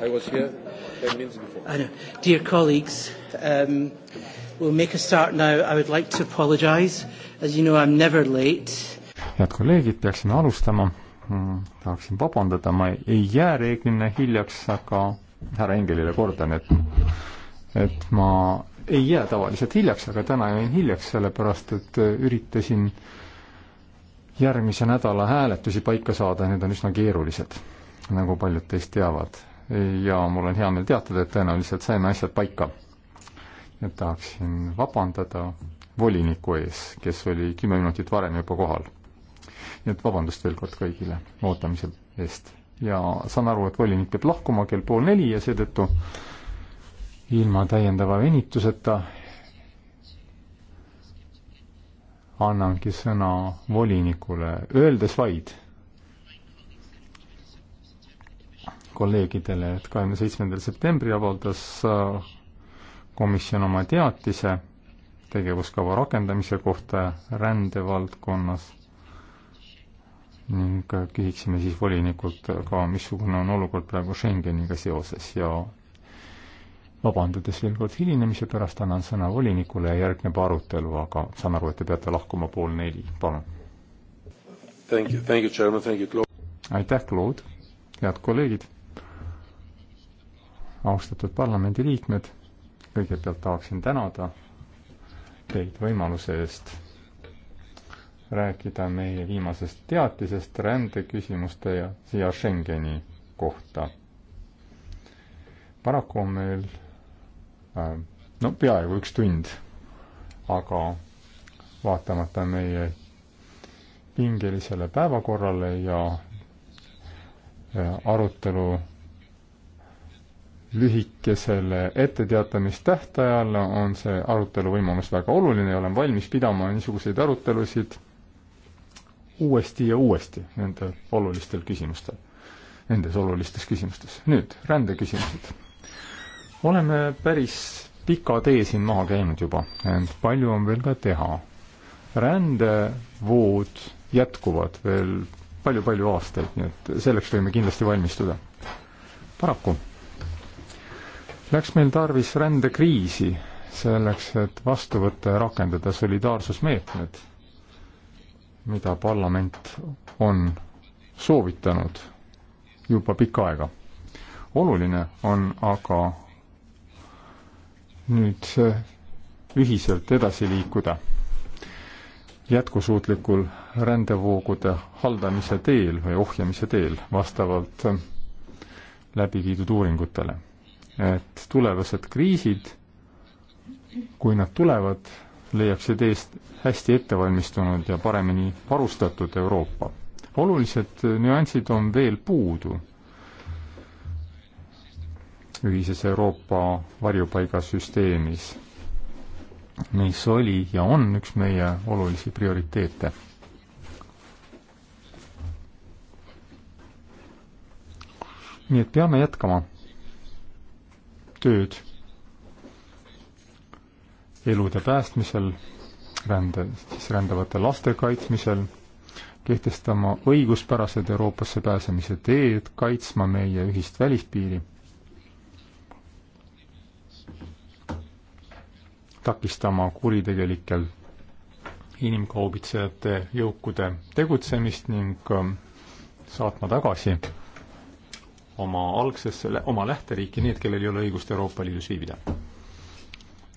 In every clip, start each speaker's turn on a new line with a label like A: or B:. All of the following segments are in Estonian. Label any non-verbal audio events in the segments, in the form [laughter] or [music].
A: I was here 10 minutes before. I know.
B: Dear colleagues, um, we'll make a start now. I would like to apologise. As you know, I am never late.
A: head kolleegid, peaksime alustama. Mm, tahaksin vabandada, ma ei jää reeglina hiljaks, aga härra Engelile kordan, et et ma ei jää tavaliselt hiljaks, aga täna jäin hiljaks, sellepärast et äh, üritasin järgmise nädala hääletusi paika saada, need on üsna keerulised, nagu paljud teist teavad ja mul on hea meel teatada, et tõenäoliselt saime asjad paika. ja tahaksin vabandada voliniku ees, kes oli kümme minutit varem juba kohal. nii et vabandust veel kord kõigile ootamise eest ja saan aru, et volinik peab lahkuma kell pool neli ja seetõttu ilma täiendava venituseta annangi sõna volinikule, öeldes vaid kolleegidele, et kahekümne seitsmendal septembril avaldas äh, komisjon oma teatise tegevuskava rakendamise kohta rändevaldkonnas ning äh, küsiksime siis volinikult ka, missugune on olukord praegu Schengeniga seoses ja vabandades veel kord hilinemise pärast, annan sõna volinikule ja järgneb arutelu, aga saan aru, et te peate lahkuma pool neli, palun. aitäh, Claude, head kolleegid austatud parlamendiliikmed, kõigepealt tahaksin tänada teid võimaluse eest rääkida meie viimasest teatisest rändeküsimuste ja siia Schengeni kohta. paraku on meil äh, no peaaegu üks tund, aga vaatamata meie pingelisele päevakorrale ja äh, arutelu lühikesele etteteatamistähtajale on see arutelu võimalus väga oluline ja olen valmis pidama niisuguseid arutelusid uuesti ja uuesti nende olulistel küsimustel, nendes olulistes küsimustes. nüüd, rändeküsimused. oleme päris pika tee siin maha käinud juba, ent palju on veel ka teha. rändevood jätkuvad veel palju-palju aastaid, nii et selleks võime kindlasti valmistuda. paraku läks meil tarvis rändekriisi selleks, et vastu võtta ja rakendada solidaarsusmeetmed, mida parlament on soovitanud juba pikka aega. oluline on aga nüüd ühiselt edasi liikuda jätkusuutlikul rändevoogude haldamise teel või ohjamise teel vastavalt läbi viidud uuringutele et tulevased kriisid, kui nad tulevad, leiaksid eest hästi ettevalmistunud ja paremini varustatud Euroopa. olulised nüansid on veel puudu ühises Euroopa varjupaigasüsteemis, mis oli ja on üks meie olulisi prioriteete nii et peame jätkama tööd elude päästmisel, rände, siis rändavate laste kaitsmisel, kehtestama õiguspärased Euroopasse pääsemise teed, kaitsma meie ühist välispiiri, takistama kuritegelikel inimkaubitsejate jõukude tegutsemist ning ähm, saatma tagasi oma algsesse, oma lähteriiki need, kellel ei ole õigust Euroopa Liidus viibida.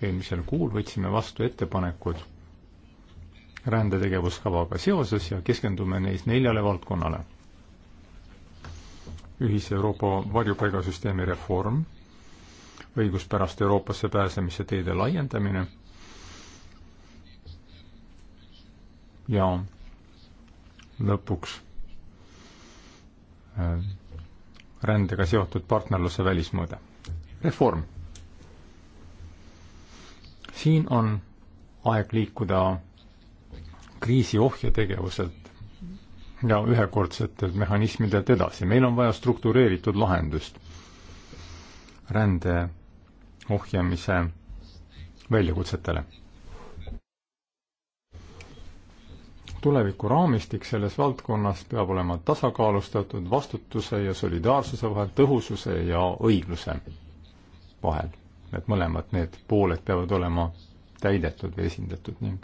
A: eelmisel kuul võtsime vastu ettepanekud rändetegevuskavaga seoses ja keskendume neis neljale valdkonnale. ühise Euroopa varjupaigasüsteemi reform, õiguspärast Euroopasse pääsemise teede laiendamine ja lõpuks äh, rändega seotud partnerluse välismõõde. reform. siin on aeg liikuda kriisiohje tegevuselt ja ühekordsetelt mehhanismidelt edasi. meil on vaja struktureeritud lahendust rände ohjamise väljakutsetele tulevikuraamistik selles valdkonnas peab olema tasakaalustatud vastutuse ja solidaarsuse vahel, tõhususe ja õigluse vahel. et mõlemad need pooled peavad olema täidetud või esindatud ning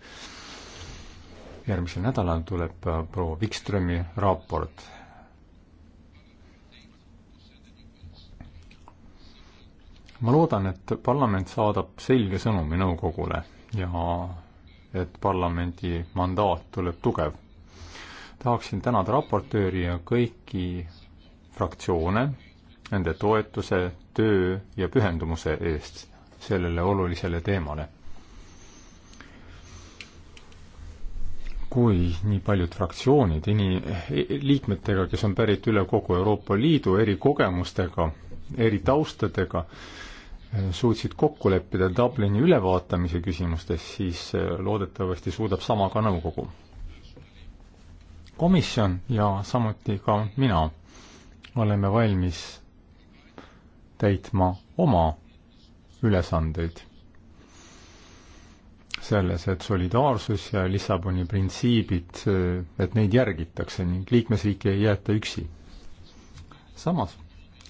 A: järgmisel nädalal tuleb äh, proua Wikströmi raport ma loodan, et parlament saadab selge sõnumi nõukogule ja et parlamendi mandaat tuleb tugev. tahaksin tänada raportööri ja kõiki fraktsioone nende toetuse, töö ja pühendumuse eest sellele olulisele teemale. kui nii paljud fraktsioonid ini-, e-, liikmetega, kes on pärit üle kogu Euroopa Liidu, eri kogemustega, eri taustadega, suutsid kokku leppida Dublini ülevaatamise küsimustes, siis äh, loodetavasti suudab sama ka nõukogu. komisjon ja samuti ka mina oleme valmis täitma oma ülesandeid selles, et solidaarsus ja Lissaboni printsiibid, äh, et neid järgitakse ning liikmesriiki ei jäeta üksi. samas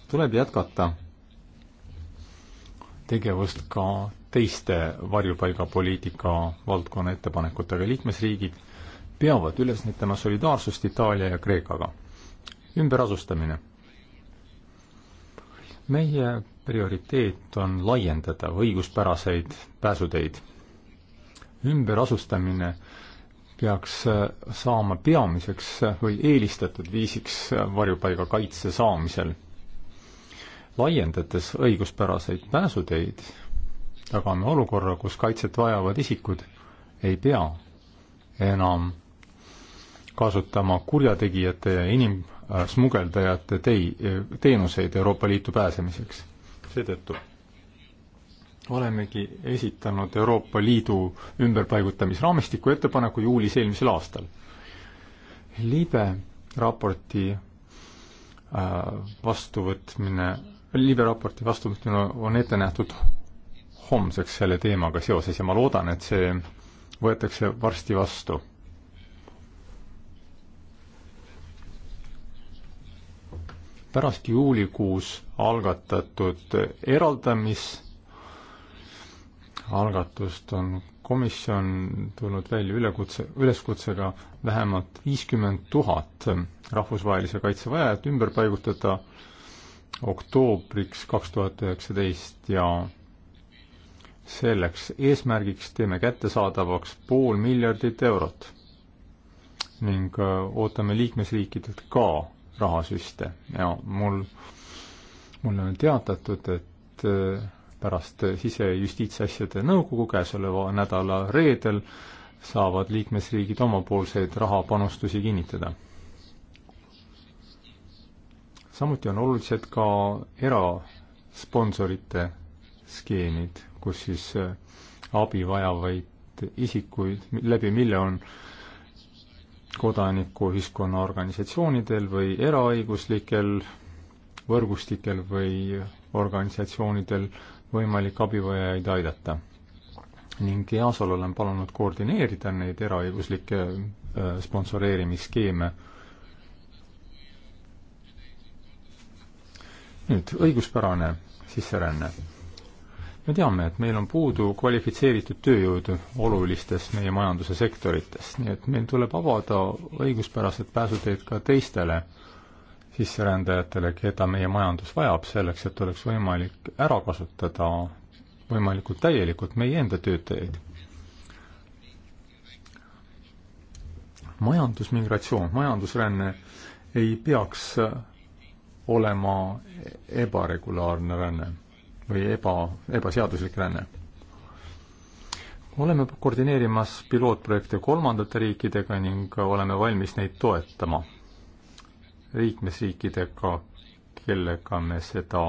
A: tuleb jätkata tegevust ka teiste varjupaigapoliitika valdkonna ettepanekutega. liikmesriigid peavad üles näitama solidaarsust Itaalia ja Kreekaga. ümberasustamine. meie prioriteet on laiendada õiguspäraseid pääsuteid. ümberasustamine peaks saama peamiseks või eelistatud viisiks varjupaiga kaitse saamisel laiendades õiguspäraseid pääsuteid, tagame olukorra, kus kaitset vajavad isikud ei pea enam kasutama kurjategijate ja inimsmugeldajate tei-, teenuseid Euroopa Liitu pääsemiseks. seetõttu olemegi esitanud Euroopa Liidu ümberpaigutamisraamistiku ettepaneku juulis eelmisel aastal. libe raporti äh, vastuvõtmine liberaporti vastuvõtmine on ette nähtud homseks selle teemaga seoses ja ma loodan, et see võetakse varsti vastu. pärast juulikuus algatatud eraldamis algatust on komisjon tulnud välja ülekutse, üleskutsega vähemalt viiskümmend tuhat rahvusvahelise kaitse vajajat ümber paigutada oktoobriks kaks tuhat üheksateist ja selleks eesmärgiks teeme kättesaadavaks pool miljardit eurot ning äh, ootame liikmesriikidelt ka rahasüste ja mul, mulle on teatatud, et äh, pärast sisejustiitsasjade nõukogu käesoleva nädala reedel saavad liikmesriigid omapoolseid rahapanustusi kinnitada samuti on olulised ka erasponsorite skeemid, kus siis äh, abi vajavaid isikuid, läbi mille on kodanikuühiskonna organisatsioonidel või eraõiguslikel võrgustikel või organisatsioonidel võimalik abivajajaid aidata. ning EASO-l olen palunud koordineerida neid eraõiguslikke sponsoreerimisskeeme äh, nüüd õiguspärane sisseränne. me teame, et meil on puudu kvalifitseeritud tööjõudu olulistes meie majanduse sektorites, nii et meil tuleb avada õiguspärased pääsuteed ka teistele sisserändajatele, keda meie majandus vajab, selleks et oleks võimalik ära kasutada võimalikult täielikult meie enda töötajaid. majandusmigratsioon, majandusränne ei peaks olema ebaregulaarne ränne või eba, ebaseaduslik ränne. oleme koordineerimas pilootprojekte kolmandate riikidega ning oleme valmis neid toetama liikmesriikidega, kellega me seda,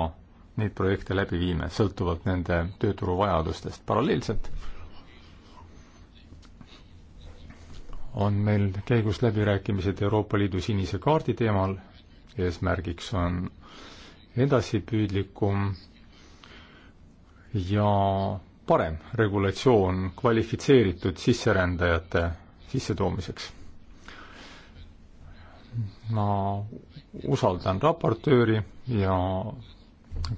A: neid projekte läbi viime, sõltuvalt nende tööturu vajadustest. paralleelselt on meil käigus läbirääkimised Euroopa Liidu sinise kaardi teemal eesmärgiks on edasipüüdlikum ja parem regulatsioon kvalifitseeritud sisserändajate sissetoomiseks. ma usaldan raportööri ja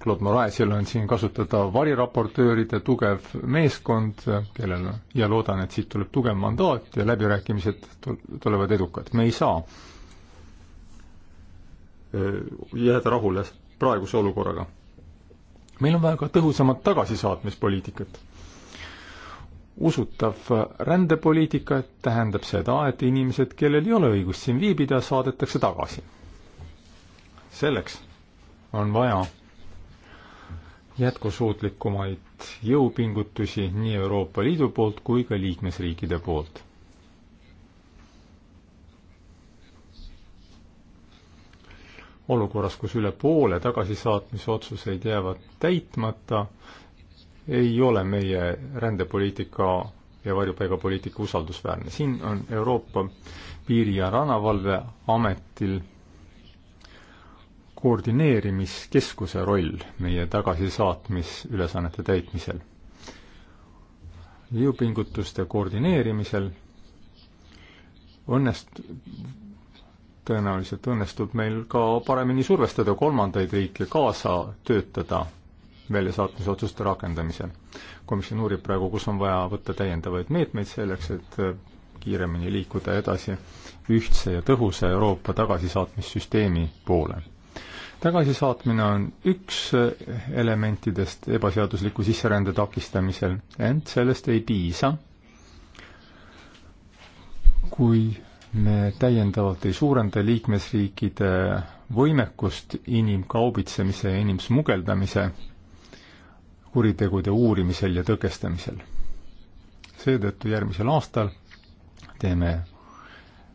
A: Claude Moraesil on siin kasutada variraportööride tugev meeskond, kellel, ja loodan, et siit tuleb tugev mandaat ja läbirääkimised tulevad edukad. me ei saa äh, Äh, jääda rahule praeguse olukorraga. meil on vaja ka tõhusamat tagasisaatmispoliitikat. usutav rändepoliitika tähendab seda, et inimesed, kellel ei ole õigust siin viibida, saadetakse tagasi. selleks on vaja jätkusuutlikumaid jõupingutusi nii Euroopa Liidu poolt kui ka liikmesriikide poolt olukorras, kus üle poole tagasisaatmise otsuseid jäävad täitmata, ei ole meie rändepoliitika ja varjupaigapoliitika usaldusväärne. siin on Euroopa Piiri- ja Rannavalveametil koordineerimiskeskuse roll meie tagasisaatmisülesannete täitmisel. jõupingutuste koordineerimisel õnnest-, tõenäoliselt õnnestub meil ka paremini survestada kolmandaid riike kaasa töötada väljasaatmise otsuste rakendamisel. komisjon uurib praegu, kus on vaja võtta täiendavaid meetmeid selleks, et kiiremini liikuda edasi ühtse ja tõhusa Euroopa tagasisaatmissüsteemi poole. tagasisaatmine on üks elementidest ebaseadusliku sisserände takistamisel, ent sellest ei piisa, kui me täiendavalt ei suurenda liikmesriikide võimekust inimkaubitsemise ja inimsmugeldamise kuritegude uurimisel ja tõkestamisel. seetõttu järgmisel aastal teeme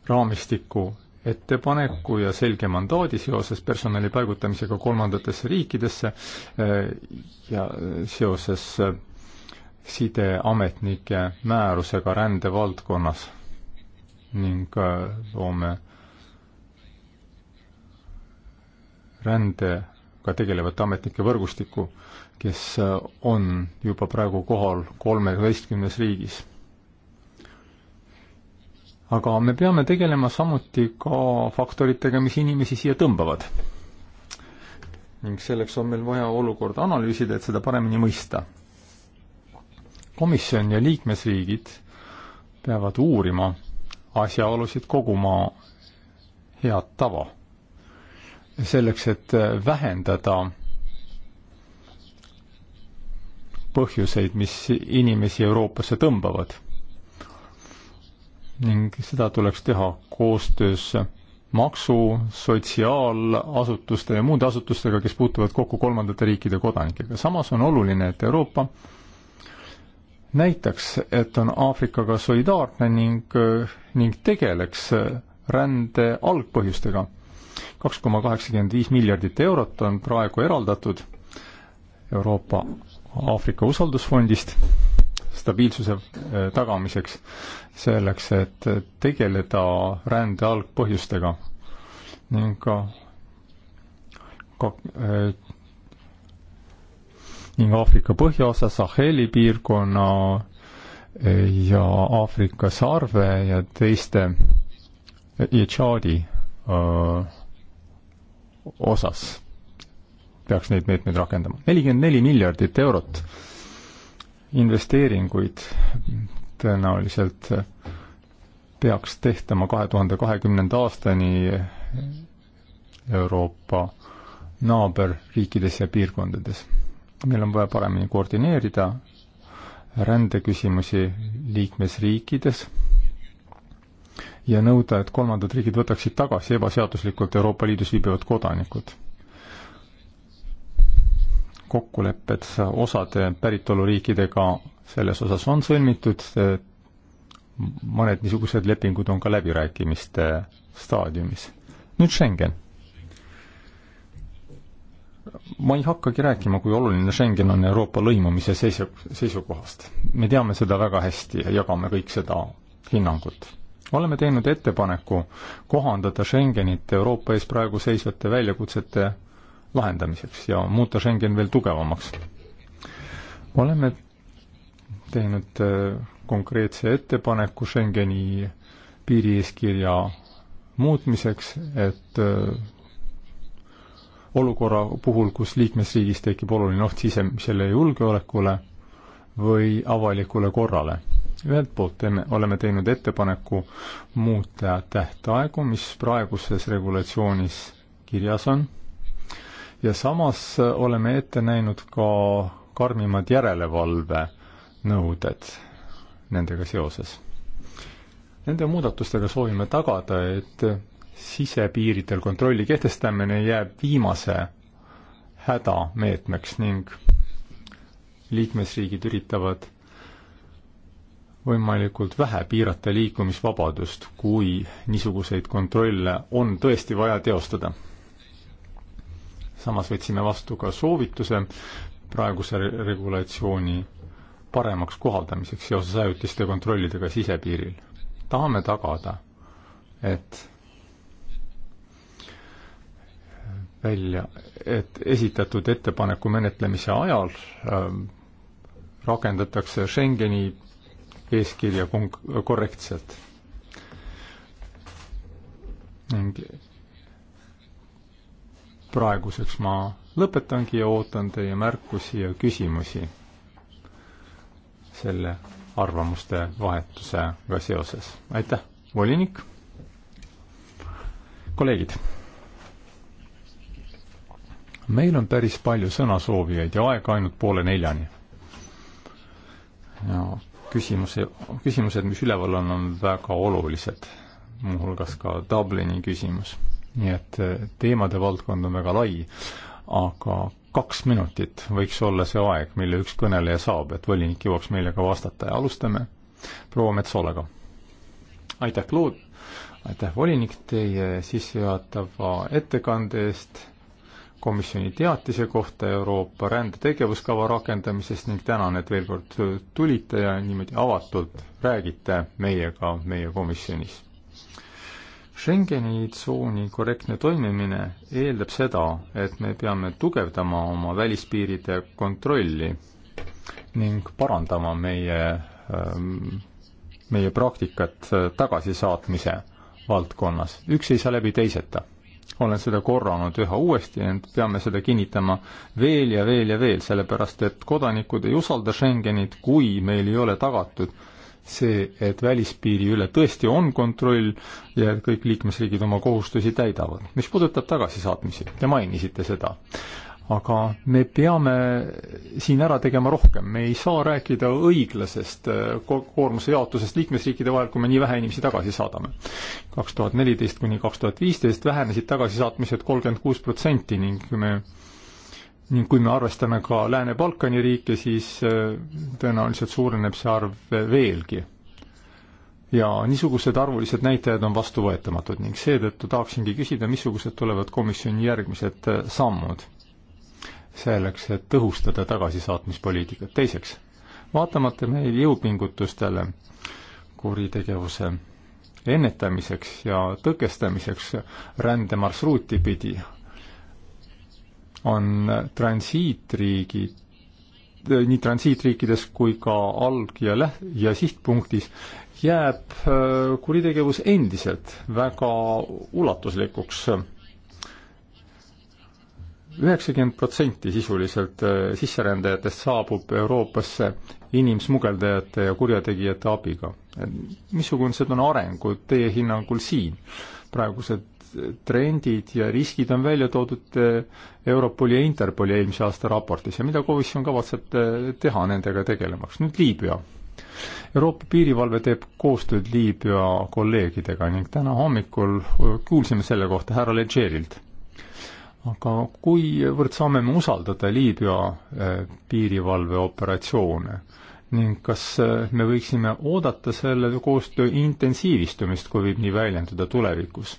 A: raamistiku ettepaneku ja selge mandaadi seoses personali paigutamisega kolmandatesse riikidesse eh, ja eh, seoses eh, sideametnike määrusega rändevaldkonnas ning loome rändega tegelevate ametnike võrgustiku, kes on juba praegu kohal kolmeteistkümnes riigis. aga me peame tegelema samuti ka faktoritega, mis inimesi siia tõmbavad. ning selleks on meil vaja olukorda analüüsida, et seda paremini mõista. komisjon ja liikmesriigid peavad uurima asjaolusid koguma head tava. selleks, et vähendada põhjuseid, mis inimesi Euroopasse tõmbavad. ning seda tuleks teha koostöös maksu, sotsiaalasutuste ja muude asutustega, kes puutuvad kokku kolmandate riikide kodanikega. samas on oluline, et Euroopa näitaks, et on Aafrikaga solidaarne ning, ning tegeleks rände algpõhjustega. kaks koma kaheksakümmend viis miljardit eurot on praegu eraldatud Euroopa Aafrika usaldusfondist stabiilsuse eh, tagamiseks, selleks, et tegeleda rände algpõhjustega ning ka, ka eh, ning Aafrika põhjaosa Saheli piirkonna eh, ja Aafrika sarve ja teiste eh, ja Tšaadi eh, osas peaks neid meetmeid rakendama. nelikümmend neli miljardit eurot investeeringuid tõenäoliselt peaks tehtama kahe tuhande kahekümnenda aastani Euroopa naaberriikides ja piirkondades meil on vaja paremini koordineerida rändeküsimusi liikmesriikides ja nõuda, et kolmandad riigid võtaksid tagasi ebaseaduslikult Euroopa Liidus viibivad kodanikud. kokkulepped osade päritoluriikidega selles osas on sõlmitud, mõned niisugused lepingud on ka läbirääkimiste staadiumis. nüüd Schengen ma ei hakkagi rääkima, kui oluline Schengen on Euroopa lõimumise seisu, seisukohast. me teame seda väga hästi ja jagame kõik seda hinnangut. oleme teinud ettepaneku kohandada Schengenit Euroopa ees praegu seisvate väljakutsete lahendamiseks ja muuta Schengen veel tugevamaks. oleme teinud äh, konkreetse ettepaneku Schengeni piirieeskirja muutmiseks, et äh, olukorra puhul, kus liikmesriigis tekib oluline oht sisemisele julgeolekule või avalikule korrale. ühelt poolt teeme, oleme teinud ettepaneku muuta tähtaegu, mis praeguses regulatsioonis kirjas on, ja samas oleme ette näinud ka karmimad järelevalvenõuded nendega seoses. Nende muudatustega soovime tagada, et sisepiiridel kontrolli kehtestamine jääb viimase hädameetmeks ning liikmesriigid üritavad võimalikult vähe piirata liikumisvabadust, kui niisuguseid kontrolle on tõesti vaja teostada. samas võtsime vastu ka soovituse praeguse regulatsiooni paremaks kohaldamiseks seoses ajutiste kontrollidega sisepiiril. tahame tagada, et välja, et esitatud ettepaneku menetlemise ajal ähm, rakendatakse Schengeni eeskirja korrektselt. ning praeguseks ma lõpetangi ja ootan teie märkusi ja küsimusi selle arvamuste vahetusega seoses. aitäh, volinik! kolleegid! meil on päris palju sõnasoovijaid ja aega ainult poole neljani. ja küsimuse, küsimused, mis üleval on, on väga olulised, muuhulgas ka Dublini küsimus. nii et eh, teemade valdkond on väga lai, aga kaks minutit võiks olla see aeg, mille üks kõneleja saab, et volinik jõuaks meile ka vastata ja alustame proua Metsoolaga. aitäh, Claude! aitäh, volinik, teie sissejuhatava ettekande eest komisjoni teatise kohta Euroopa rändetegevuskava rakendamisest ning tänan, et veel kord tulite ja niimoodi avatult räägite meiega meie komisjonis. Schengeni tsooni korrektne toimimine eeldab seda, et me peame tugevdama oma välispiiride kontrolli ning parandama meie, ähm, meie praktikat tagasisaatmise valdkonnas, üks ei saa läbi teiseta olen seda korranud üha uuesti, ent peame seda kinnitama veel ja veel ja veel, sellepärast et kodanikud ei usalda Schengenit, kui meil ei ole tagatud see, et välispiiri üle tõesti on kontroll ja et kõik liikmesriigid oma kohustusi täidavad. mis puudutab tagasisaatmisi, te mainisite seda aga me peame siin ära tegema rohkem, me ei saa rääkida õiglasest äh, koormuse jaotusest liikmesriikide vahel, kui me nii vähe inimesi tagasi saadame. kaks tuhat neliteist kuni kaks tuhat viisteist vähenesid tagasisaatmised kolmkümmend kuus protsenti ning me ning kui me arvestame ka Lääne-Balkani riike, siis äh, tõenäoliselt suureneb see arv veelgi. ja niisugused arvulised näitajad on vastuvõetamatud ning seetõttu tahaksingi küsida, missugused tulevad komisjoni järgmised äh, sammud selleks, et tõhustada tagasisaatmispoliitikat. teiseks, vaatamata meie jõupingutustele kuritegevuse ennetamiseks ja tõkestamiseks rändemarsruuti pidi, on transiitriigid, nii transiitriikides kui ka alg- ja läht- ja sihtpunktis jääb äh, kuritegevus endiselt väga ulatuslikuks üheksakümmend protsenti sisuliselt äh, sisserändajatest saabub Euroopasse inimsmugeldajate ja kurjategijate abiga. missugused on arengud teie hinnangul siin? praegused trendid ja riskid on välja toodud äh, Europoli ja Interpoli eelmise aasta raportis ja mida komisjon kavatseb äh, teha nendega tegelemaks? nüüd Liibüa. Euroopa piirivalve teeb koostööd Liibüa kolleegidega ning täna hommikul kuulsime selle kohta härra Legerilt aga kuivõrd saame me usaldada Liibüa eh, piirivalveoperatsioone ning kas eh, me võiksime oodata selle koostöö intensiivistumist, kui võib nii väljenduda tulevikus?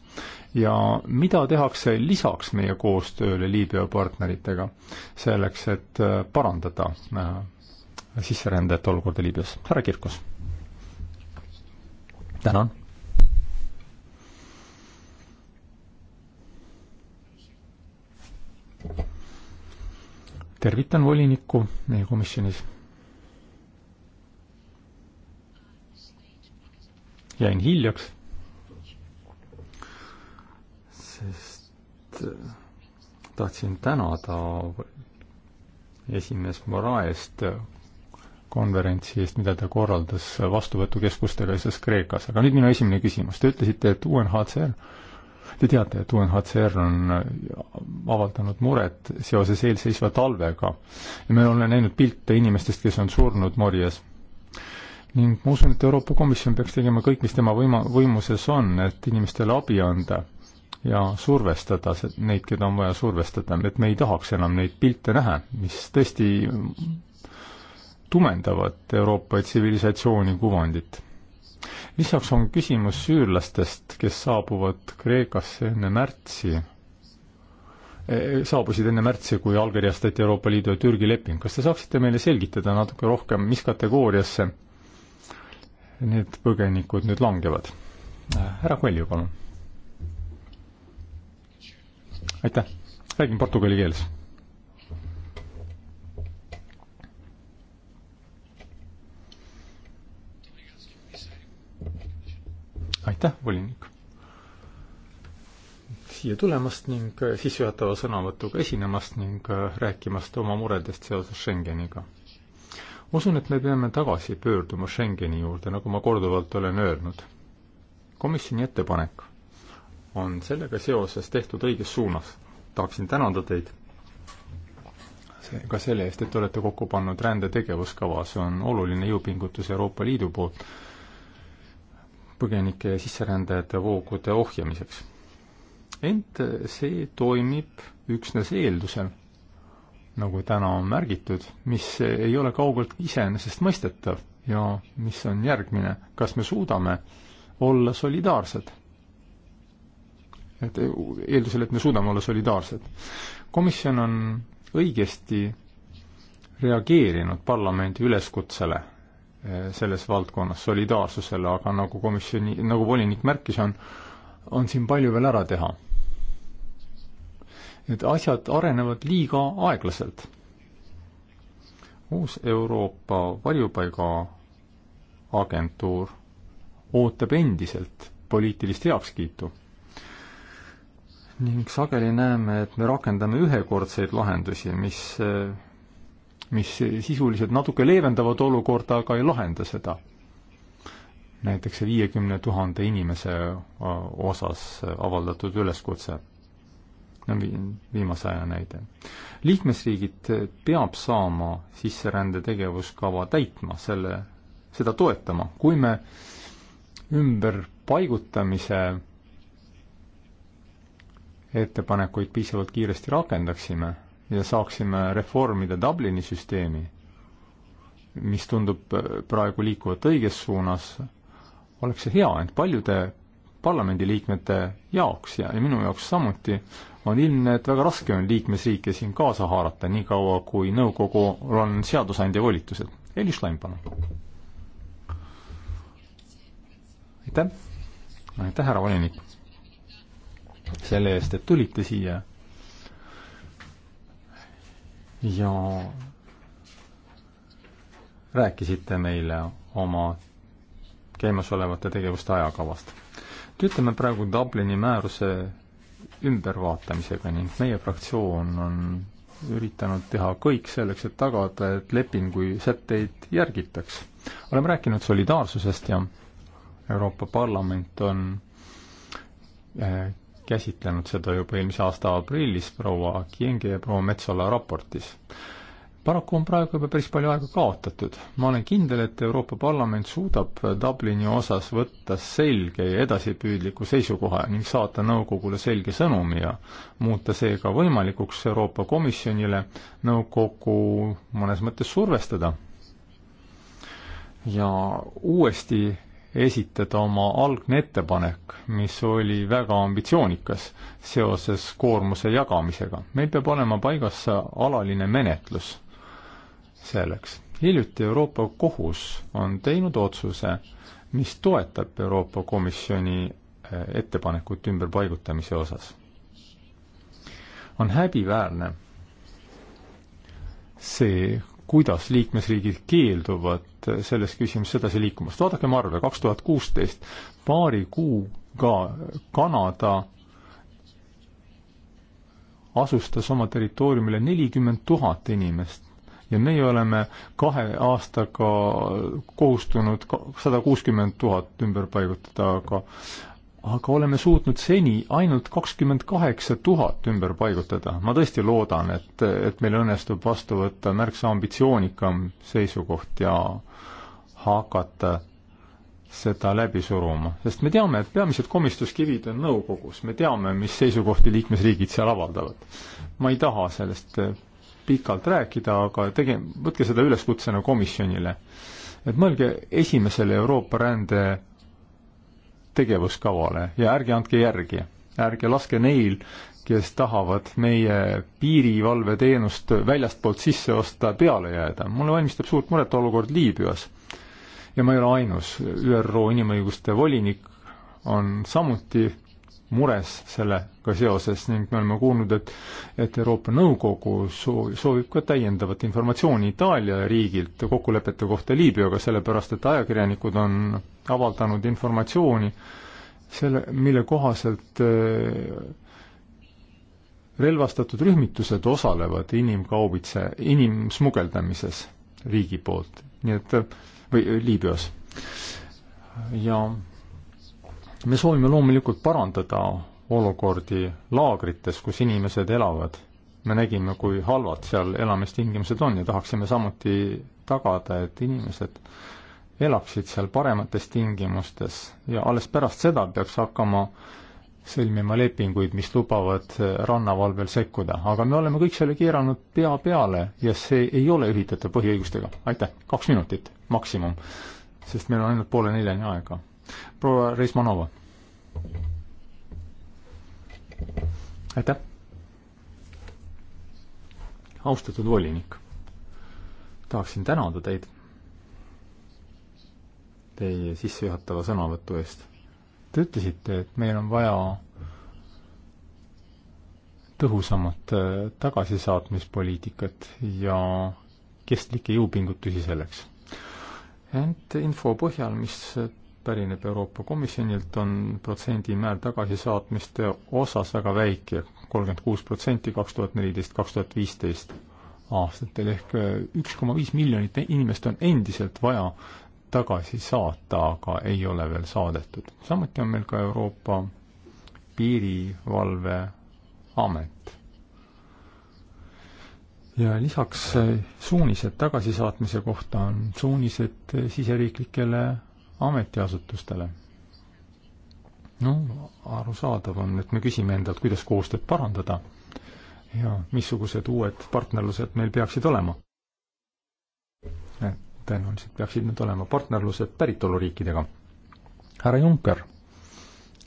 A: ja mida tehakse lisaks meie koostööle Liibüa partneritega selleks, et eh, parandada sisserändajate olukorda Liibüas? härra Kirkus. tänan tervitan volinikku meie komisjonis. jäin hiljaks, sest äh, tahtsin tänada esimees Moraest konverentsi eest, mida ta korraldas vastuvõtukeskustele ühes Kreekas, aga nüüd minu esimene küsimus. Te ütlesite, et UNHCR Te teate, et UNHCR on avaldanud muret seoses eelseisva talvega ja me oleme näinud pilte inimestest, kes on surnud Morjes ning ma usun, et Euroopa Komisjon peaks tegema kõik, mis tema võima-, võimuses on, et inimestele abi anda ja survestada neid, keda on vaja survestada, et me ei tahaks enam neid pilte näha, mis tõesti tumendavad Euroopa tsivilisatsiooni kuvandit lisaks on küsimus süürlastest, kes saabuvad Kreekasse enne märtsi, e, e, saabusid enne märtsi, kui allkirjastati Euroopa Liidu ja Türgi leping. kas te saaksite meile selgitada natuke rohkem, mis kategooriasse need põgenikud nüüd langevad? härra Kolju, palun. aitäh, räägin portugali keeles aitäh, volinik! siia tulemast ning sissejuhatava sõnavõtuga esinemast ning äh, rääkimast oma muredest seoses Schengeniga. usun, et me peame tagasi pöörduma Schengeni juurde, nagu ma korduvalt olen öelnud. komisjoni ettepanek on sellega seoses tehtud õiges suunas. tahaksin tänada teid ka selle eest, et olete kokku pannud rände tegevuskava, see on oluline jõupingutus Euroopa Liidu poolt põgenike ja sisserändajate voogude ohjamiseks. ent see toimib üksnes eeldusel, nagu täna on märgitud, mis ei ole kaugelt iseenesestmõistetav ja mis on järgmine, kas me suudame olla solidaarsed? et eeldusel, et me suudame olla solidaarsed. komisjon on õigesti reageerinud parlamendi üleskutsele selles valdkonnas solidaarsusele, aga nagu komisjoni, nagu volinik märkis, on, on siin palju veel ära teha. et asjad arenevad liiga aeglaselt. uus Euroopa varjupaigaagentuur ootab endiselt poliitilist heakskiitu. ning sageli näeme, et me rakendame ühekordseid lahendusi, mis mis sisuliselt natuke leevendavad olukorda, aga ei lahenda seda. näiteks see viiekümne tuhande inimese äh, osas avaldatud üleskutse. no viimase aja näide. liikmesriigid peab saama sisserände tegevuskava täitma, selle, seda toetama, kui me ümberpaigutamise ettepanekuid piisavalt kiiresti rakendaksime ja saaksime reformida Dublini süsteemi, mis tundub äh, praegu liikuvat õiges suunas, oleks see hea, ent paljude parlamendiliikmete jaoks ja, ja minu jaoks samuti on ilmne, et väga raske on liikmesriike siin kaasa haarata, niikaua kui nõukogul on seadusandja volitused. Elis Laim, palun. aitäh, aitäh, härra volinik, selle eest, et tulite siia ja rääkisite meile oma käimasolevate tegevuste ajakavast. töötame praegu Dublini määruse ümbervaatamisega ning meie fraktsioon on üritanud teha kõik selleks, et tagada, et lepingu sätteid järgitaks. oleme rääkinud solidaarsusest ja Euroopa Parlament on eh, käsitlenud seda juba eelmise aasta aprillis proua Kienge ja proua Metsola raportis. paraku on praegu juba päris palju aega kaotatud. ma olen kindel, et Euroopa Parlament suudab Dublini osas võtta selge ja edasipüüdliku seisukoha ning saata nõukogule selge sõnumi ja muuta seega võimalikuks Euroopa Komisjonile nõukogu mõnes mõttes survestada ja uuesti esitada oma algne ettepanek, mis oli väga ambitsioonikas seoses koormuse jagamisega. meil peab olema paigas alaline menetlus selleks. hiljuti Euroopa Kohus on teinud otsuse, mis toetab Euroopa Komisjoni äh, ettepanekut ümberpaigutamise osas. on häbiväärne see, kuidas liikmesriigid keelduvad selles küsimuses edasi liikumast. vaadakem arve, kaks tuhat kuusteist paari kuuga Kanada asustas oma territooriumile nelikümmend tuhat inimest ja meie oleme kahe aastaga kohustunud sada kuuskümmend tuhat ümber paigutada, aga aga oleme suutnud seni ainult kakskümmend kaheksa tuhat ümber paigutada. ma tõesti loodan, et, et meil õnnestub vastu võtta märksa ambitsioonikam seisukoht ja hakata seda läbi suruma, sest me teame, et peamised komistuskivid on nõukogus, me teame, mis seisukohti liikmesriigid seal avaldavad. ma ei taha sellest pikalt rääkida, aga tege-, võtke seda üleskutsena komisjonile. et mõelge esimesele Euroopa rände tegevuskavale ja ärge andke järgi. ärge laske neil, kes tahavad meie piirivalveteenust väljastpoolt sisse osta, peale jääda. mulle valmistab suurt muret olukord Liibüas. ja ma ei ole ainus, ÜRO inimõiguste volinik on samuti mures sellega seoses ning me oleme kuulnud, et et Euroopa Nõukogu soovi, soovib ka täiendavat informatsiooni Itaalia riigilt kokkulepete kohta Liibüaga, sellepärast et ajakirjanikud on avaldanud informatsiooni selle, mille kohaselt äh, relvastatud rühmitused osalevad inimkaubitse, inimsmugeldamises riigi poolt, nii et, või Liibüas. ja me soovime loomulikult parandada olukordi laagrites, kus inimesed elavad. me nägime, kui halvad seal elamistingimused on ja tahaksime samuti tagada, et inimesed elaksid seal paremates tingimustes ja alles pärast seda peaks hakkama sõlmima lepinguid, mis lubavad rannavalvel sekkuda, aga me oleme kõik selle keeranud pea peale ja see ei ole ühitatav põhiõigustega. aitäh, kaks minutit maksimum, sest meil on ainult poole neljani aega proua Reismanova. aitäh. austatud volinik, tahaksin tänada teid teie sissejuhatava sõnavõtu eest. Te ütlesite, et meil on vaja tõhusamat äh, tagasisaatmispoliitikat ja kestlikke jõupingutusi selleks. ent info põhjal, mis pärineb Euroopa Komisjonilt, on protsendimäär tagasisaatmiste osas väga väike, kolmkümmend kuus protsenti kaks tuhat neliteist, kaks tuhat viisteist aastatel, ehk äh, üks koma viis miljonit inimest on endiselt vaja tagasi saata, aga ei ole veel saadetud. samuti on meil ka Euroopa Piirivalveamet ja lisaks äh, suunised tagasisaatmise kohta on suunised äh, siseriiklikele ametiasutustele. no arusaadav on, et me küsime endalt, kuidas koostööd parandada ja missugused uued partnerlused meil peaksid olema. tõenäoliselt peaksid need olema partnerlused päritoluriikidega. härra Juncker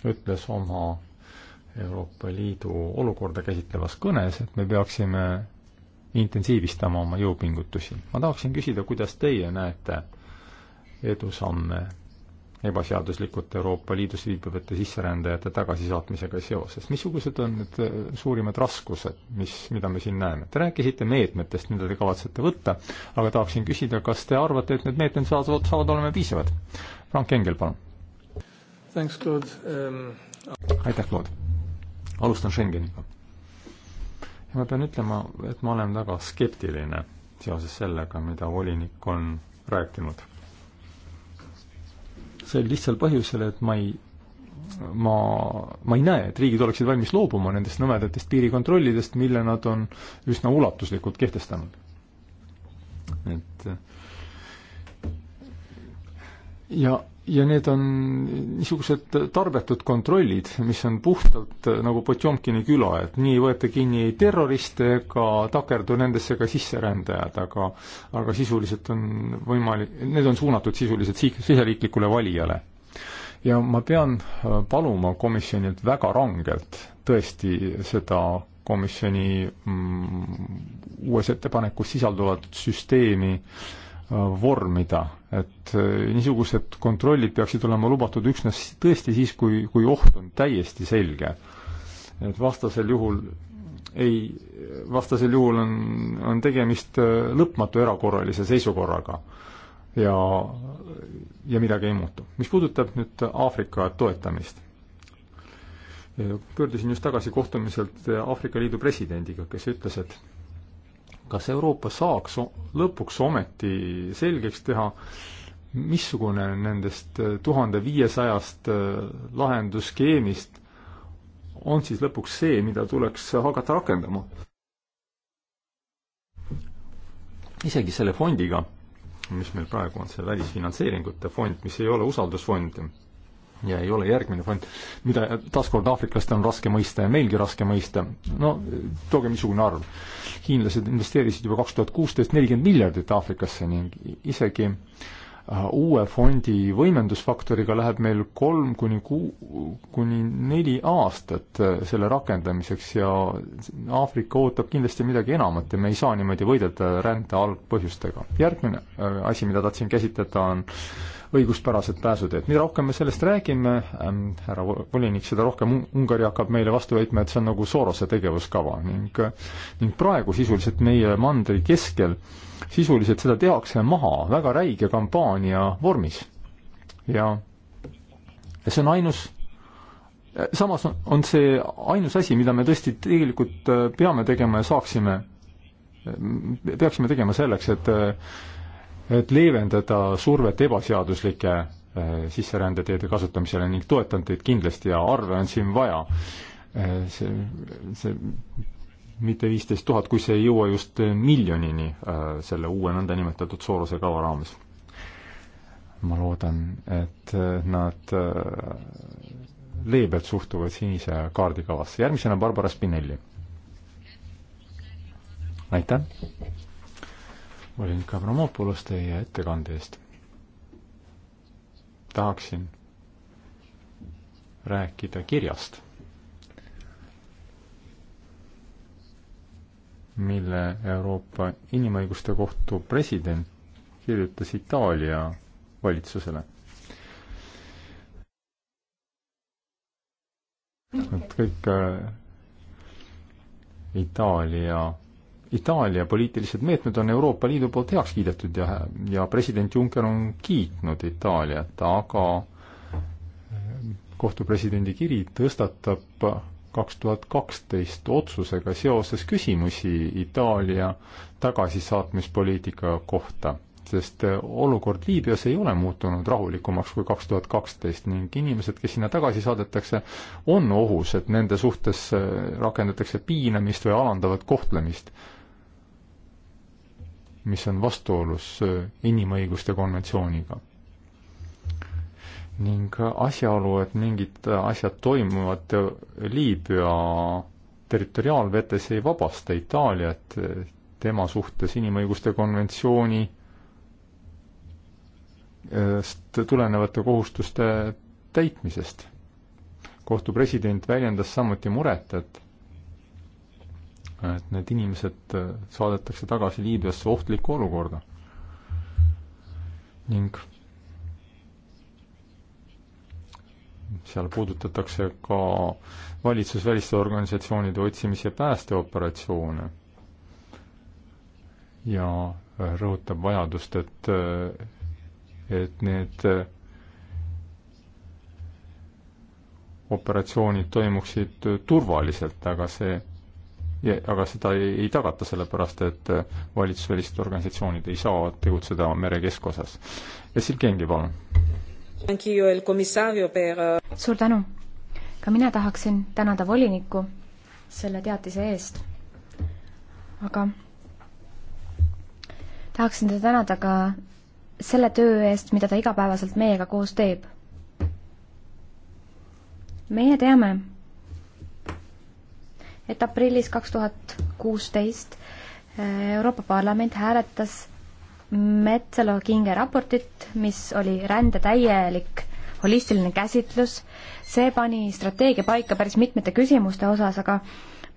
A: ütles oma Euroopa Liidu olukorda käsitlevas kõnes, et me peaksime intensiivistama oma jõupingutusi. ma tahaksin küsida, kuidas teie näete edusamme ebaseaduslikult Euroopa Liidus viibivate sisserändajate tagasisaatmisega seoses. missugused on need äh, suurimad raskused, mis, mida me siin näeme? Te rääkisite meetmetest, mida te kavatsete võtta, aga tahaksin küsida, kas te arvate, et need meetmed saavad, saavad olema piisavad? Frank Engel, palun. Um... aitäh, Claude. alustan Schengeniga. ja ma pean ütlema, et ma olen väga skeptiline seoses sellega, mida volinik on rääkinud sel lihtsal põhjusel, et ma ei, ma, ma ei näe, et riigid oleksid valmis loobuma nendest nõmedatest piirikontrollidest, mille nad on üsna ulatuslikult kehtestanud. et ja ja need on niisugused tarbetud kontrollid, mis on puhtalt nagu Potjomkini küla, et nii ei võeta kinni ei terroriste ega takerdu nendesse ka sisserändajad, aga aga sisuliselt on võimalik, need on suunatud sisuliselt si-, siseriiklikule valijale. ja ma pean äh, paluma komisjonilt väga rangelt tõesti seda komisjoni mm, uues ettepanekus sisalduvat süsteemi äh, vormida, et eh, niisugused kontrollid peaksid olema lubatud üksnes tõesti siis, kui, kui oht on täiesti selge. et vastasel juhul ei, vastasel juhul on, on tegemist eh, lõpmatu erakorralise seisukorraga ja, ja midagi ei muutu. mis puudutab nüüd Aafrika toetamist, eh, pöördusin just tagasi kohtumiselt Aafrika Liidu presidendiga, kes ütles, et kas Euroopa saaks lõpuks ometi selgeks teha, missugune nendest äh, tuhande viiesajast äh, lahendusskeemist on siis lõpuks see, mida tuleks hakata rakendama? isegi selle fondiga, mis meil praegu on, see välisfinantseeringute fond, mis ei ole usaldusfond, ja ei ole järgmine fond, mida taaskord aafriklaste on raske mõista ja meilgi raske mõista. no toogem niisugune arv. hiinlased investeerisid juba kaks tuhat kuusteist nelikümmend miljardit Aafrikasse ning isegi äh, uue fondi võimendusfaktoriga läheb meil kolm kuni kuu, kuni neli aastat äh, selle rakendamiseks ja Aafrika ootab kindlasti midagi enamat ja me ei saa niimoodi võidelda rände algpõhjustega. järgmine äh, asi, mida tahtsin käsitleda, on õiguspärased pääsuteed. mida rohkem me sellest räägime ähm,, härra volinik, seda rohkem Ungari hakkab meile vastu väitma, et see on nagu Sorose tegevuskava ning äh, ning praegu sisuliselt meie mandri keskel sisuliselt seda tehakse maha väga räige kampaania vormis. ja, ja see on ainus äh, samas on, on see ainus asi, mida me tõesti tegelikult äh, peame tegema ja saaksime, peaksime tegema selleks, et et leevendada survet ebaseaduslike eh, sisserändeteede kasutamisele ning toetan teid kindlasti ja arve on siin vaja. Eh, see, see mitte viisteist tuhat, kui see ei jõua just miljonini eh, selle uue nõndanimetatud Soorose kava raames. ma loodan, et nad leebelt suhtuvad sinise kaardi kavasse. järgmisena Barbara Spinelli. aitäh! volinik Avramopoulos teie ettekande eest. tahaksin rääkida kirjast, mille Euroopa Inimõiguste Kohtu president kirjutas Itaalia valitsusele et kõik äh, Itaalia Itaalia poliitilised meetmed on Euroopa Liidu poolt heaks kiidetud ja, ja president Juncker on kiitnud Itaaliat, aga äh, kohtupresidendi kiri tõstatab kaks tuhat kaksteist otsusega seoses küsimusi Itaalia tagasisaatmispoliitika kohta, sest äh, olukord Liibüas ei ole muutunud rahulikumaks kui kaks tuhat kaksteist ning inimesed, kes sinna tagasi saadetakse, on ohus, et nende suhtes äh, rakendatakse piinamist või alandavat kohtlemist mis on vastuolus äh, inimõiguste konventsiooniga. ning asjaolu, et mingid asjad toimuvad Liibüa territoriaalvetes ei vabasta Itaaliat äh, tema suhtes inimõiguste konventsiooni äh, tulenevate kohustuste täitmisest. kohtu president väljendas samuti muret, et et need inimesed äh, saadetakse tagasi Liibüasse ohtlikku olukorda. ning seal puudutatakse ka valitsusväliste organisatsioonide otsimis- ja päästeoperatsioone ja äh, rõhutab vajadust, et, äh, et need operatsioonid toimuksid turvaliselt, aga see ja aga seda ei, ei tagata, sellepärast et äh, valitsusvälised organisatsioonid ei saa tegutseda mere keskosas. ja Silkengi,
C: palun.
D: Äh, suur tänu. ka mina tahaksin tänada volinikku selle teatise eest. aga tahaksin teda tänada ka selle töö eest, mida ta igapäevaselt meiega koos teeb. meie teame, et aprillis kaks tuhat kuusteist äh, Euroopa Parlament hääletas Metsalo Kinge raportit, mis oli rände täielik holistiline käsitlus. see pani strateegia paika päris mitmete küsimuste osas, aga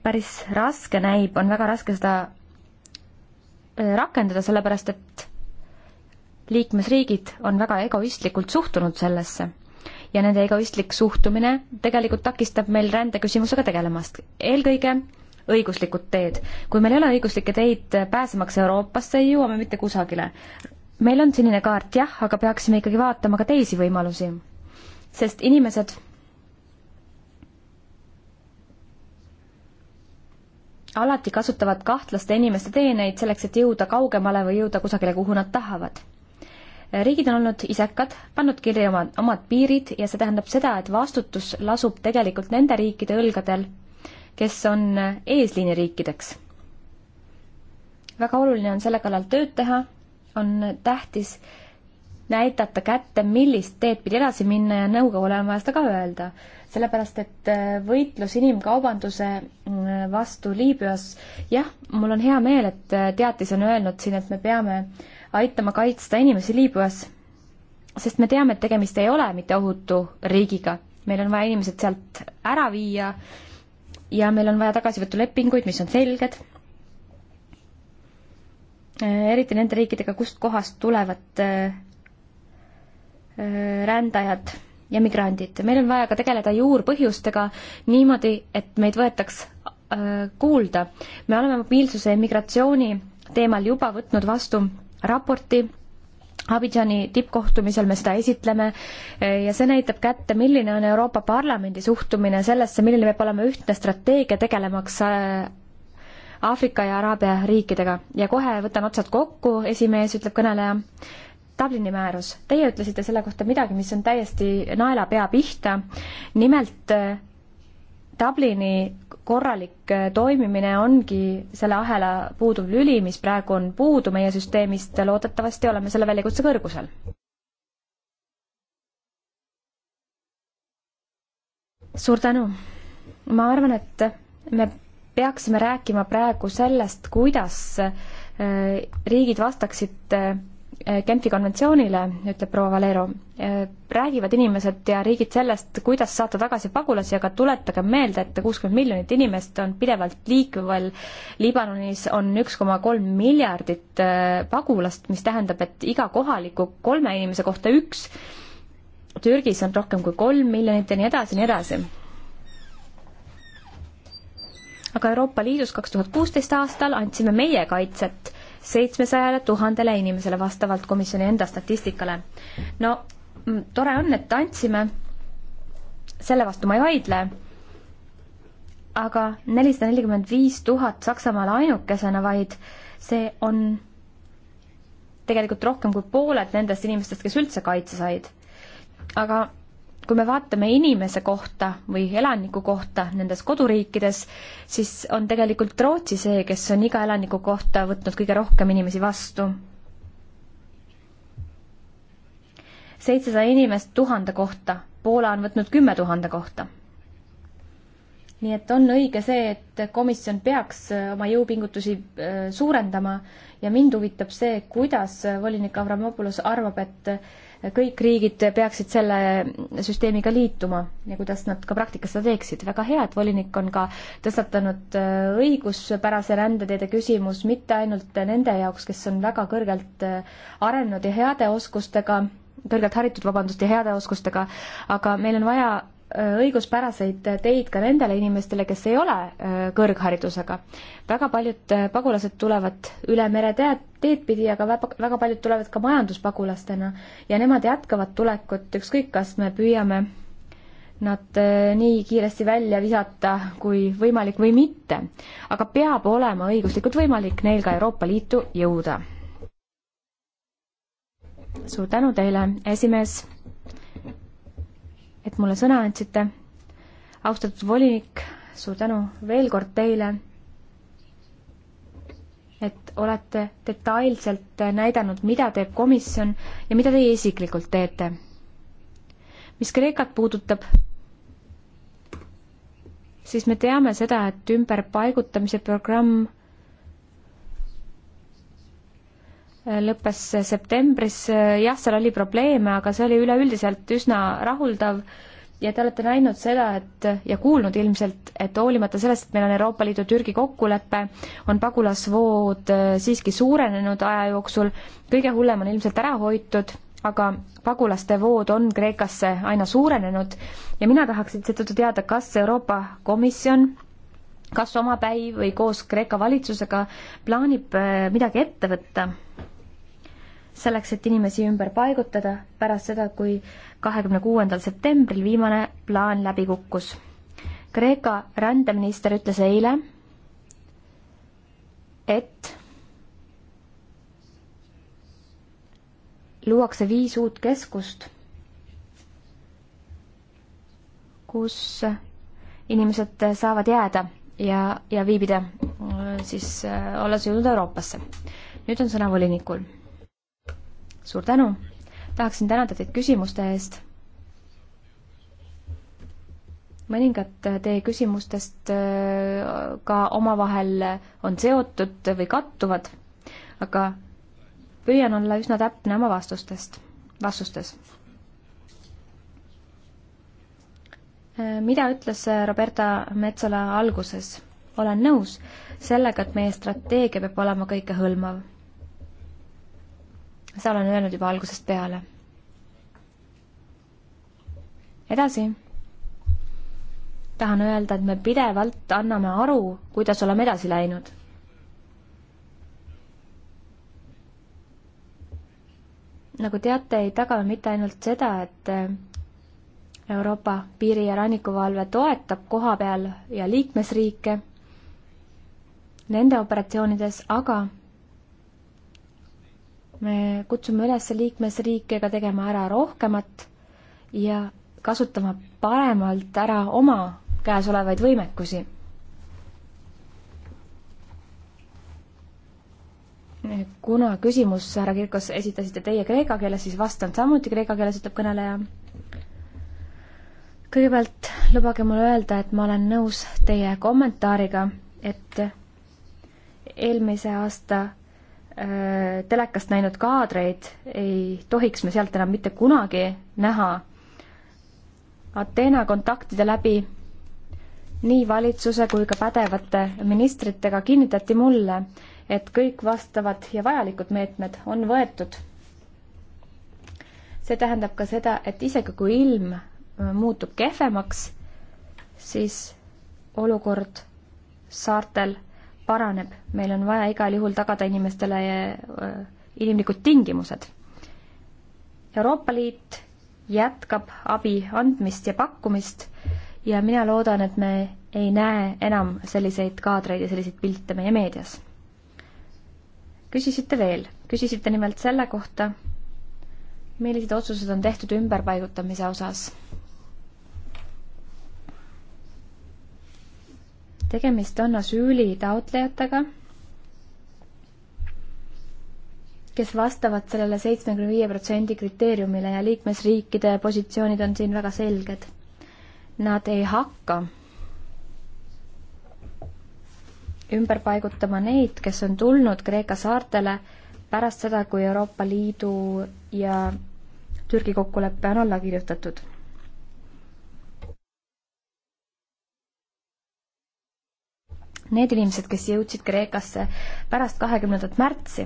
D: päris raske näib, on väga raske seda äh, rakendada, sellepärast et liikmesriigid on väga egoistlikult suhtunud sellesse ja nende egoistlik suhtumine tegelikult takistab meil rändeküsimusega tegelemast. eelkõige õiguslikud teed. kui meil ei ole õiguslikke teid pääsemaks Euroopasse, ei jõua me mitte kusagile. meil on sinine kaart jah, aga peaksime ikkagi vaatama ka teisi võimalusi. sest inimesed alati kasutavad kahtlaste inimeste teeneid selleks, et jõuda kaugemale või jõuda kusagile, kuhu nad tahavad riigid on olnud isekad, pannud kirja oma, omad piirid ja see tähendab seda, et vastutus lasub tegelikult nende riikide õlgadel, kes on eesliiniriikideks. väga oluline on selle kallal tööd teha, on tähtis näidata kätte, millist teed pidi edasi minna ja nõukogule on vaja seda ka öelda. sellepärast, et äh, võitlus inimkaubanduse mm, vastu Liibüas, jah, mul on hea meel, et äh, teatis on öelnud siin, et me peame äh, aitama kaitsta inimesi Liibüas, sest me teame, et tegemist ei ole mitte ohutu riigiga. meil on vaja inimesed sealt ära viia ja meil on vaja tagasivõtulepinguid, mis on selged, eriti nende riikidega, kust kohast tulevad äh, äh, rändajad ja migrandid. meil on vaja ka tegeleda juurpõhjustega niimoodi, et meid võetaks äh, kuulda. me oleme mobiilsuse ja migratsiooni teemal juba võtnud vastu raporti Abidjani tippkohtumisel me seda esitleme e, ja see näitab kätte, milline on Euroopa Parlamendi suhtumine sellesse, milline peab olema ühtne strateegia tegelemaks e, Aafrika ja Araabia riikidega. ja kohe võtan otsad kokku, esimees ütleb kõneleja. Dublini määrus, teie ütlesite selle kohta midagi, mis on täiesti naelapea pihta. nimelt e, Dublini korralik äh, toimimine ongi selle ahela puuduv lüli, mis praegu on puudu meie süsteemist, loodetavasti oleme selle väljakutse kõrgusel. suur tänu. ma arvan, et me peaksime rääkima praegu sellest, kuidas äh, riigid vastaksid äh, Äh, Genfi konventsioonile, ütleb proua Valero, äh, räägivad inimesed ja riigid sellest, kuidas saata tagasi pagulasi, aga tuletage meelde, et kuuskümmend miljonit inimest on pidevalt liikuval. Liibanonis on üks koma kolm miljardit äh, pagulast, mis tähendab, et iga kohaliku kolme inimese kohta üks. Türgis on rohkem kui kolm miljonit ja nii edasi ja nii edasi aga Euroopa Liidus kaks tuhat kuusteist aastal andsime meie kaitset seitsmesajale tuhandele inimesele vastavalt komisjoni enda statistikale. no mm, tore on, et andsime, selle vastu ma ei vaidle, aga nelisada nelikümmend viis tuhat Saksamaal ainukesena vaid, see on tegelikult rohkem kui pooled nendest inimestest, kes üldse kaitse said. aga kui me vaatame inimese kohta või elaniku kohta nendes koduriikides, siis on tegelikult Rootsi see, kes on iga elaniku kohta võtnud kõige rohkem inimesi vastu. seitsesada inimest tuhande kohta, Poola on võtnud kümme tuhande kohta nii et on õige see, et komisjon peaks äh, oma jõupingutusi äh, suurendama ja mind huvitab see, kuidas äh, volinik Avramopoulos arvab, et kõik riigid peaksid selle süsteemiga liituma ja kuidas nad ka praktikas seda teeksid. väga hea, et volinik on ka tõstatanud õiguspärase rändeteede küsimus mitte ainult nende jaoks, kes on väga kõrgelt arenenud ja heade oskustega, kõrgelt haritud, vabandust, ja heade oskustega, aga meil on vaja õiguspäraseid teid ka nendele inimestele, kes ei ole äh, kõrgharidusega. väga paljud äh, pagulased tulevad üle mere teed, teed pidi, aga väga, väga paljud tulevad ka majanduspagulastena ja nemad jätkavad tulekut, ükskõik, kas me püüame nad äh, nii kiiresti välja visata kui võimalik või mitte. aga peab olema õiguslikult võimalik neil ka Euroopa Liitu jõuda. suur tänu teile, esimees et mulle sõna andsite. austatud volinik, suur tänu veel kord teile, et olete detailselt näidanud, mida teeb komisjon ja mida teie isiklikult teete. mis Kreekat puudutab, siis me teame seda, et ümberpaigutamise programm lõppes septembris, jah, seal oli probleeme, aga see oli üleüldiselt üsna rahuldav ja te olete näinud seda, et ja kuulnud ilmselt, et hoolimata sellest, et meil on Euroopa Liidu Türgi kokkulepe, on pagulasvood äh, siiski suurenenud aja jooksul, kõige hullem on ilmselt ära hoitud, aga pagulaste vood on Kreekasse aina suurenenud ja mina tahaksin seetõttu teada, kas Euroopa Komisjon kas omapäi või koos Kreeka valitsusega plaanib äh, midagi ette võtta? selleks, et inimesi ümber paigutada pärast seda, kui kahekümne kuuendal septembril viimane plaan läbi kukkus. Kreeka rändeminister ütles eile, et luuakse viis uut keskust, kus inimesed saavad jääda ja, ja viibida äh, siis äh, olles jõudnud Euroopasse. nüüd on sõna volinikul suur tänu, tahaksin tänada teid küsimuste eest. mõningad teie küsimustest äh, ka omavahel on seotud või kattuvad, aga püüan olla üsna täpne oma vastustest, vastustes. Äh, mida ütles Roberta Metsola alguses? olen nõus sellega, et meie strateegia peab olema kõikehõlmav seda olen öelnud juba algusest peale. edasi. tahan öelda, et me pidevalt anname aru, kuidas oleme edasi läinud nagu teate, ei taga mitte ainult seda, et Euroopa Piiri- ja Rannikuvalve toetab kohapeal ja liikmesriike nende operatsioonides, aga me kutsume üles liikmesriike ka tegema ära rohkemat ja kasutama paremalt ära oma käesolevaid võimekusi. kuna küsimus, härra Kirkos, esitasite teie kreeka keeles, siis vastan samuti kreeka keeles, ütleb kõneleja. kõigepealt lubage mul öelda, et ma olen nõus teie kommentaariga, et eelmise aasta Äh, telekast näinud kaadreid ei tohiks me sealt enam mitte kunagi näha. Ateena kontaktide läbi nii valitsuse kui ka pädevate ministritega kinnitati mulle, et kõik vastavad ja vajalikud meetmed on võetud. see tähendab ka seda, et isegi kui ilm äh, muutub kehvemaks, siis olukord saartel paraneb, meil on vaja igal juhul tagada inimestele äh, inimlikud tingimused. Euroopa Liit jätkab abi andmist ja pakkumist ja mina loodan, et me ei näe enam selliseid kaadreid ja selliseid pilte meie meedias. küsisite veel, küsisite nimelt selle kohta, millised otsused on tehtud ümberpaigutamise osas tegemist on asüüli taotlejatega, kes vastavad sellele seitsmekümne viie protsendi kriteeriumile ja liikmesriikide positsioonid on siin väga selged. Nad ei hakka ümber paigutama neid, kes on tulnud Kreeka saartele pärast seda, kui Euroopa Liidu ja Türgi kokkulepe on alla kirjutatud need inimesed, kes jõudsid Kreekasse pärast kahekümnendat märtsi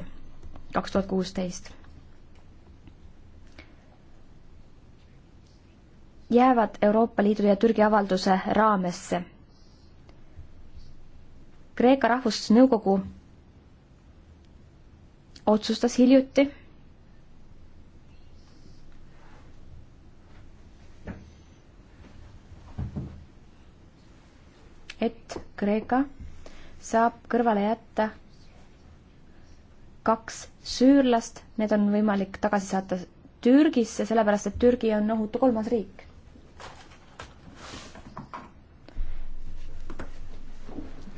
D: kaks tuhat kuusteist, jäävad Euroopa Liidu ja Türgi avalduse raamesse. Kreeka Rahvusnõukogu otsustas hiljuti et Kreeka saab kõrvale jätta kaks süürlast, need on võimalik tagasi saata Türgisse, sellepärast et Türgi on ohutu kolmas riik.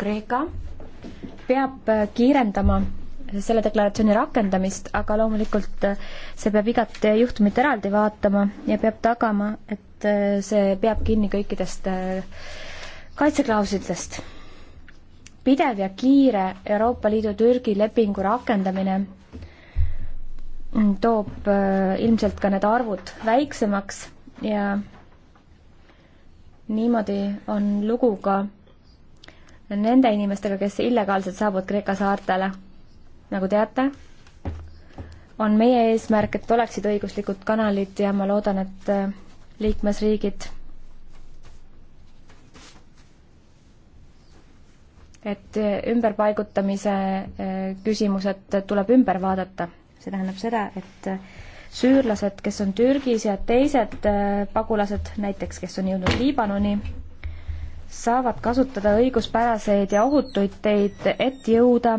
D: Kreeka peab kiirendama selle deklaratsiooni rakendamist, aga loomulikult see peab igat juhtumit eraldi vaatama ja peab tagama, et see peab kinni kõikidest kaitseklauslitest pidev ja kiire Euroopa Liidu-Türgi lepingu rakendamine toob äh, ilmselt ka need arvud väiksemaks ja niimoodi on lugu ka nende inimestega, kes illegaalselt saabuvad Kreeka saartele. nagu teate, on meie eesmärk, et oleksid õiguslikud kanalid ja ma loodan, et äh, liikmesriigid et ümberpaigutamise eh, küsimused tuleb ümber vaadata. see tähendab seda, et süürlased, kes on Türgis ja teised eh, pagulased, näiteks kes on jõudnud Liibanoni, saavad kasutada õiguspäraseid ja ohutuid teid, et jõuda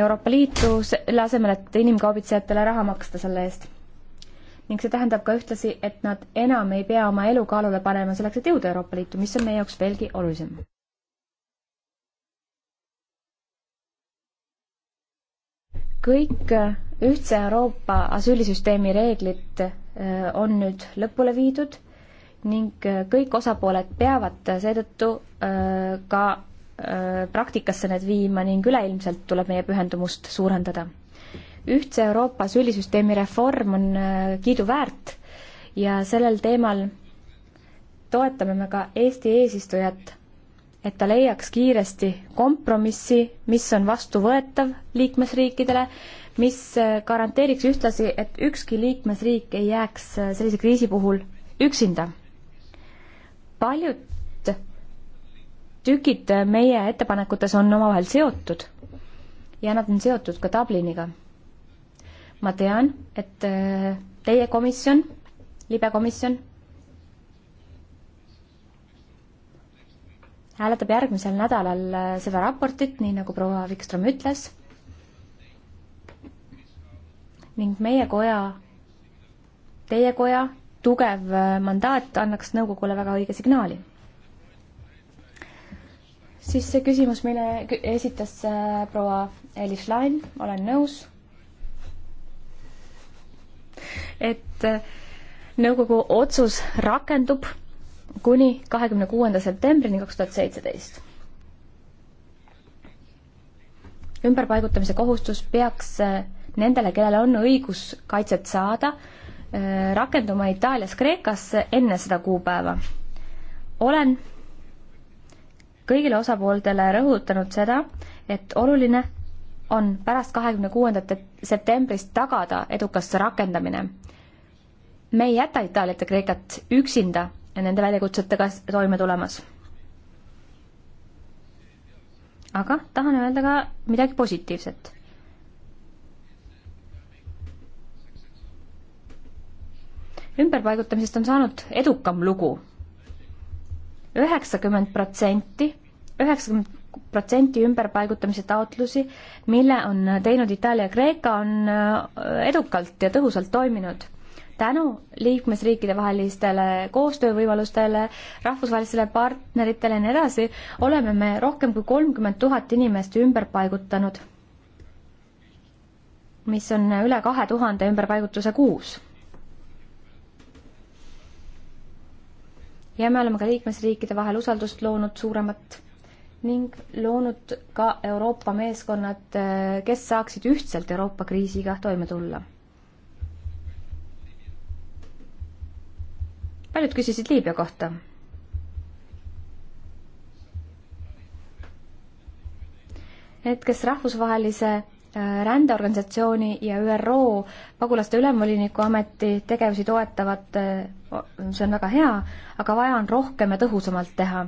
D: Euroopa Liitu, selle asemel, et inimkaubitsejatele raha maksta selle eest. ning see tähendab ka ühtlasi, et nad enam ei pea oma elu kaalule panema selleks, et jõuda Euroopa Liitu, mis on meie jaoks veelgi olulisem. kõik äh, ühtse Euroopa asüülisüsteemi reeglid äh, on nüüd lõpule viidud ning äh, kõik osapooled peavad seetõttu ka praktikasse need viima ning üleilmselt tuleb meie pühendumust suurendada. ühtse Euroopa asüülisüsteemi reform on kiiduväärt ja sellel teemal toetame me ka Eesti eesistujat et ta leiaks kiiresti kompromissi, mis on vastuvõetav liikmesriikidele, mis äh, garanteeriks ühtlasi, et ükski liikmesriik ei jääks äh, sellise kriisi puhul üksinda. paljud tükid äh, meie ettepanekutes on omavahel seotud ja nad on seotud ka Dubliniga. ma tean, et teie komisjon, libekomisjon hääletab järgmisel nädalal äh, seda raportit, nii nagu proua Vikström ütles. ning meie koja, teie koja tugev äh, mandaat annaks nõukogule väga õige signaali. siis see küsimus, mille esitas äh, proua Elis Lain, olen nõus. et nõukogu otsus rakendub kuni kahekümne kuuenda septembrini kaks tuhat seitseteist. ümberpaigutamise kohustus peaks äh, nendele, kellel on õigus kaitset saada, äh, rakenduma Itaalias Kreekasse enne seda kuupäeva. olen kõigile osapooltele rõhutanud seda, et oluline on pärast kahekümne kuuendat septembrist tagada edukas rakendamine. me ei jäta Itaaliat ja Kreekat üksinda nende väljakutsetega toime tulemas. aga tahan öelda ka midagi positiivset. ümberpaigutamisest on saanud edukam lugu. üheksakümmend protsenti, üheksakümmend protsenti ümberpaigutamise taotlusi, mille on teinud Itaalia ja Kreeka, on äh, edukalt ja tõhusalt toiminud tänu liikmesriikide vahelistele koostöövõimalustele, rahvusvahelistele partneritele ja nii edasi, oleme me rohkem kui kolmkümmend tuhat inimest ümber paigutanud, mis on üle kahe tuhande ümberpaigutuse kuus. ja me oleme ka liikmesriikide vahel usaldust loonud suuremat ning loonud ka Euroopa meeskonnad, kes saaksid ühtselt Euroopa kriisiga toime tulla paljud küsisid Liibüa kohta. et kes rahvusvahelise äh, rändeorganisatsiooni ja ÜRO pagulaste ülemvoliniku ameti tegevusi toetavad, äh, see on väga hea, aga vaja on rohkem ja tõhusamalt teha.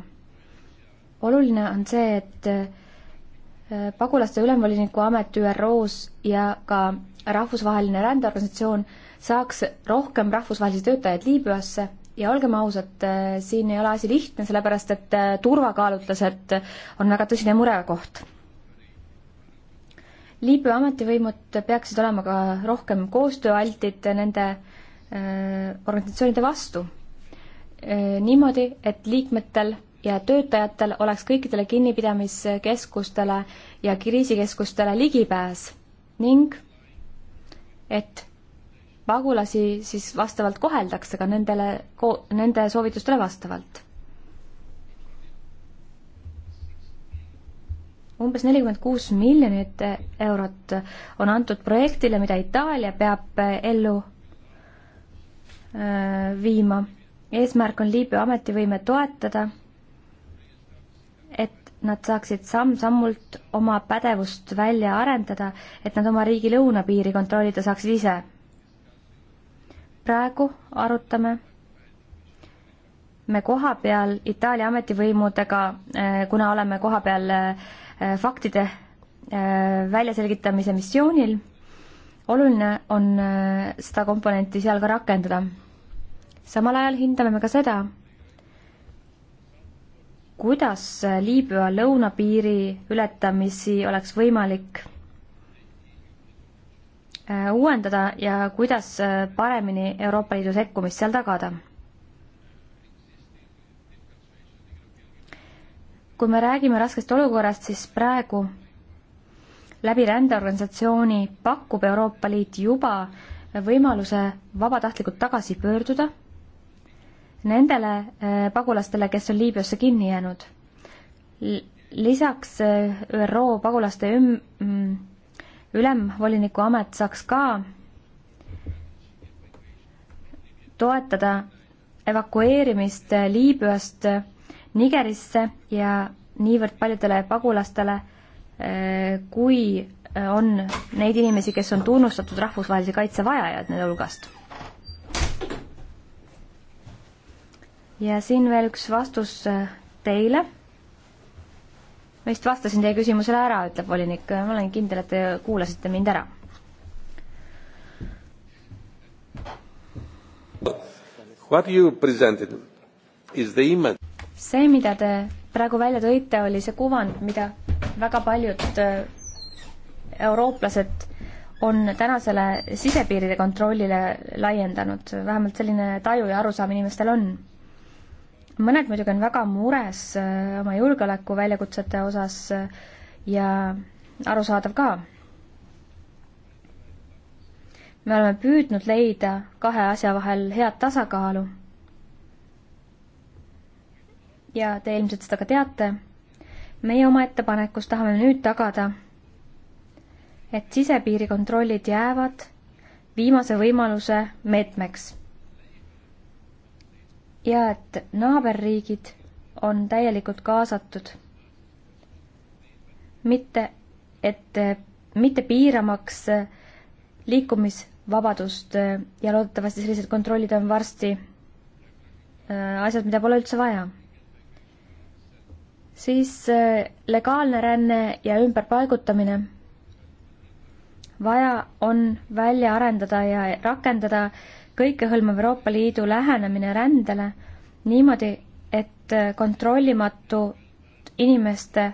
D: oluline on see, et äh, pagulaste ülemvoliniku amet ÜRO-s ja ka rahvusvaheline rändeorganisatsioon saaks rohkem rahvusvahelisi töötajaid Liibüasse ja olgem ausad, äh, siin ei ole asi lihtne, sellepärast et äh, turvakaalutlused on väga tõsine murekoht. Liibüa ametivõimud peaksid olema ka rohkem koostööaltid nende äh, organisatsioonide vastu. niimoodi, et liikmetel ja töötajatel oleks kõikidele kinnipidamiskeskustele ja kriisikeskustele ligipääs ning et pagulasi siis vastavalt koheldakse ka nendele, nende soovitustele vastavalt. umbes nelikümmend kuus miljonit eurot on antud projektile, mida Itaalia peab äh, ellu äh, viima. eesmärk on Liibüa ametivõime toetada, et nad saaksid samm-sammult oma pädevust välja arendada, et nad oma riigi lõunapiiri kontrollida saaksid ise praegu arutame me koha peal Itaalia ametivõimudega, eh, kuna oleme koha peal eh, faktide eh, väljaselgitamise missioonil, oluline on seda komponenti seal ka rakendada. samal ajal hindame me ka seda, kuidas Liibüa lõunapiiri ületamisi oleks võimalik Äh, uuendada ja kuidas äh, paremini Euroopa Liidu sekkumist seal tagada. kui me räägime raskest olukorrast, siis praegu läbi rändeorganisatsiooni pakub Euroopa Liit juba võimaluse vabatahtlikult tagasi pöörduda nendele äh, pagulastele, kes on Liibüasse kinni jäänud. lisaks ÜRO pagulaste üm-, mm, ülemvoliniku amet saaks ka toetada evakueerimist Liibüast Nigerisse ja niivõrd paljudele pagulastele, eh, kui on neid inimesi, kes on tunnustatud rahvusvahelise kaitse vajajad nende hulgast. ja siin veel üks vastus eh, teile ma vist vastasin teie küsimusele ära, ütleb volinik, ma olen kindel, et te kuulasite mind ära.
A: What you presented is the image.
D: see, mida te praegu välja tõite, oli see kuvand, mida väga paljud äh, eurooplased on tänasele sisepiiride kontrollile laiendanud, vähemalt selline taju ja arusaam inimestel on mõned muidugi on väga mures äh, oma julgeolekuväljakutsete osas äh, ja arusaadav ka. me oleme püüdnud leida kahe asja vahel head tasakaalu. ja te ilmselt seda ka teate. meie oma ettepanekus tahame nüüd tagada, et sisepiirikontrollid jäävad viimase võimaluse meetmeks ja et naaberriigid on täielikult kaasatud. mitte, et mitte piiramaks liikumisvabadust ja loodetavasti sellised kontrollid on varsti äh, asjad, mida pole üldse vaja. siis äh, legaalne ränne ja ümberpaigutamine. vaja on välja arendada ja rakendada äh, kõikehõlmav Euroopa Liidu lähenemine rändele niimoodi, et kontrollimatu inimeste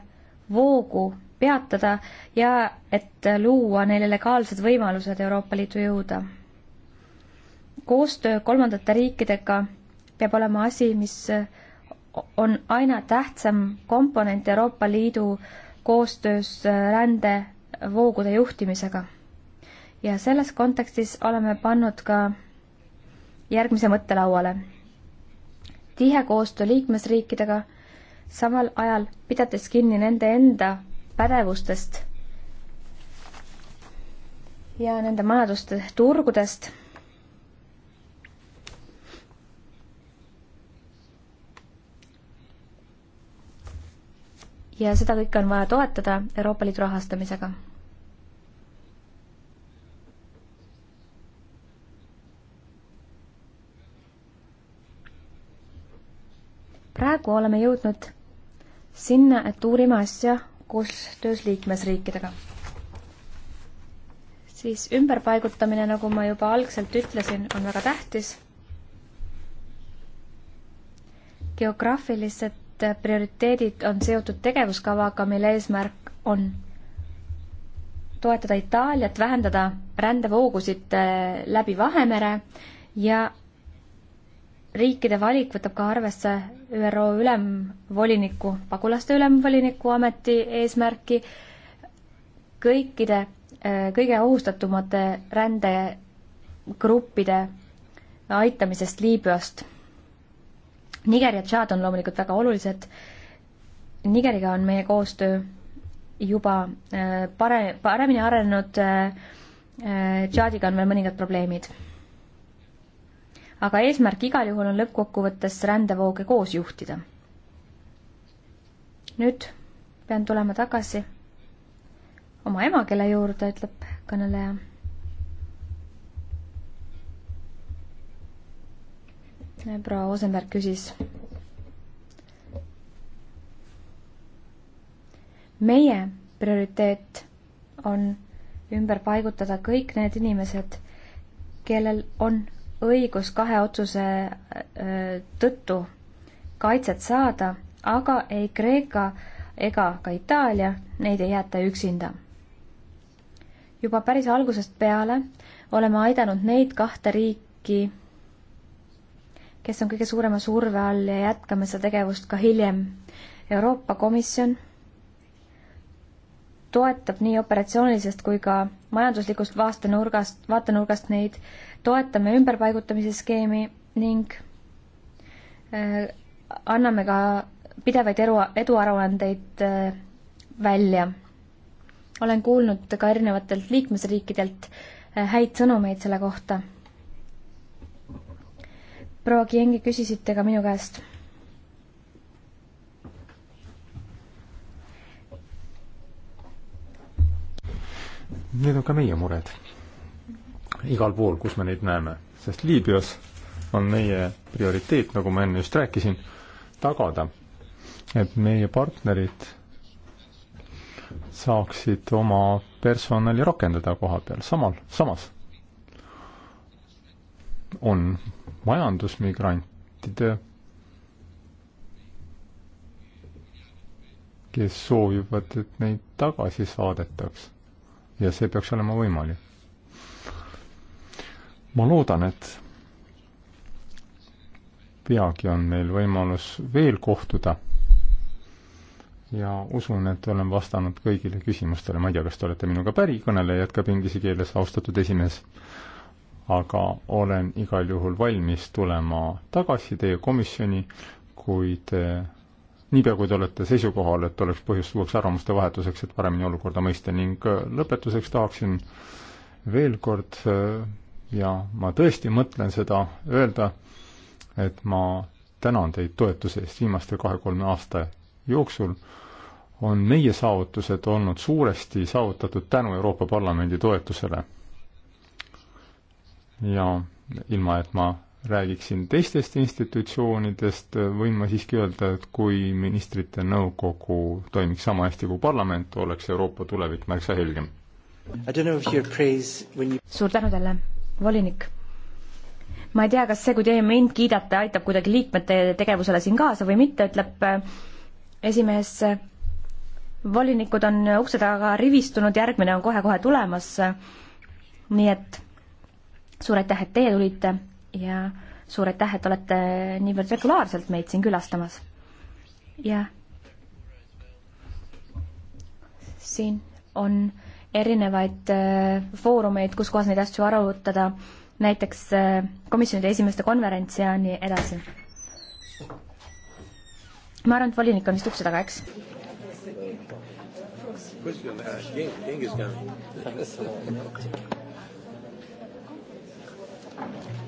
D: voogu peatada ja et luua neile legaalsed võimalused Euroopa Liitu jõuda. koostöö kolmandate riikidega peab olema asi, mis on aina tähtsam komponent Euroopa Liidu koostöös rändevoogude juhtimisega. ja selles kontekstis oleme pannud ka järgmise mõttelauale. tihe koostöö liikmesriikidega, samal ajal pidades kinni nende enda pädevustest ja nende majanduste turgudest ja seda kõike on vaja toetada Euroopa Liidu rahastamisega praegu oleme jõudnud sinna, et uurime asja koostöös liikmesriikidega. siis ümberpaigutamine, nagu ma juba algselt ütlesin, on väga tähtis. geograafilised prioriteedid on seotud tegevuskavaga, mille eesmärk on toetada Itaaliat, vähendada rändevoogusid eh, läbi Vahemere ja riikide valik võtab ka arvesse ÜRO ülemvoliniku, pagulaste ülemvoliniku ameti eesmärki kõikide äh, kõige ohustatumate rändegruppide aitamisest Liibüast. Niger ja Tšaad on loomulikult väga olulised. Nigeriga on meie koostöö juba äh, pare-, paremini arenenud, äh, Tšaadiga on veel mõningad probleemid aga eesmärk igal juhul on lõppkokkuvõttes rändevooge koos juhtida. nüüd pean tulema tagasi oma emakeele juurde, ütleb kõneleja. proua Osenberg küsis. meie prioriteet on ümber paigutada kõik need inimesed, kellel on õigus kahe otsuse äh, tõttu kaitset saada, aga ei Kreeka ega ka Itaalia, neid ei jäeta üksinda. juba päris algusest peale oleme aidanud neid kahte riiki, kes on kõige suurema surve all ja jätkame seda tegevust ka hiljem. Euroopa Komisjon toetab nii operatsioonilisest kui ka majanduslikust vaatenurgast, vaatenurgast neid toetame ümberpaigutamise skeemi ning äh, anname ka pidevaid eru, eduaruandeid äh, välja. olen kuulnud ka erinevatelt liikmesriikidelt äh, häid sõnumeid selle kohta. proua Kiengi küsisite ka minu käest.
A: Need on ka meie mured igal pool, kus me neid näeme, sest Liibüas on meie prioriteet, nagu ma enne just rääkisin, tagada, et meie partnerid saaksid oma personali rakendada koha peal, samal, samas on majandusmigrantide, kes soovivad, et neid tagasi saadetaks. ja see peaks olema võimalik ma loodan, et peagi on meil võimalus veel kohtuda ja usun, et olen vastanud kõigile küsimustele, ma ei tea, kas te olete minuga päri, kõneleja jätkab inglise keeles, austatud esimees, aga olen igal juhul valmis tulema tagasi teie komisjoni, kui te, niipea kui te olete seisukohal, et oleks põhjust uueks arvamuste vahetuseks, et paremini olukorda mõista ning lõpetuseks tahaksin veel kord ja ma tõesti mõtlen seda öelda, et ma tänan teid toetuse eest viimaste kahe-kolme aasta jooksul, on meie saavutused olnud suuresti saavutatud tänu Euroopa Parlamendi toetusele. ja ilma, et ma räägiksin teistest institutsioonidest, võin ma siiski öelda, et kui ministrite nõukogu toimiks sama hästi kui parlament, oleks Euroopa tulevik märksa helgem.
B: You...
D: suur tänu teile! volinik ma ei tea, kas see, kui teie mind kiidate, aitab kuidagi liikmete tegevusele siin kaasa või mitte, ütleb äh, esimees. volinikud on ukse taga rivistunud, järgmine on kohe-kohe tulemas. nii et suur aitäh, et teie tulite ja suur aitäh, et olete niivõrd regulaarselt meid siin külastamas. ja siin on erinevaid äh, foorumeid, kus kohas neid asju arutada, näiteks äh, komisjonide esimeste konverents ja nii edasi. ma arvan, et volinik on vist ukse taga, eks?
B: Uh, Genghis Khan. [laughs]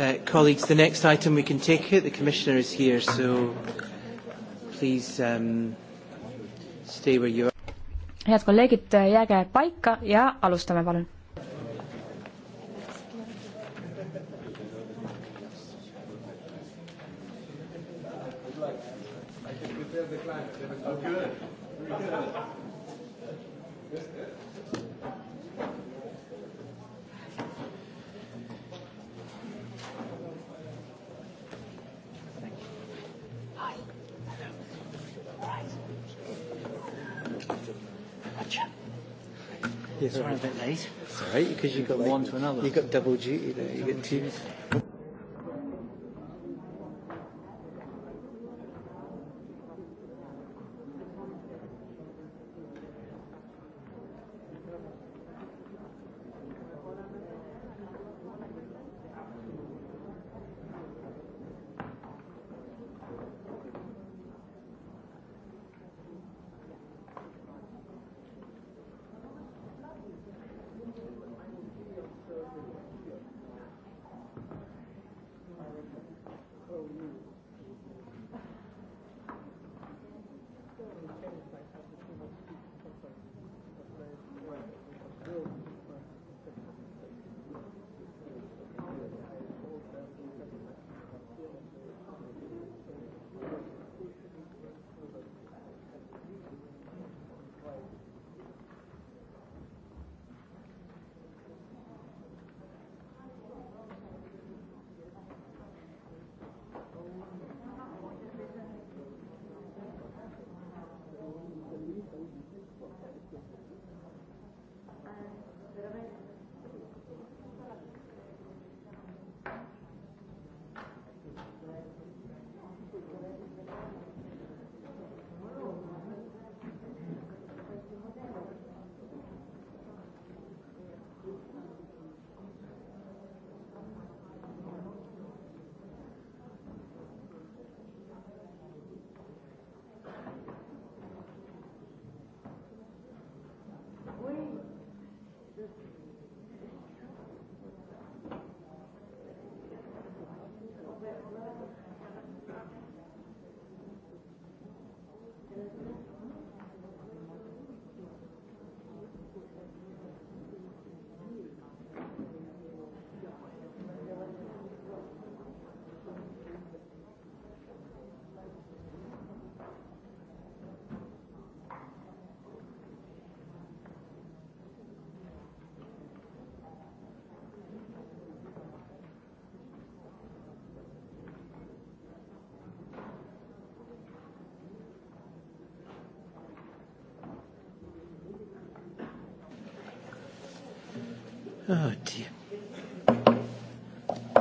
B: Uh, colleagues, the next item we can take it. The Commissioner is here, so please um, stay where you are.
D: head kolleegid, jääge paika ja alustame, palun
B: right? Because you got like, one to another. You got double duty there. You get two.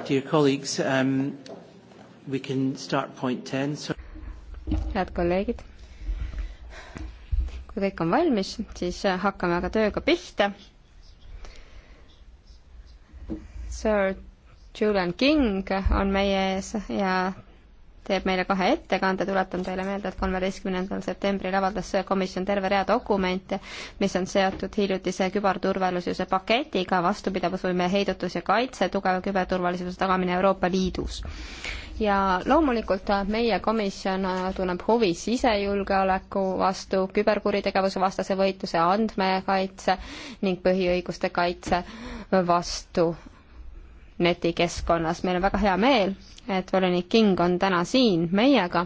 B: dear colleagues, um, we can start point 10. So...
C: Head kolleegid, kui kõik on valmis, siis äh, hakkame aga tööga pihta. Sir Julian King on meie ees ja teeb meile kahe ettekande, tuletan teile meelde, et kolmeteistkümnendal septembril avaldas komisjon terve rea dokumente, mis on seotud hiljutise küberturvalisuse paketiga, vastupidavusvõime heidutus ja kaitse, tugeva küberturvalisuse tagamine Euroopa Liidus. ja loomulikult meie komisjon tunneb huvi sisejulgeoleku vastu, küberkuritegevuse vastase võitluse, andmekaitse ning põhiõiguste kaitse vastu netikeskkonnas. meil on väga hea meel, et volinik King on täna siin meiega.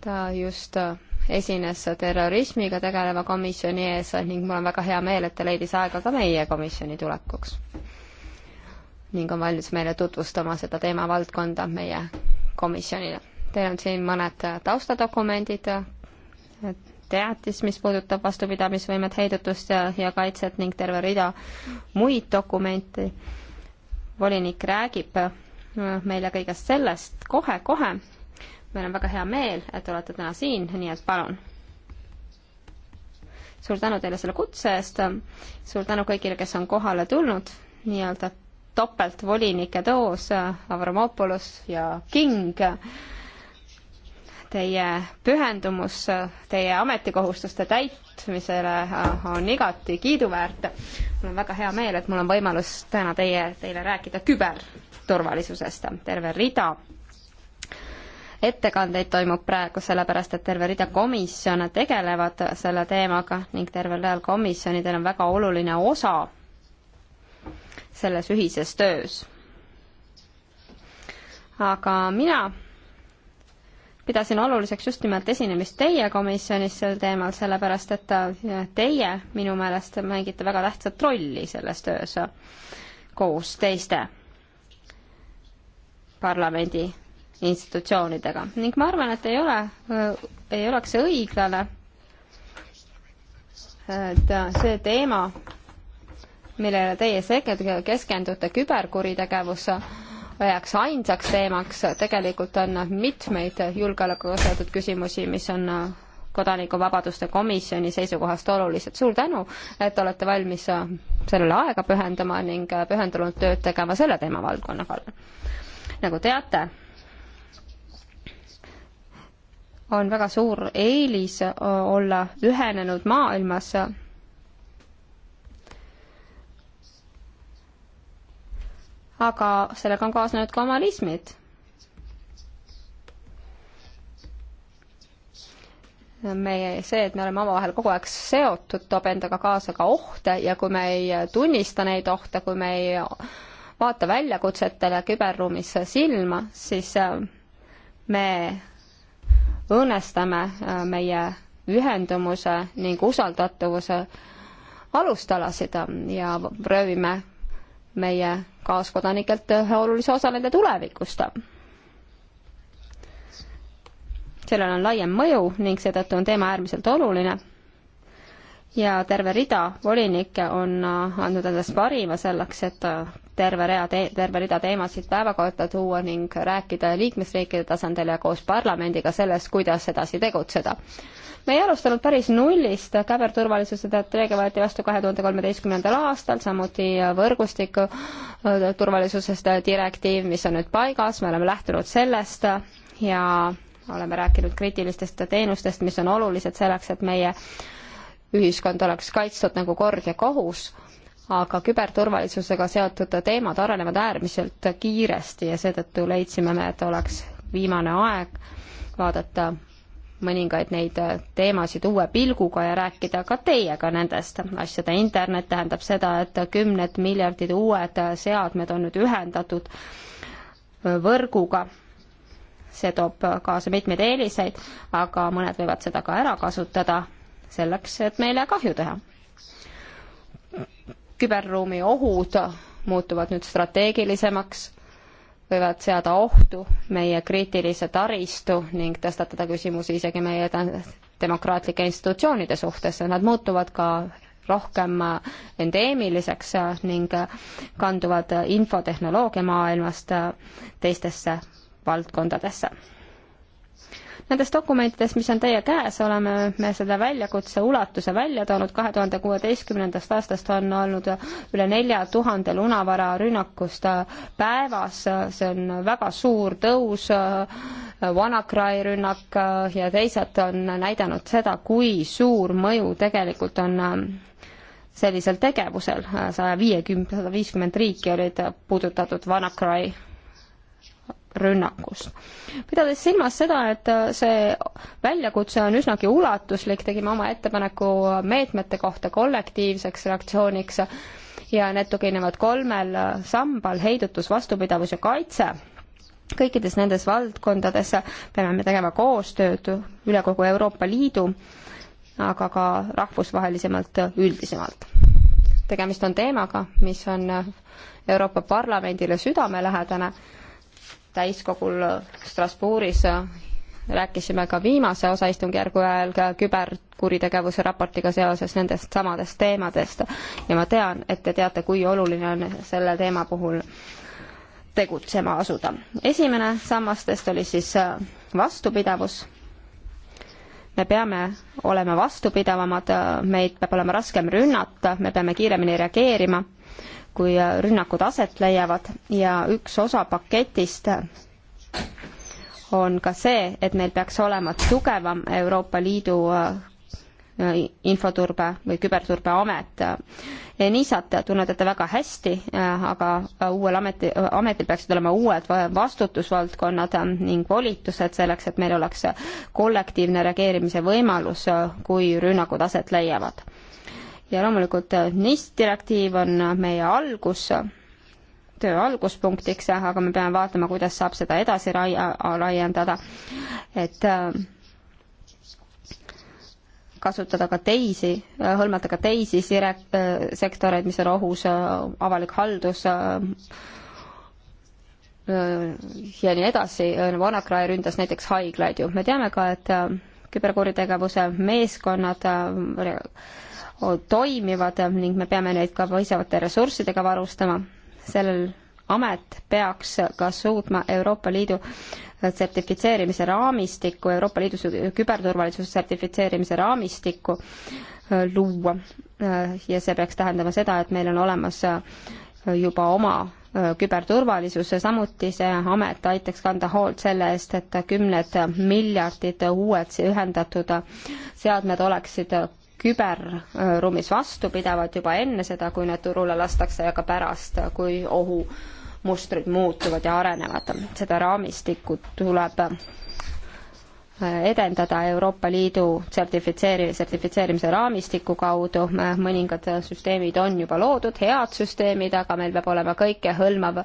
C: ta just äh, esines terrorismiga tegeleva komisjoni ees ning mul on väga hea meel, et ta leidis aega ka meie komisjoni tulekuks. ning on valmis meile tutvustama seda teemavaldkonda meie komisjonile. Teil on siin mõned äh, taustadokumendid, äh, teatis, mis puudutab vastupidamisvõimet, heidutust ja, ja kaitset ning terve rida muid dokumente volinik räägib äh, meile kõigest sellest kohe-kohe. meil on väga hea meel, et olete täna siin, nii et palun. suur tänu teile selle kutse eest, suur tänu kõigile, kes on kohale tulnud, nii-öelda topeltvolinike doos, äh, Avramopoulos ja King Teie pühendumus teie ametikohustuste täitmisele äh, on igati kiiduväärt. mul on väga hea meel, et mul on võimalus täna teie, teile rääkida küberturvalisusest. terve rida ettekandeid toimub praegu, sellepärast et terve rida komisjone tegelevad selle teemaga ning tervel real komisjonidel on väga oluline osa selles ühises töös. aga mina pidasin oluliseks just nimelt esinemist teie komisjonis sel teemal, sellepärast et teie minu meelest mängite väga tähtsat rolli selles töös koos teiste parlamendi institutsioonidega ning ma arvan, et ei ole, ei oleks õiglane, et see teema, millele teie keskendute, küberkuritegevus, jääks ainsaks teemaks, tegelikult on mitmeid julgeolekuga seotud küsimusi, mis on kodanikuvabaduste komisjoni seisukohast olulised. suur tänu, et olete valmis sellele aega pühendama ning pühendunult tööd tegema selle teemavaldkonna kallal. nagu teate, on väga suur eelis olla ühenenud maailmas aga sellega on kaasnenud ka omalismid. meie, see, et me oleme omavahel kogu aeg seotud, toob endaga kaasa ka ohte ja kui me ei tunnista neid ohte, kui me ei vaata väljakutsetele küberruumis silma, siis äh, me õõnestame äh, meie ühendumuse ning usaldatavuse alustalasid äh, ja röövime meie kaaskodanikelt ühe olulise osa nende tulevikust. sellel on laiem mõju ning seetõttu on teema äärmiselt oluline. ja terve rida volinikke on andnud endast parima selleks, et terve rea te-, terve rida teemasid päevakorda tuua ning rääkida liikmesriikide tasandil ja koos parlamendiga sellest, kuidas edasi tegutseda. me ei alustanud päris nullist, küberturvalisuse strateegia võeti vastu kahe tuhande kolmeteistkümnendal aastal, samuti võrgustiku äh, turvalisusest direktiiv, mis on nüüd paigas, me oleme lähtunud sellest ja oleme rääkinud kriitilistest teenustest, mis on olulised selleks, et meie ühiskond oleks kaitstud nagu kord ja kohus aga küberturvalisusega seotud teemad arenevad äärmiselt kiiresti ja seetõttu leidsime me, et oleks viimane aeg vaadata mõningaid neid teemasid uue pilguga ja rääkida ka teiega nendest asjade. internet tähendab seda, et kümned miljardid uued seadmed on nüüd ühendatud võrguga. see toob kaasa mitmeid eeliseid, aga mõned võivad seda ka ära kasutada selleks, et meile kahju teha küberruumi ohud muutuvad nüüd strateegilisemaks, võivad seada ohtu meie kriitilise taristu ning tõstatada küsimusi isegi meie demokraatlike institutsioonide suhtes, nad muutuvad ka rohkem endeemiliseks ning kanduvad infotehnoloogia maailmast teistesse valdkondadesse Nendes dokumentides, mis on teie käes, oleme me seda väljakutse ulatuse välja toonud, kahe tuhande kuueteistkümnendast aastast on olnud üle nelja tuhande lunavara rünnakust päevas, see on väga suur tõus, WannaCry rünnak ja teised on näidanud seda, kui suur mõju tegelikult on sellisel tegevusel, saja viiekümne, sada viiskümmend riiki olid puudutatud WannaCry rünnakust. pidades silmas seda, et äh, see väljakutse on üsnagi ulatuslik, tegime oma ettepaneku meetmete kohta kollektiivseks reaktsiooniks ja need tuginevad kolmel äh, sambal, heidutus, vastupidavus ja kaitse. kõikides nendes valdkondades peame me tegema koostööd üle kogu Euroopa Liidu, aga ka rahvusvahelisemalt äh, üldisemalt. tegemist on teemaga, mis on Euroopa Parlamendile südamelähedane täiskogul Strasbourgis rääkisime ka viimase osaistungjärgu ajal ka küberkuritegevuse raportiga seoses nendest samadest teemadest ja ma tean, et te teate, kui oluline on selle teema puhul tegutsema asuda. esimene sammastest oli siis äh, vastupidavus. me peame olema vastupidavamad, äh, meid peab olema raskem rünnata, me peame kiiremini reageerima kui rünnakud aset leiavad ja üks osa paketist on ka see, et meil peaks olema tugevam Euroopa Liidu äh, infoturbe või küberturbeamet. Enisat tunnetate väga hästi, äh, aga äh, uuel ameti, ametil peaksid olema uued vastutusvaldkonnad ning volitused selleks, et meil oleks kollektiivne reageerimise võimalus, kui rünnakud aset leiavad ja loomulikult äh, NIS direktiiv on äh, meie algus, äh, töö alguspunktiks, aga me peame vaatama, kuidas saab seda edasi rai-, laiendada, et kasutada ka teisi, hõlmata ka teisi sire-, sektoreid, mis on ohus, avalik haldus ja nii edasi, Vanakrae ründas näiteks haiglaid ju, me teame ka, et küberkuritegevuse meeskonnad toimivad ning me peame neid ka piisavate ressurssidega varustama. sellel amet peaks ka suutma Euroopa Liidu sertifitseerimise raamistikku, Euroopa Liidu küberturvalisuse sertifitseerimise raamistikku äh, luua. Äh, ja see peaks tähendama seda, et meil on olemas äh, juba oma küberturvalisuse, samuti see amet aitaks kanda hoolt selle eest, et kümned miljardid uued ühendatud seadmed oleksid küberruumis vastu pidavad juba enne seda, kui nad turule lastakse ja ka pärast, kui ohumustrid muutuvad ja arenevad. seda raamistikku tuleb edendada Euroopa Liidu sertifitseeri-, sertifitseerimise raamistiku kaudu, mõningad süsteemid on juba loodud, head süsteemid, aga meil peab olema kõikehõlmav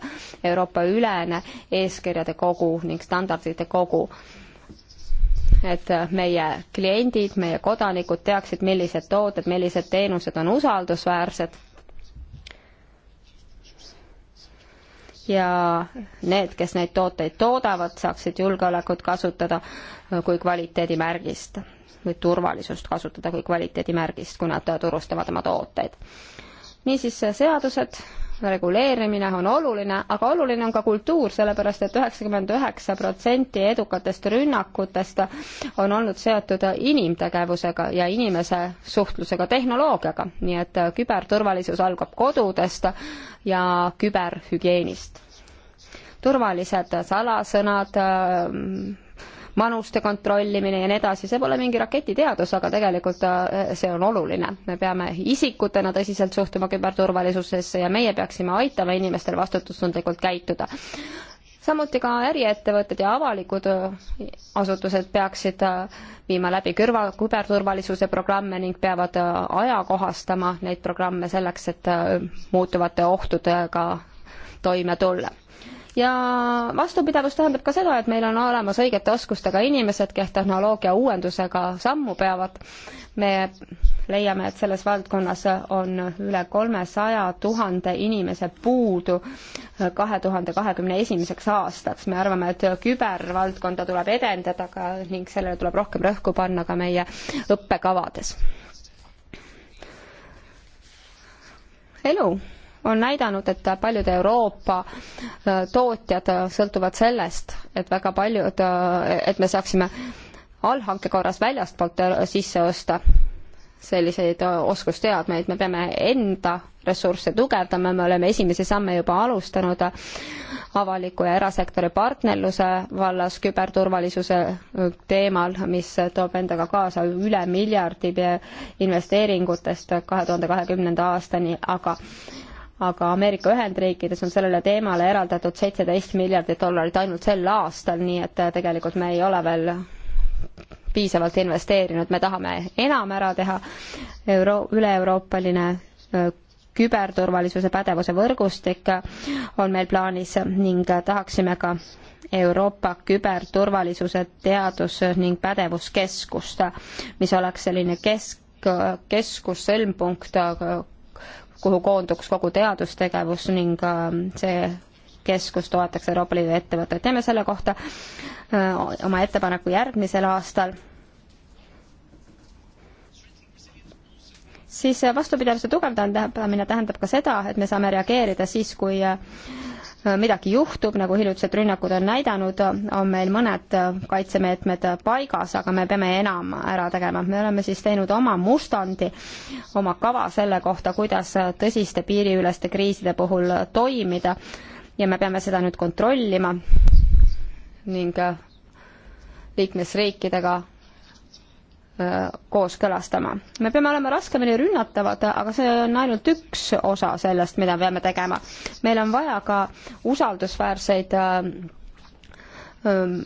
C: Euroopa-ülene eeskirjade kogu ning standardite kogu et meie kliendid, meie kodanikud teaksid, millised tooted, millised teenused on usaldusväärsed. ja need, kes neid tooteid toodavad, saaksid julgeolekut kasutada kui kvaliteedimärgist või turvalisust kasutada kui kvaliteedimärgist, kui nad turustavad oma tooteid. niisiis, seadused reguleerimine on oluline, aga oluline on ka kultuur, sellepärast et üheksakümmend üheksa protsenti edukatest rünnakutest on olnud seotud inimtegevusega ja inimese suhtlusega tehnoloogiaga, nii et äh, küberturvalisus algab kodudest ja küberhügieenist turvalised salasõnad, ähm, manuste kontrollimine ja nii edasi, see pole mingi raketiteadus, aga tegelikult äh, see on oluline. me peame isikutena tõsiselt suhtuma küberturvalisusesse ja meie peaksime aitama inimestel vastutustundlikult käituda samuti ka äriettevõtted ja avalikud äh, asutused peaksid äh, viima läbi kõrva, küberturvalisuse programme ning peavad ajakohastama neid programme selleks, et muutuvate ohtudega toime tulla ja vastupidavus tähendab ka seda, et meil on olemas õigete oskustega inimesed, kes tehnoloogia uuendusega sammu peavad. me leiame, et selles valdkonnas on üle kolmesaja tuhande inimese puudu kahe tuhande kahekümne esimeseks aastaks. me arvame, et kübervaldkonda tuleb edendada ka ning sellele tuleb rohkem rõhku panna ka meie õppekavades. elu on näidanud, et paljud Euroopa äh, tootjad äh, sõltuvad sellest, et väga paljud, äh, et me saaksime allhanke korras väljastpoolt sisse osta selliseid oskusteadmeid, me peame enda ressursse tugevdama, me oleme esimesi samme juba alustanud avaliku ja erasektori partnerluse vallas küberturvalisuse teemal, mis toob endaga kaasa üle miljardi investeeringutest kahe tuhande kahekümnenda aastani, aga aga Ameerika Ühendriikides on sellele teemale eraldatud seitseteist miljardit dollarit ainult sel aastal, nii et äh, tegelikult me ei ole veel piisavalt investeerinud, me tahame enam ära teha, euro-, üle-euroopaline äh, küberturvalisuse pädevuse võrgustik äh, on meil plaanis ning tahaksime ka Euroopa küberturvalisuse teadus- ning pädevuskeskust, mis oleks selline kesk, keskus, sõlmpunkt kuhu koonduks kogu teadustegevus ning äh, see keskus toetaks Euroopa Liidu ettevõtteid. teeme selle kohta äh, oma ettepaneku järgmisel aastal. siis äh, vastupidavuse tugevdamine tähendab ka seda, et me saame reageerida siis, kui midagi juhtub, nagu hiljutised rünnakud on näidanud, on meil mõned kaitsemeetmed paigas, aga me peame enam ära tegema. me oleme siis teinud oma mustandi, oma kava selle kohta, kuidas tõsiste piiriüleste kriiside puhul toimida ja me peame seda nüüd kontrollima ning liikmesriikidega Äh, kooskõlastama. me peame olema raskemini rünnatavad, aga see on ainult üks osa sellest, mida peame tegema. meil on vaja ka usaldusväärseid äh, ähm,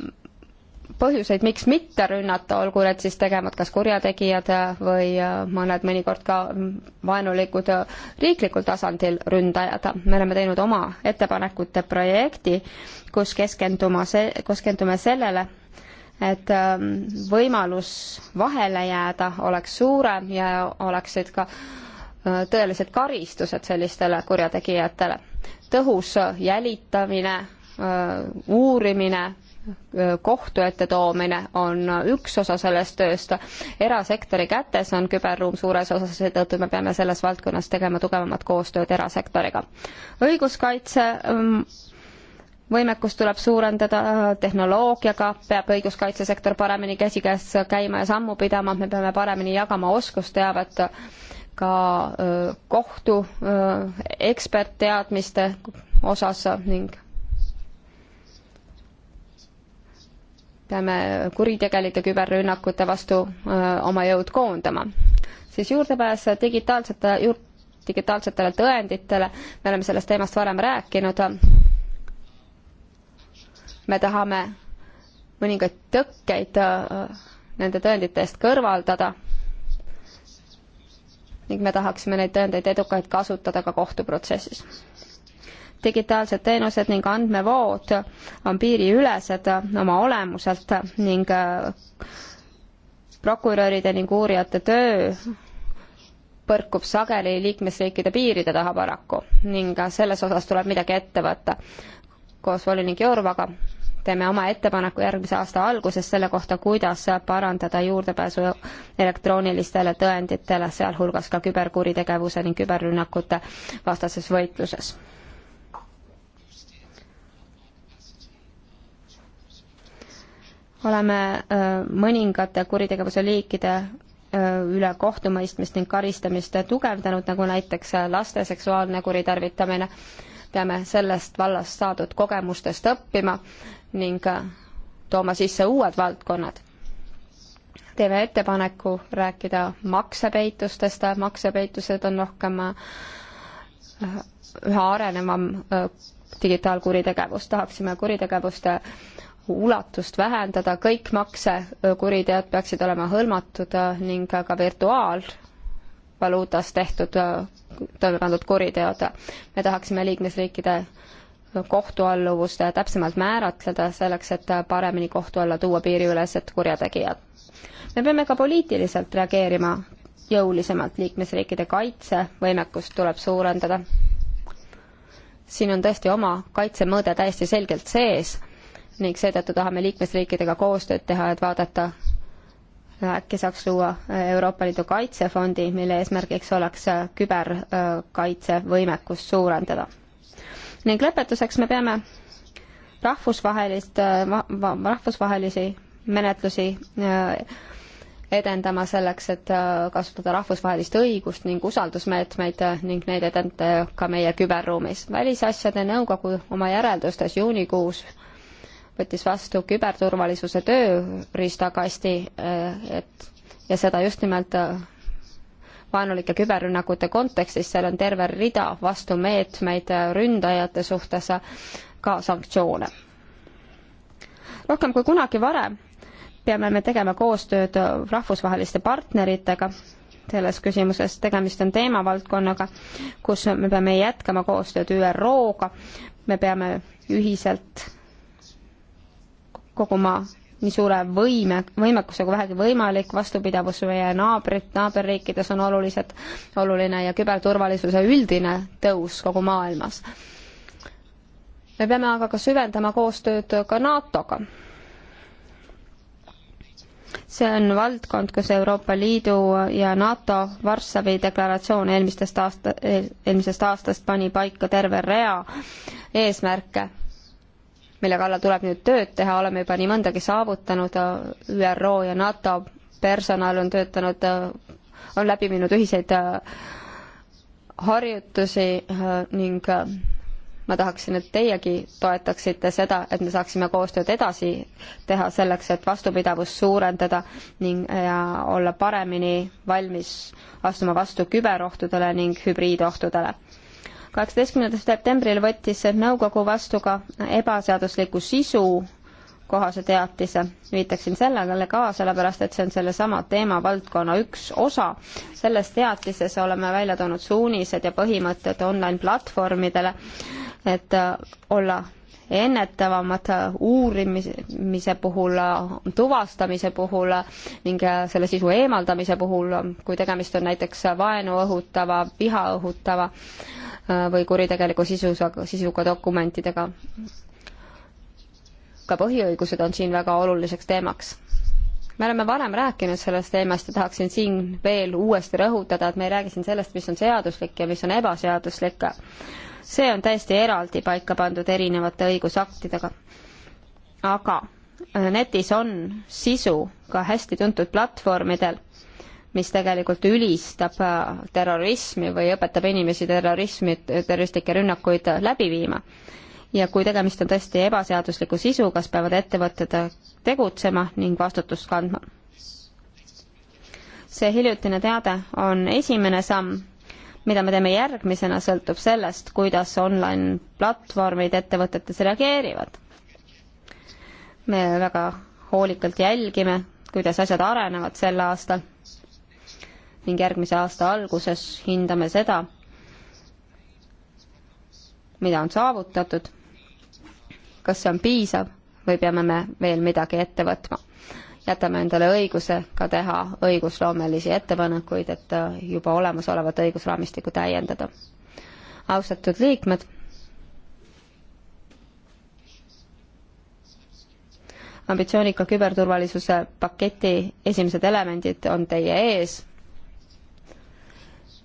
C: põhjuseid, miks mitte rünnata, olgu need siis tegevad kas kurjategijad või äh, mõned mõnikord ka mm, vaenulikud riiklikul tasandil ründajad. me oleme teinud oma ettepanekute projekti, kus keskenduma see, keskendume sellele, et ähm, võimalus vahele jääda oleks suurem ja oleksid ka äh, tõelised karistused sellistele kurjategijatele. tõhus jälitamine, äh, uurimine, äh, kohtu ette toomine on üks osa sellest tööst. erasektori kätes on küberruum suures osas, seetõttu me peame selles valdkonnas tegema tugevamat koostööd erasektoriga. õiguskaitse mm, võimekust tuleb suurendada tehnoloogiaga, peab õiguskaitsesektor paremini käsikäes käima ja sammu pidama, me peame paremini jagama oskusteavet ka kohtu ekspertteadmiste osas ning peame kuritegelike küberrünnakute vastu oma jõud koondama. siis juurdepääs digitaalsete juurde digitaalsetele tõenditele, me oleme sellest teemast varem rääkinud, me tahame mõningaid tõkkeid äh, nende tõendite eest kõrvaldada ning me tahaksime neid tõendeid edukaid kasutada ka kohtuprotsessis. digitaalsed teenused ning andmevood on piiriülesed oma olemuselt ning äh, prokuröride ning uurijate töö põrkub sageli liikmesriikide piiride taha paraku ning äh, selles osas tuleb midagi ette võtta. koos volinik Jorvaga teeme oma ettepaneku järgmise aasta alguses selle kohta, kuidas parandada juurdepääsu elektroonilistele tõenditele, sealhulgas ka küberkuritegevuse ning küberrünnakute vastases võitluses. oleme mõningate kuritegevuse liikide üle kohtumõistmist ning karistamist tugevdanud, nagu näiteks laste seksuaalne kuritarvitamine. peame sellest vallast saadud kogemustest õppima ning äh, tooma sisse uued valdkonnad. teeme ettepaneku rääkida maksepeitustest, maksepeitused on rohkem äh, üha arenevam äh, digitaalkuritegevus, tahaksime kuritegevuste ulatust vähendada, kõik maksekuriteod peaksid olema hõlmatud ning ka virtuaalvaluutas tehtud, toime pandud kuriteod. me tahaksime liikmesriikide kohtualluvust täpsemalt määratleda, selleks et paremini kohtu alla tuua piiriülesed kurjategijad. me peame ka poliitiliselt reageerima jõulisemalt, liikmesriikide kaitsevõimekust tuleb suurendada. siin on tõesti oma kaitsemõõde täiesti selgelt sees ning seetõttu tahame liikmesriikidega koostööd teha, et vaadata, äkki saaks luua Euroopa Liidu kaitsefondi, mille eesmärgiks oleks küberkaitsevõimekust suurendada ning lõpetuseks me peame rahvusvahelist, äh, rahvusvahelisi menetlusi äh, edendama selleks, et äh, kasutada rahvusvahelist õigust ning usaldusmeetmeid ning neid edendada ka meie küberruumis. välisasjade nõukogu oma järeldustes juunikuus võttis vastu küberturvalisuse tööriistakasti, et ja seda just nimelt vaenulike küberrünnakute kontekstis, seal on terve rida vastumeetmeid ründajate suhtes, ka sanktsioone. rohkem kui kunagi varem peame me tegema koostööd rahvusvaheliste partneritega selles küsimuses, tegemist on teemavaldkonnaga, kus me peame jätkama koostööd ÜRO-ga, me peame ühiselt koguma nii suure võime, võimekusega vähegi võimalik, vastupidavus meie naabrid, naaberriikides on olulised, oluline ja küberturvalisuse üldine tõus kogu maailmas. me peame aga ka süvendama koostööd ka NATO-ga. see on valdkond, kus Euroopa Liidu ja NATO Varssavi deklaratsioon eelmistest aasta, eelmisest aastast pani paika terve rea eesmärke mille kallal tuleb nüüd tööd teha, oleme juba nii mõndagi saavutanud, ÜRO ja NATO personal on töötanud, on läbi viinud ühiseid äh, harjutusi äh, ning äh, ma tahaksin, et teiegi toetaksite seda, et me saaksime koostööd edasi teha selleks, et vastupidavust suurendada ning ja olla paremini valmis astuma vastu küberohtudele ning hübriidohtudele kaheksateistkümnendal septembril võttis nõukogu vastu ka ebaseadusliku sisu kohase teatise, viitaksin sellele ka, sellepärast et see on sellesama teemavaldkonna üks osa. selles teatises oleme välja toonud suunised ja põhimõtted online-platvormidele, et olla ennetavamad uurimise puhul, tuvastamise puhul ning selle sisu eemaldamise puhul, kui tegemist on näiteks vaenu õhutava, viha õhutava äh, või kuritegeliku sisuga, sisuga dokumentidega. ka põhiõigused on siin väga oluliseks teemaks. me oleme varem rääkinud sellest teemast ja tahaksin siin veel uuesti rõhutada, et me ei räägi siin sellest, mis on seaduslik ja mis on ebaseaduslik. see on täiesti eraldi paika pandud erinevate õigusaktidega. aga netis on sisu ka hästi tuntud platvormidel mis tegelikult ülistab äh, terrorismi või õpetab inimesi terrorismi, terroristlikke rünnakuid äh, läbi viima. ja kui tegemist on tõesti ebaseadusliku sisuga, siis peavad ettevõtted äh, tegutsema ning vastutust kandma. see hiljutine teade on esimene samm, mida me teeme järgmisena, sõltub sellest, kuidas online platvormid ettevõtetes reageerivad. me väga hoolikalt jälgime, kuidas asjad arenevad sel aastal ning järgmise aasta alguses hindame seda, mida on saavutatud, kas see on piisav või peame me veel midagi ette võtma. jätame endale õiguse ka teha õigusloomelisi ettepanekuid, et äh, juba olemasolevat õigusraamistikku täiendada. austatud liikmed, ambitsioonika küberturvalisuse paketi esimesed elemendid on teie ees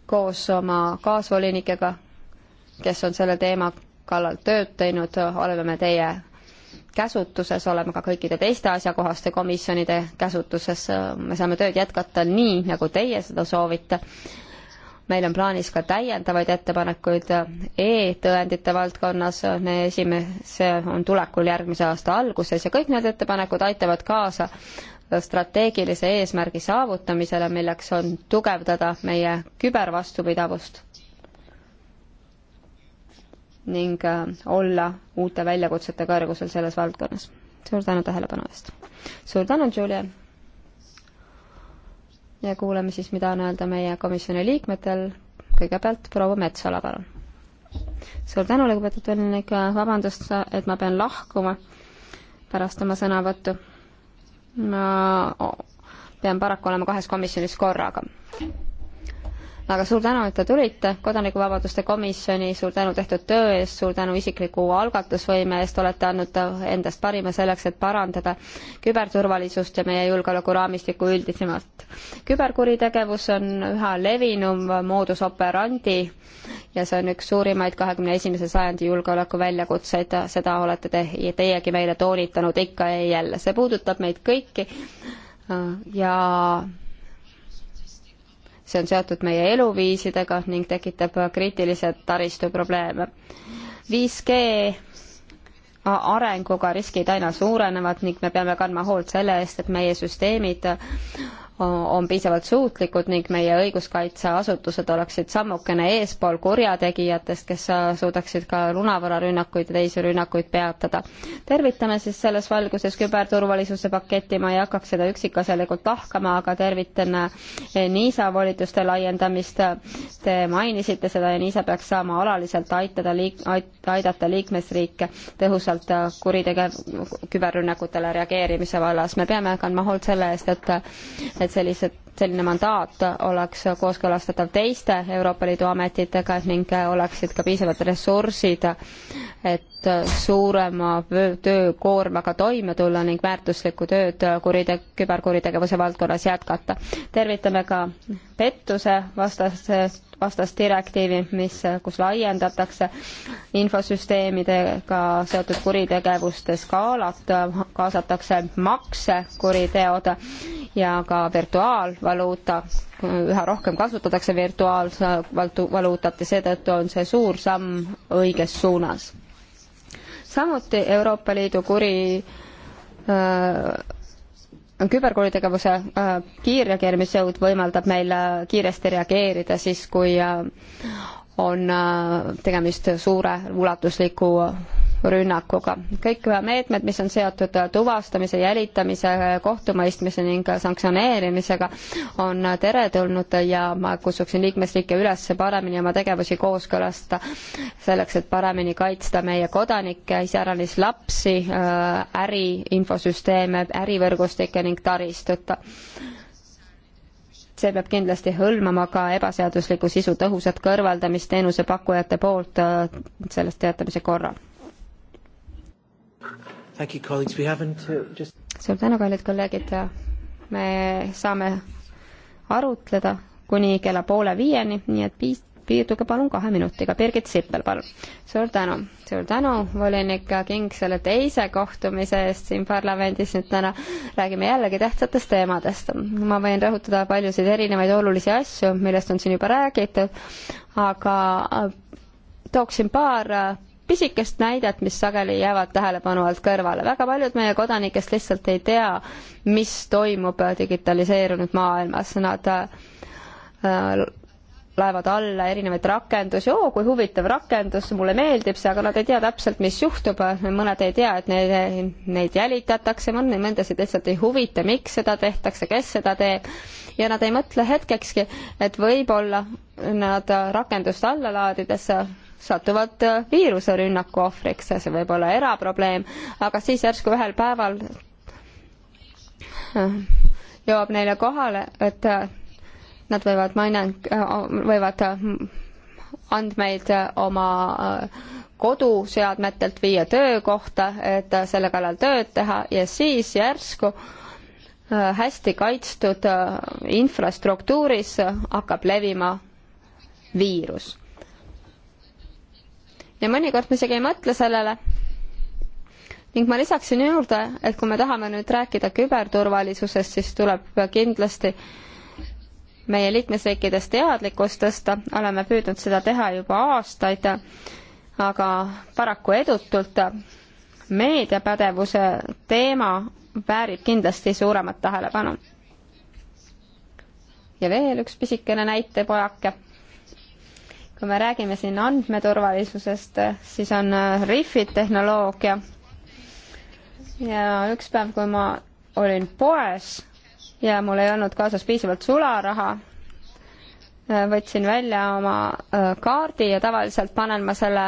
C: koos oma kaasvolinikega, kes on selle teema kallal tööd teinud, oleme me teie käsutuses, oleme ka kõikide teiste asjakohaste komisjonide käsutuses, me saame tööd jätkata nii, nagu teie seda soovite. meil on plaanis ka täiendavaid ettepanekuid e-tõendite valdkonnas, esimese on tulekul järgmise aasta alguses ja kõik need ettepanekud aitavad kaasa strateegilise eesmärgi saavutamisele, milleks on tugevdada meie kübervastupidavust ning äh, olla uute väljakutsete kõrgusel selles valdkonnas. suur tänu tähelepanu eest! suur tänu, Julia! ja kuulame siis, mida on öelda meie komisjoni liikmetel. kõigepealt proua Metsola, palun. suur tänu, lugupeetud volinik, vabandust, et ma pean lahkuma pärast oma sõnavõttu ma pean paraku olema kahes komisjonis korraga aga suur tänu, et te tulite Kodanikuvabaduste komisjoni, suur tänu tehtud töö eest, suur tänu isikliku algatusvõime eest, olete andnud endast parima selleks, et parandada küberturvalisust ja meie julgeolekuraamistikku üldisemalt. küberkuritegevus on üha levinum moodus operandi ja see on üks suurimaid kahekümne esimese sajandi julgeoleku väljakutseid, seda olete te, teiegi meile toonitanud ikka ja jälle, see puudutab meid kõiki ja see on seotud meie eluviisidega ning tekitab kriitilisi taristuprobleeme. 5G arenguga riskid aina suurenevad ning me peame kandma hoolt selle eest, et meie süsteemid on piisavalt suutlikud ning meie õiguskaitseasutused oleksid sammukene eespool kurjategijatest, kes suudaksid ka lunavararünnakuid ja teisi rünnakuid peatada. tervitame siis selles valguses küberturvalisuse paketti, ma ei hakkaks seda üksikasjalikult lahkama, aga tervitan eh, NISA volituste laiendamist. Te mainisite seda ja NISA peaks saama alaliselt aitada liik-, aidata liikmesriike tõhusalt eh, kuritegev-, küberrünnakutele reageerimise vallas. me peame kandma hoolt selle eest, et et sellised, selline mandaat oleks kooskõlastatav teiste Euroopa Liidu ametitega ning oleksid ka piisavad ressursid, et suurema töökoormaga toime tulla ning väärtuslikku tööd kurite-, küberkuritegevuse valdkonnas jätkata. tervitame ka pettuse vastase vastast direktiivi, mis, kus laiendatakse infosüsteemidega seotud kuritegevuste skaalat, kaasatakse maksekuriteod ja ka virtuaalvaluuta, üha rohkem kasutatakse virtuaalvaluutat ja seetõttu on see suur samm õiges suunas. samuti Euroopa Liidu kuri öö, äh, küberkuritegevuse äh, kiirreageerimisjõud võimaldab meil äh, kiiresti reageerida siis, kui äh, on tegemist suure ulatusliku rünnakuga. kõik meetmed, mis on seotud tuvastamise, jälitamise, kohtumõistmise ning sanktsioneerimisega, on teretulnud ja ma kutsuksin liikmesriike üles paremini oma tegevusi kooskõlastada, selleks et paremini kaitsta meie kodanikke, iseäranis lapsi, äri, infosüsteeme, ärivõrgustikke ning taristut see peab kindlasti hõlmama ka ebaseadusliku sisu tõhusat kõrvaldamist teenusepakkujate poolt sellest teatamise korral
B: Uh, just...
C: suur tänu, kallid kolleegid, me saame arutleda kuni kella poole viieni, nii et piis-, piirduge palun kahe minutiga. Birgit Sippel, palun. suur tänu, suur tänu, volinik King, selle teise kohtumise eest siin parlamendis nüüd täna. räägime jällegi tähtsatest teemadest. ma võin rõhutada paljusid erinevaid olulisi asju, millest on siin juba räägitud, aga äh, tooksin paar äh, pisikest näidet, mis sageli jäävad tähelepanu alt kõrvale. väga paljud meie kodanikest lihtsalt ei tea, mis toimub digitaliseerunud maailmas, nad äh, laevad alla erinevaid rakendusi, oo kui huvitav rakendus, mulle meeldib see, aga nad ei tea täpselt, mis juhtub, mõned ei tea, et neid, neid jälitatakse, mõni mõndasid lihtsalt ei huvita, miks seda tehtakse, kes seda teeb, ja nad ei mõtle hetkekski, et võib-olla nad rakendust alla laadides satuvad äh, viiruserünnaku ohvriks, see võib olla eraprobleem, aga siis järsku ühel päeval äh, jõuab neile kohale, et äh, nad võivad maine, võivad andmeid oma koduseadmetelt viia töökohta, et selle kallal tööd teha ja siis järsku hästi kaitstud infrastruktuuris hakkab levima viirus ja mõnikord me isegi ei mõtle sellele. ning ma lisaksin juurde, et kui me tahame nüüd rääkida küberturvalisusest, siis tuleb kindlasti meie liikmesriikides teadlikkust tõsta, oleme püüdnud seda teha juba aastaid, aga paraku edutult. meediapädevuse teema väärib kindlasti suuremat tähelepanu. ja veel üks pisikene näitepojake kui me räägime siin andmeturvalisusest, siis on äh, Refit tehnoloogia. ja üks päev, kui ma olin poes ja mul ei olnud kaasas piisavalt sularaha, äh, võtsin välja oma äh, kaardi ja tavaliselt panen ma selle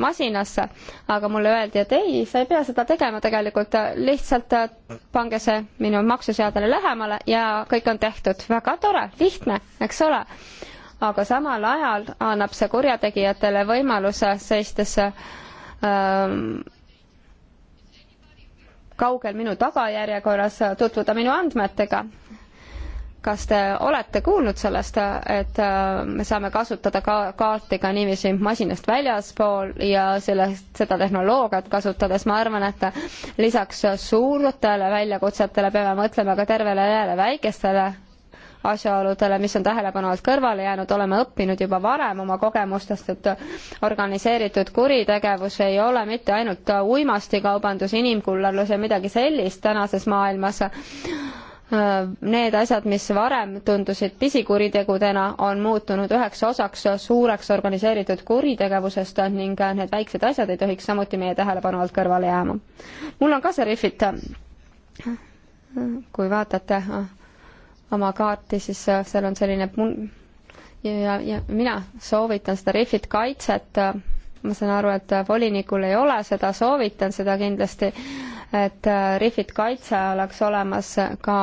C: masinasse, aga mulle öeldi, et ei, sa ei pea seda tegema tegelikult, lihtsalt pange see minu maksuseadele lähemale ja kõik on tehtud. väga tore, lihtne, eks ole aga samal ajal annab see kurjategijatele võimaluse seistes ähm, kaugel minu tagajärjekorras tutvuda minu andmetega. kas te olete kuulnud sellest, et äh, me saame kasutada ka kaarti ka niiviisi masinast väljaspool ja sellest, seda tehnoloogiat kasutades ma arvan, et lisaks suurtele väljakutsetele peame mõtlema ka tervele jääle väikestele asjaoludele, mis on tähelepanu alt kõrvale jäänud, oleme õppinud juba varem oma kogemustest, et organiseeritud kuritegevus ei ole mitte ainult uimastikaubandus, inimkullerlus ja midagi sellist tänases maailmas, need asjad, mis varem tundusid pisikuritegudena, on muutunud üheks osaks suureks organiseeritud kuritegevusest ning need väiksed asjad ei tohiks samuti meie tähelepanu alt kõrvale jääma. mul on ka see rihvit, kui vaatate oma kaarti, siis äh, seal on selline mun- ja, ja mina soovitan seda Refit kaitset, äh, ma saan aru, et äh, volinikul ei ole seda, soovitan seda kindlasti, et Refit kaitse oleks olemas ka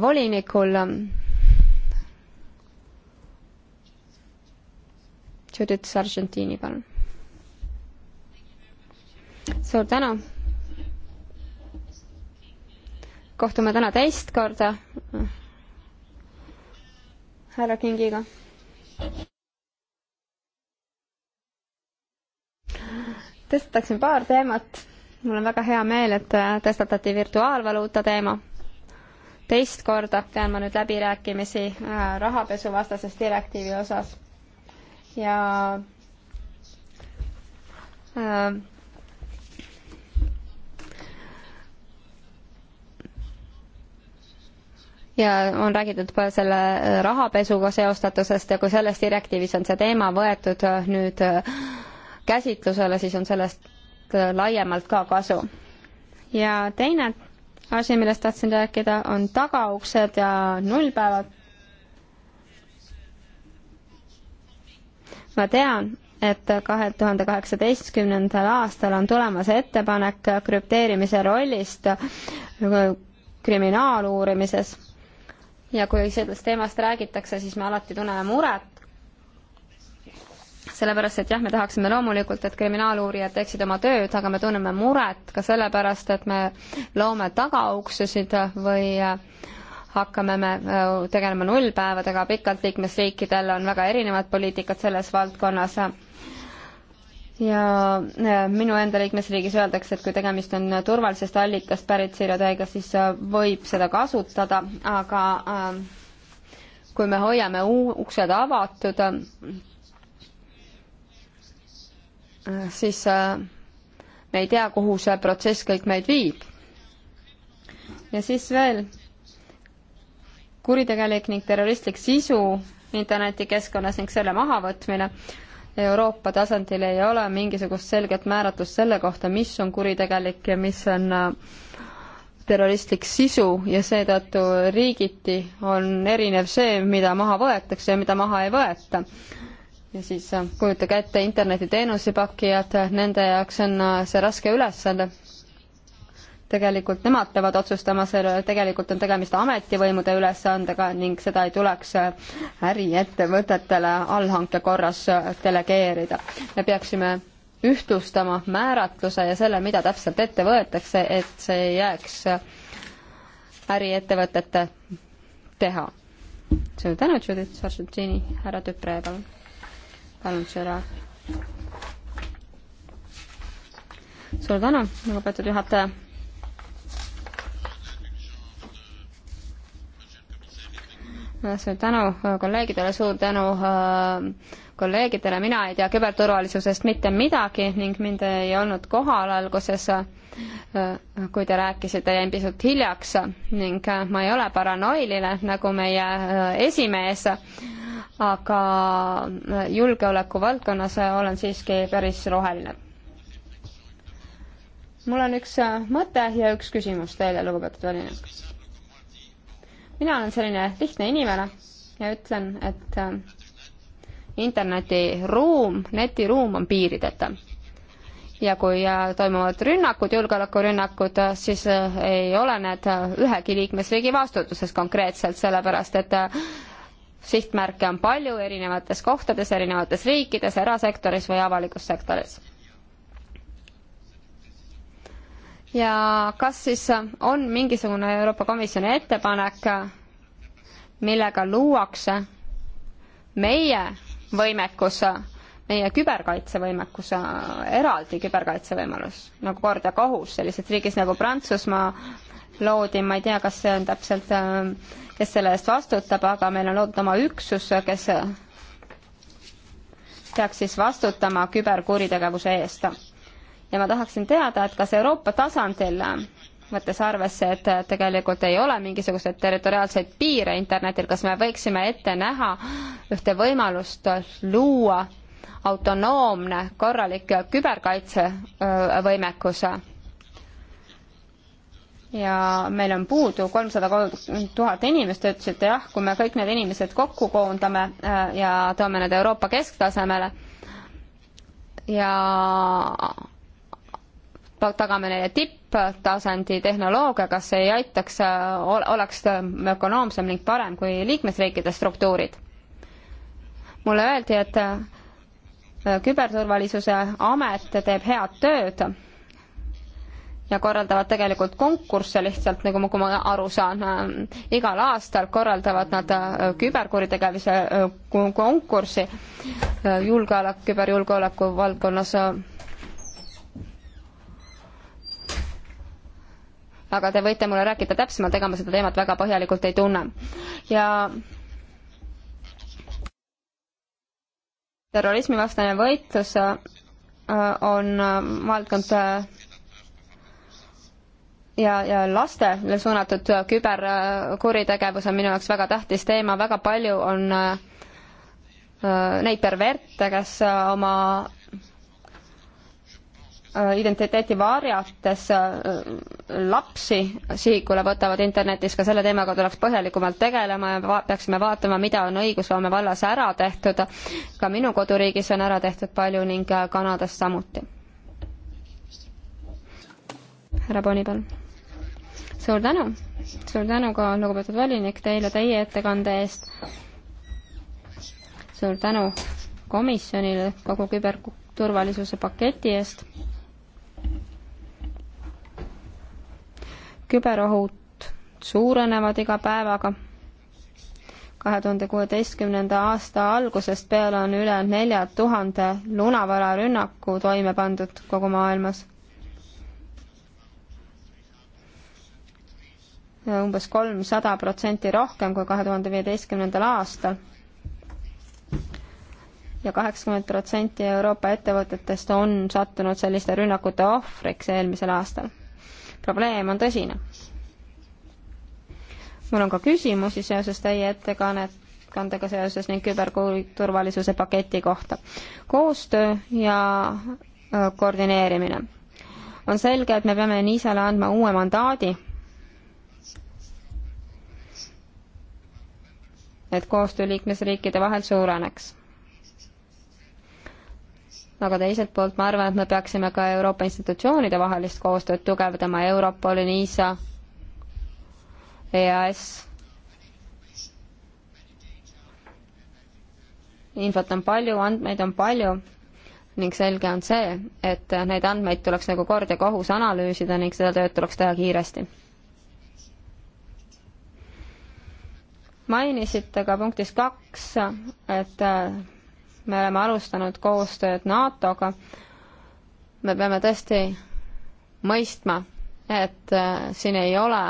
C: volinikul. Judith Sargentini, palun. suur tänu kohtume täna teist korda härra Kingiga. tõstataksin paar teemat. mul on väga hea meel, et tõstatati virtuaalvaluuta teema. teist korda pean ma nüüd läbirääkimisi äh, rahapesuvastases direktiivi osas ja äh, ja on räägitud selle äh, rahapesuga seostatusest ja kui selles direktiivis on see teema võetud äh, nüüd äh, käsitlusele, siis on sellest laiemalt ka kasu. ja teine asi, millest tahtsin rääkida, on tagauksed ja nullpäevad. ma tean, et kahe tuhande kaheksateistkümnendal aastal on tulemas ettepanek krüpteerimise rollist kriminaaluurimises ja kui sellest teemast räägitakse, siis me alati tunneme muret, sellepärast et jah, me tahaksime loomulikult, et kriminaaluurijad teeksid oma tööd, aga me tunneme muret ka sellepärast, et me loome tagauksesid või äh, hakkame me äh, tegelema nullpäevadega, pikalt liikmesriikidel on väga erinevad poliitikad selles valdkonnas ja äh, minu enda liikmesriigis öeldakse, et kui tegemist on äh, turvalisest allikast pärit siiratäiega, siis äh, võib seda kasutada, aga kui me hoiame uksed avatud, siis me ei tea, kuhu see protsess kõik meid viib. ja siis veel kuritegelik ning terroristlik sisu internetikeskkonnas ning selle mahavõtmine Euroopa tasandil ei ole mingisugust selget määratlust selle kohta, mis on kuritegelik ja mis on äh, terroristlik sisu ja seetõttu riigiti on erinev see, mida maha võetakse ja mida maha ei võeta. ja siis äh, kujutage ette internetiteenuse pakkijad, nende jaoks on äh, see raske ülesanne tegelikult nemad peavad otsustama selle, tegelikult on tegemist ametivõimude ülesandega ning seda ei tuleks äh, äriettevõtetele allhanke korras äh, delegeerida. me peaksime ühtlustama määratluse ja selle, mida täpselt ette võetakse, et see ei jääks äh, äriettevõtete teha. suur tänu, Judith Sargentini, härra Tüpre, palun. palun, Gerard. suur tänu, lugupeetud juhataja suur tänu äh, kolleegidele, suur tänu äh, kolleegidele, mina ei tea küberturvalisusest mitte midagi ning mind ei olnud kohal alguses, äh, kui te rääkisite, jäin pisut hiljaks ning ma ei ole paranoiline, nagu meie esimees, aga julgeoleku valdkonnas olen siiski päris roheline. mul on üks mõte ja üks küsimus teile, lugupeetud valijad mina olen selline lihtne inimene ja ütlen, et äh, internetiruum, netiruum on piirideta. ja kui äh, toimuvad rünnakud, julgeolekurünnakud, äh, siis ei ole need ühegi liikmesriigi vastutuses konkreetselt, sellepärast et sihtmärke on palju erinevates kohtades, erinevates riikides, erasektoris või avalikus sektoris ja kas siis on mingisugune Euroopa Komisjoni ettepanek, millega luuakse meie võimekus, meie küberkaitsevõimekus, eraldi küberkaitsevõimalus, nagu kord ja kohus, sellises riigis nagu Prantsusmaa loodi, ma ei tea, kas see on täpselt, kes selle eest vastutab, aga meil on loodud oma üksus, kes peaks siis vastutama küberkuritegevuse eest ja ma tahaksin teada, et kas Euroopa tasandil võttes arvesse, et tegelikult ei ole mingisuguseid territoriaalseid piire internetil, kas me võiksime ette näha ühte võimalust luua autonoomne korralik küberkaitsevõimekus? ja meil on puudu kolmsada tuhat inimest, te ütlesite jah, kui me kõik need inimesed kokku koondame äh, ja toome need Euroopa kesktasemele ja tagame neile tipptasandi tehnoloogia, kas see ei aitaks, oleks ökonoomsem ning parem kui liikmesriikide struktuurid? mulle öeldi, et äh, küberturvalisuse amet teeb head tööd ja korraldavad tegelikult konkursse lihtsalt, nagu ma, kui ma aru saan, äh, igal aastal korraldavad nad äh, küberkuritegevuse konkursi julgeolek, küberjulgeoleku valdkonnas aga te võite mulle rääkida täpsemalt, ega ma seda teemat väga põhjalikult ei tunne. ja terrorismivastane võitlus äh, on äh, valdkond äh, ja, ja lastele suunatud küberkuritegevus on minu jaoks väga tähtis teema, väga palju on äh, neid perverte, kes oma Äh, identiteeti varjates äh, lapsi sihikule võtavad internetis, ka selle teemaga tuleks põhjalikumalt tegelema ja va peaksime vaatama, mida on õigusloome vallas ära tehtud. ka minu koduriigis on ära tehtud palju ning äh, Kanadas samuti. härra Bonipal. suur tänu, suur tänu ka lugupeetud volinik teile teie ettekande eest. suur tänu komisjonile kogu küberturvalisuse paketi eest küberohud suurenevad iga päevaga. kahe tuhande kuueteistkümnenda aasta algusest peale on üle nelja tuhande lunavararünnaku toime pandud kogu maailmas. umbes kolmsada protsenti rohkem kui kahe tuhande viieteistkümnendal aastal ja kaheksakümmend protsenti Euroopa ettevõtetest on sattunud selliste rünnakute ohvriks eelmisel aastal probleem on tõsine. mul on ka küsimusi seoses teie ettekannet, kandega seoses ning küberturvalisuse paketi kohta. koostöö ja koordineerimine. on selge, et me peame Niisale andma uue mandaadi, et koostöö liikmesriikide vahel suureneks aga teiselt poolt ma arvan, et me peaksime ka Euroopa institutsioonide vahelist koostööd tugevdama, Europoli, NISA, EAS, infot on palju, andmeid on palju ning selge on see, et neid andmeid tuleks nagu kord ja kohus analüüsida ning seda tööd tuleks teha kiiresti. mainisite ka punktis kaks, et me oleme alustanud koostööd NATO-ga. me peame tõesti mõistma, et äh, siin ei ole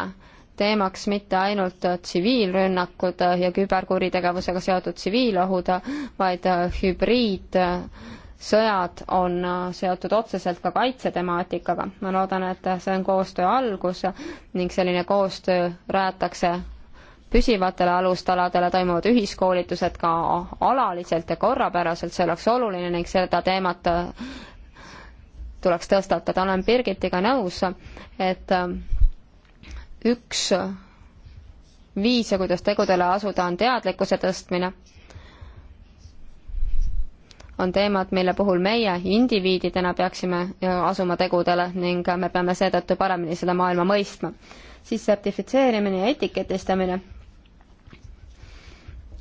C: teemaks mitte ainult tsiviilrünnakud ja küberkuritegevusega seotud tsiviilohud, vaid äh, hübriidsõjad äh, on seotud otseselt ka kaitsetemaatikaga. ma loodan, et see on koostöö algus ning selline koostöö rajatakse püsivatele alustaladele toimuvad ühiskoolitused ka alaliselt ja korrapäraselt, see oleks oluline ning seda teemat äh, tuleks tõstatada. olen Birgitiga nõus, et äh, üks viise, kuidas tegudele asuda, on teadlikkuse tõstmine. on teemad, mille puhul meie indiviididena peaksime äh, asuma tegudele ning me peame seetõttu paremini seda maailma mõistma. siis sertifitseerimine ja etiketistamine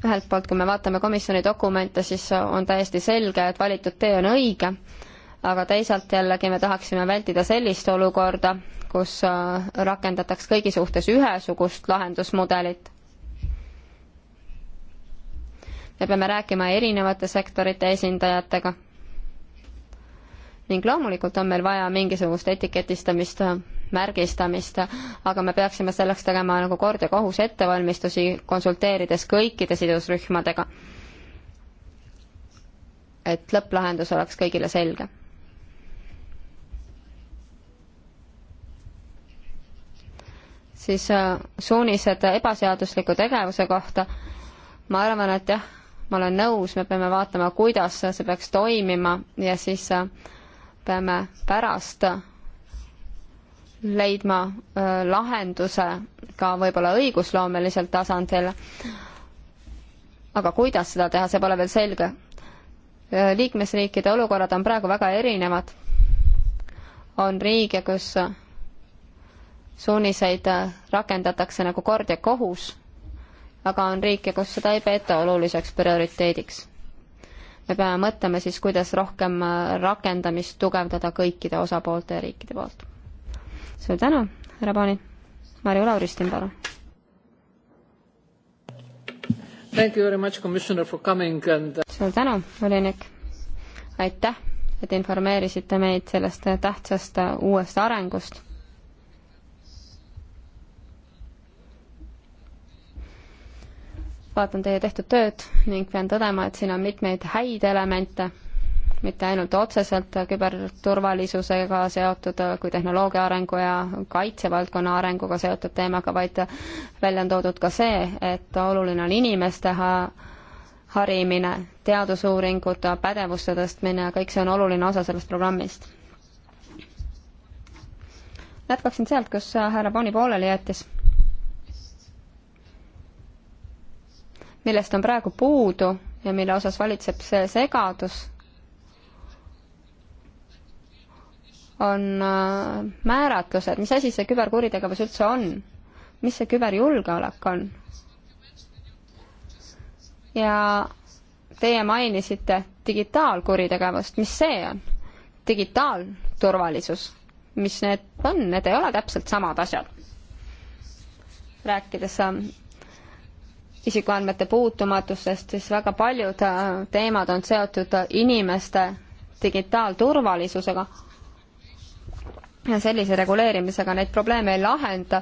C: ühelt poolt, kui me vaatame komisjoni dokumente, siis on täiesti selge, et valitud tee on õige, aga teisalt jällegi me tahaksime vältida sellist olukorda, kus äh, rakendataks kõigi suhtes ühesugust lahendusmudelit. me peame rääkima erinevate sektorite esindajatega. ning loomulikult on meil vaja mingisugust etiketistamist äh, märgistamist, aga me peaksime selleks tegema nagu kord ja kohus ettevalmistusi, konsulteerides kõikide sidusrühmadega. et lõpplahendus oleks kõigile selge. siis äh, suunised ebaseadusliku tegevuse kohta, ma arvan, et jah, ma olen nõus, me peame vaatama, kuidas see peaks toimima ja siis äh, peame pärast leidma lahenduse ka võib-olla õigusloomelisel tasandil. aga kuidas seda teha, see pole veel selge. liikmesriikide olukorrad on praegu väga erinevad. on riige, kus suuniseid rakendatakse nagu kord ja kohus, aga on riike, kus seda ei peeta oluliseks prioriteediks. me peame mõtlema siis, kuidas rohkem rakendamist tugevdada kõikide osapoolte ja riikide poolt suur tänu, härra Paani. Marju Lauristin, palun.
A: Thank you very much, commissioner, for coming and uh,
C: suur tänu, volinik. aitäh, et informeerisite meid sellest tähtsast uh, uuest arengust. vaatan teie tehtud tööd ning pean tõdema, et siin on mitmeid häid elemente mitte ainult otseselt küberturvalisusega seotud kui tehnoloogia arengu ja kaitsevaldkonna arenguga seotud teemaga, vaid välja on toodud ka see, et oluline on inimeste harimine, teadusuuringud, pädevuste tõstmine, kõik see on oluline osa sellest programmist. jätkaksin sealt, kus härra Boni pooleli jättis millest on praegu puudu ja mille osas valitseb see segadus, on äh, määratlused, mis asi see küberkuritegevus üldse on, mis see küberjulgeolek on. ja teie mainisite digitaalkuritegevust, mis see on? digitaalturvalisus, mis need on, need ei ole täpselt samad asjad. rääkides ähm, isikuandmete puutumatusest, siis väga paljud äh, teemad on seotud äh, inimeste digitaalturvalisusega sellise reguleerimisega neid probleeme ei lahenda.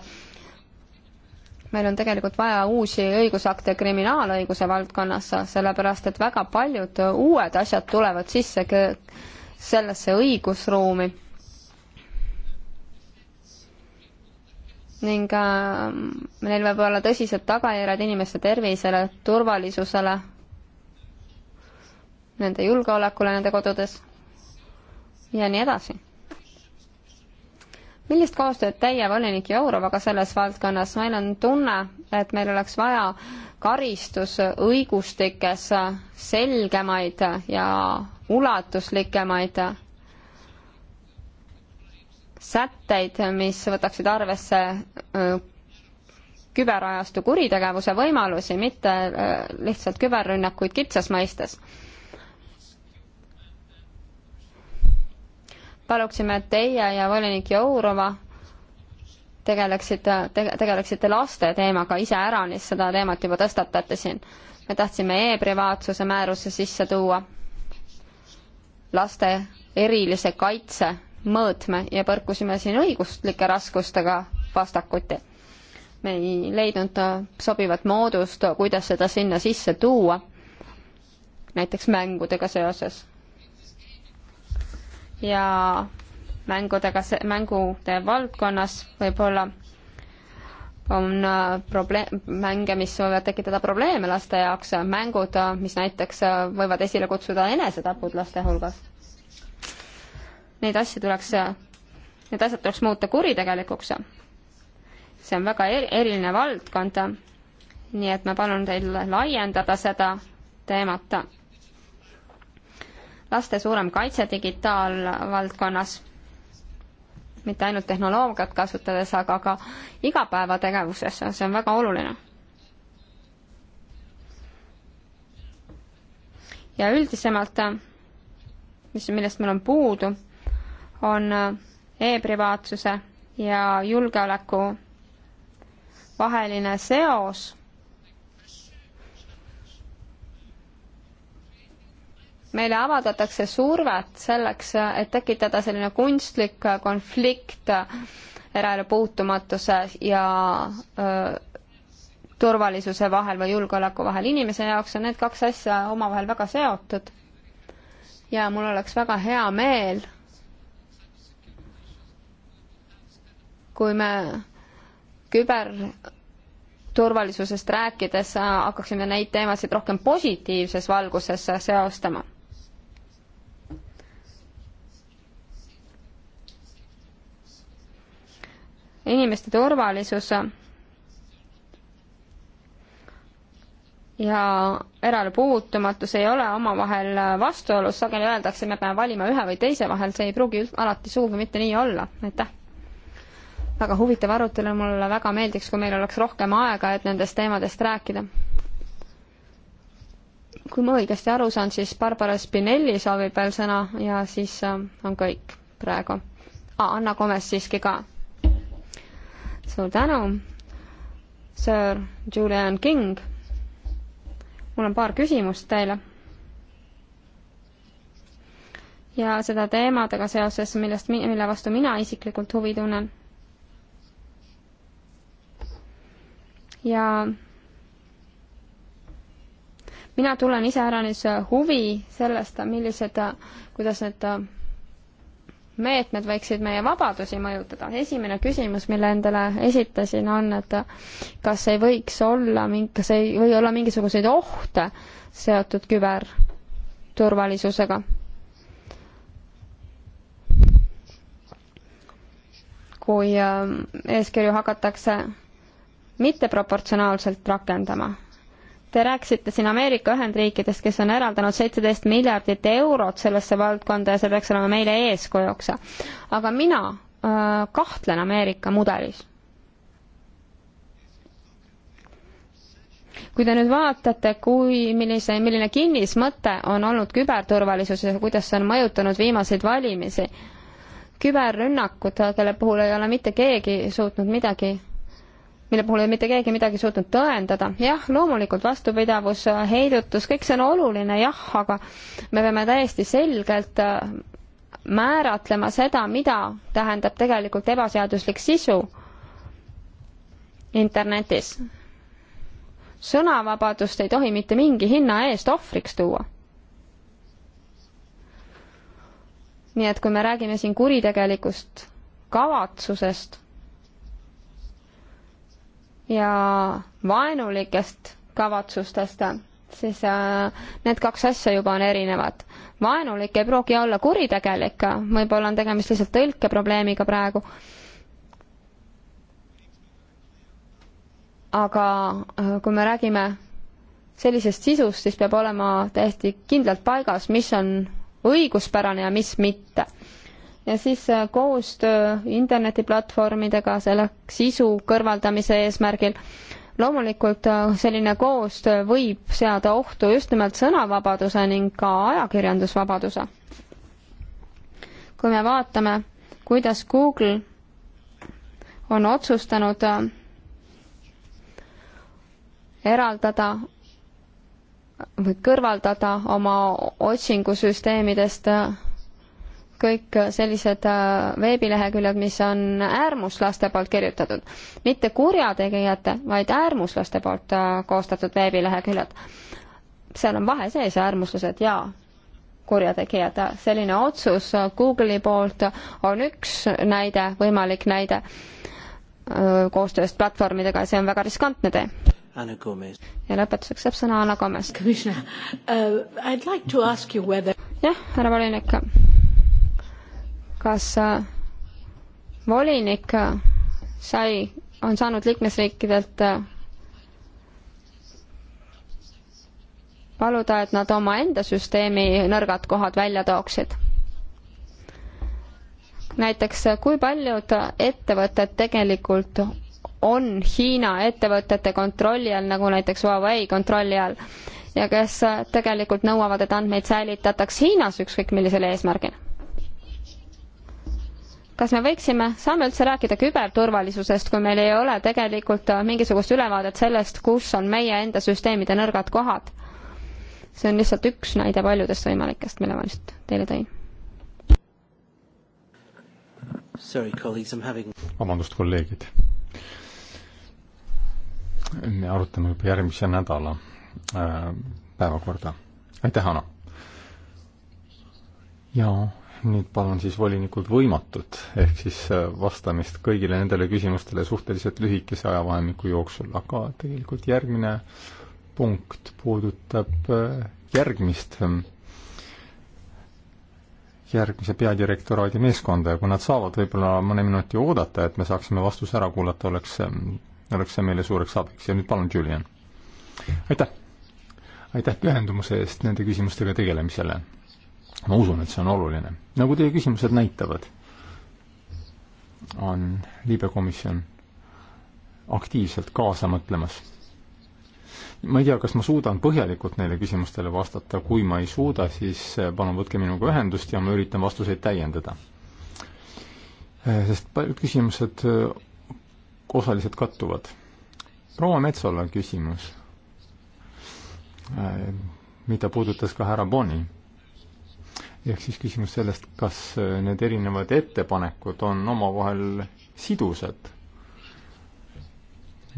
C: meil on tegelikult vaja uusi õigusakte kriminaalõiguse valdkonnas, sellepärast et väga paljud uued asjad tulevad sisse sellesse õigusruumi. ning äh, neil võib olla tõsised tagajärjed inimeste tervisele, turvalisusele, nende julgeolekule nende kodudes ja nii edasi millist koostööd teie volinik Jourovaga selles valdkonnas, meil on tunne, et meil oleks vaja karistusõigustikes selgemaid ja ulatuslikemaid sätteid, mis võtaksid arvesse küberajastu kuritegevuse võimalusi, mitte lihtsalt küberrünnakuid kitsas mõistes paluksime, et teie ja volinik Jourova tegeleksite tege,, tegeleksite laste teemaga iseäranis, seda teemat juba tõstatate siin. me tahtsime e-privaatsuse määrusse sisse tuua laste erilise kaitse mõõtme ja põrkusime siin õiguslike raskustega vastakuti. me ei leidnud sobivat moodust, kuidas seda sinna sisse tuua, näiteks mängudega seoses ja mängudega, mängude valdkonnas võib-olla on äh, probleem, mänge, mis võivad tekitada probleeme laste jaoks, mängud, äh, mis näiteks äh, võivad esile kutsuda enesetapud laste hulgas. Neid asju tuleks, need asjad tuleks muuta kuritegelikuks. see on väga er, eriline valdkond, nii et ma palun teil laiendada seda teemat laste suurem kaitse digitaalvaldkonnas, mitte ainult tehnoloogiat kasutades, aga ka igapäevategevuses, see on väga oluline. ja üldisemalt, mis, millest meil on puudu, on e-privaatsuse ja julgeoleku vaheline seos meile avaldatakse survet selleks, et tekitada selline kunstlik konflikt eraelu puutumatuse ja öö, turvalisuse vahel või julgeoleku vahel. inimese jaoks on need kaks asja omavahel väga seotud. ja mul oleks väga hea meel, kui me küberturvalisusest rääkides hakkaksime neid teemasid rohkem positiivses valguses seostama inimeste turvalisus ja eraelu puutumatus ei ole omavahel vastuolus, sageli öeldakse, me peame valima ühe või teise vahel, see ei pruugi alati sugugi mitte nii olla, aitäh! väga huvitav arutelu, mulle väga meeldiks, kui meil oleks rohkem aega, et nendest teemadest rääkida. kui ma õigesti aru saan, siis Barbara Spinelli soovib veel sõna ja siis äh, on kõik praegu ah,. Anna Komes siiski ka suur tänu, Sir Julian King. mul on paar küsimust teile. ja seda teemadega seoses, millest, mille vastu mina isiklikult huvi tunnen. ja mina tunnen iseäranis huvi sellest, millised, kuidas need meetmed võiksid meie vabadusi mõjutada. esimene küsimus, mille endale esitasin, on, et kas ei võiks olla, kas ei või olla mingisuguseid ohte seotud küberturvalisusega? kui ehm, eeskirju hakatakse mitteproportsionaalselt rakendama Te rääkisite siin Ameerika Ühendriikidest, kes on eraldanud seitseteist miljardit eurot sellesse valdkonda ja see peaks olema meile eeskujuks. aga mina äh, kahtlen Ameerika mudelis. kui te nüüd vaatate, kui, millise, milline kinnismõte on olnud küberturvalisuses ja kuidas see on mõjutanud viimaseid valimisi, küberrünnakud, kelle puhul ei ole mitte keegi suutnud midagi mille puhul ei mitte keegi midagi suutnud tõendada. jah, loomulikult vastupidavus, heidutus, kõik see on oluline, jah, aga me peame täiesti selgelt äh, määratlema seda, mida tähendab tegelikult ebaseaduslik sisu internetis. sõnavabadust ei tohi mitte mingi hinna eest ohvriks tuua nii et kui me räägime siin kuritegelikust kavatsusest, ja vaenulikest kavatsustest, siis äh, need kaks asja juba on erinevad. vaenulik ei pruugi olla kuritegelik, võib-olla on tegemist lihtsalt tõlkeprobleemiga praegu aga äh, kui me räägime sellisest sisust, siis peab olema täiesti kindlalt paigas, mis on õiguspärane ja mis mitte ja siis äh, koostöö internetiplatvormidega selle sisu kõrvaldamise eesmärgil. loomulikult äh, selline koostöö võib seada ohtu just nimelt sõnavabaduse ning ka ajakirjandusvabaduse. kui me vaatame, kuidas Google on otsustanud äh, eraldada või kõrvaldada oma otsingusüsteemidest kõik sellised äh, veebileheküljed, mis on äärmuslaste poolt kirjutatud. mitte kurjategijate, vaid äärmuslaste poolt äh, koostatud veebileheküljed. seal on vahe sees, äärmuslased ja kurjategijad. selline otsus äh, Google'i poolt on üks näide, võimalik näide koostööst platvormidega ja see on väga riskantne tee. Anna Gomez. ja lõpetuseks saab sõna Anna Gomez. Uh, jah, härra volinik kas äh, volinik äh, sai, on saanud liikmesriikidelt äh, paluda, et nad omaenda süsteemi nõrgad kohad välja tooksid. näiteks, kui paljud ettevõtted tegelikult on Hiina ettevõtete kontrolli all, nagu näiteks Huawei kontrolli all, ja kes tegelikult nõuavad, et andmeid säilitataks Hiinas ükskõik millisel eesmärgil kas me võiksime, saame üldse rääkida küberturvalisusest, kui meil ei ole tegelikult äh, mingisugust ülevaadet sellest, kus on meie enda süsteemide nõrgad kohad? see on lihtsalt üks näide paljudest võimalikest, mille ma just teile tõin.
A: vabandust, kolleegid. me arutame juba järgmise nädala äh, päevakorda. aitäh, Hanno! ja nüüd palun siis volinikult võimatut, ehk siis äh, vastamist kõigile nendele küsimustele suhteliselt lühikese ajavahemiku jooksul, aga tegelikult järgmine punkt puudutab äh, järgmist, ähm, järgmise peadirektoraadi meeskonda ja kui nad saavad võib-olla mõne minuti oodata, et me saaksime vastuse ära kuulata, oleks, ähm, oleks see meile suureks abiks ja nüüd palun, Julian. aitäh! aitäh pühendumuse eest nende küsimustega tegelemisele ma usun, et see on oluline. nagu teie küsimused näitavad, on liibekomisjon aktiivselt kaasa mõtlemas. ma ei tea, kas ma suudan põhjalikult neile küsimustele vastata, kui ma ei suuda, siis eh, palun võtke minuga ühendust ja ma üritan vastuseid täiendada. Eh, sest paljud küsimused eh, osaliselt kattuvad. proua Metsola küsimus, mida puudutas ka härra Bonni ehk siis küsimus sellest, kas äh, need erinevad ettepanekud on omavahel sidusad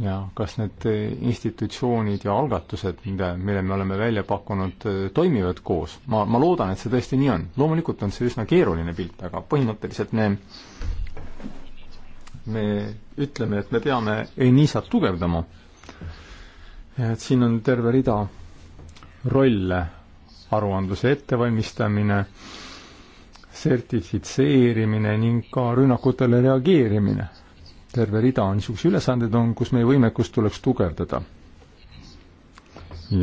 A: ja kas need äh, institutsioonid ja algatused, mida, mille me oleme välja pakkunud, äh, toimivad koos. ma, ma loodan, et see tõesti nii on. loomulikult on see üsna keeruline pilt, aga põhimõtteliselt me me ütleme, et me peame Enisat tugevdama. et siin on terve rida rolle aruandluse ettevalmistamine, sertifitseerimine ning ka rünnakutele reageerimine. terve rida niisuguseid ülesandeid on, kus meie võimekust tuleks tugevdada.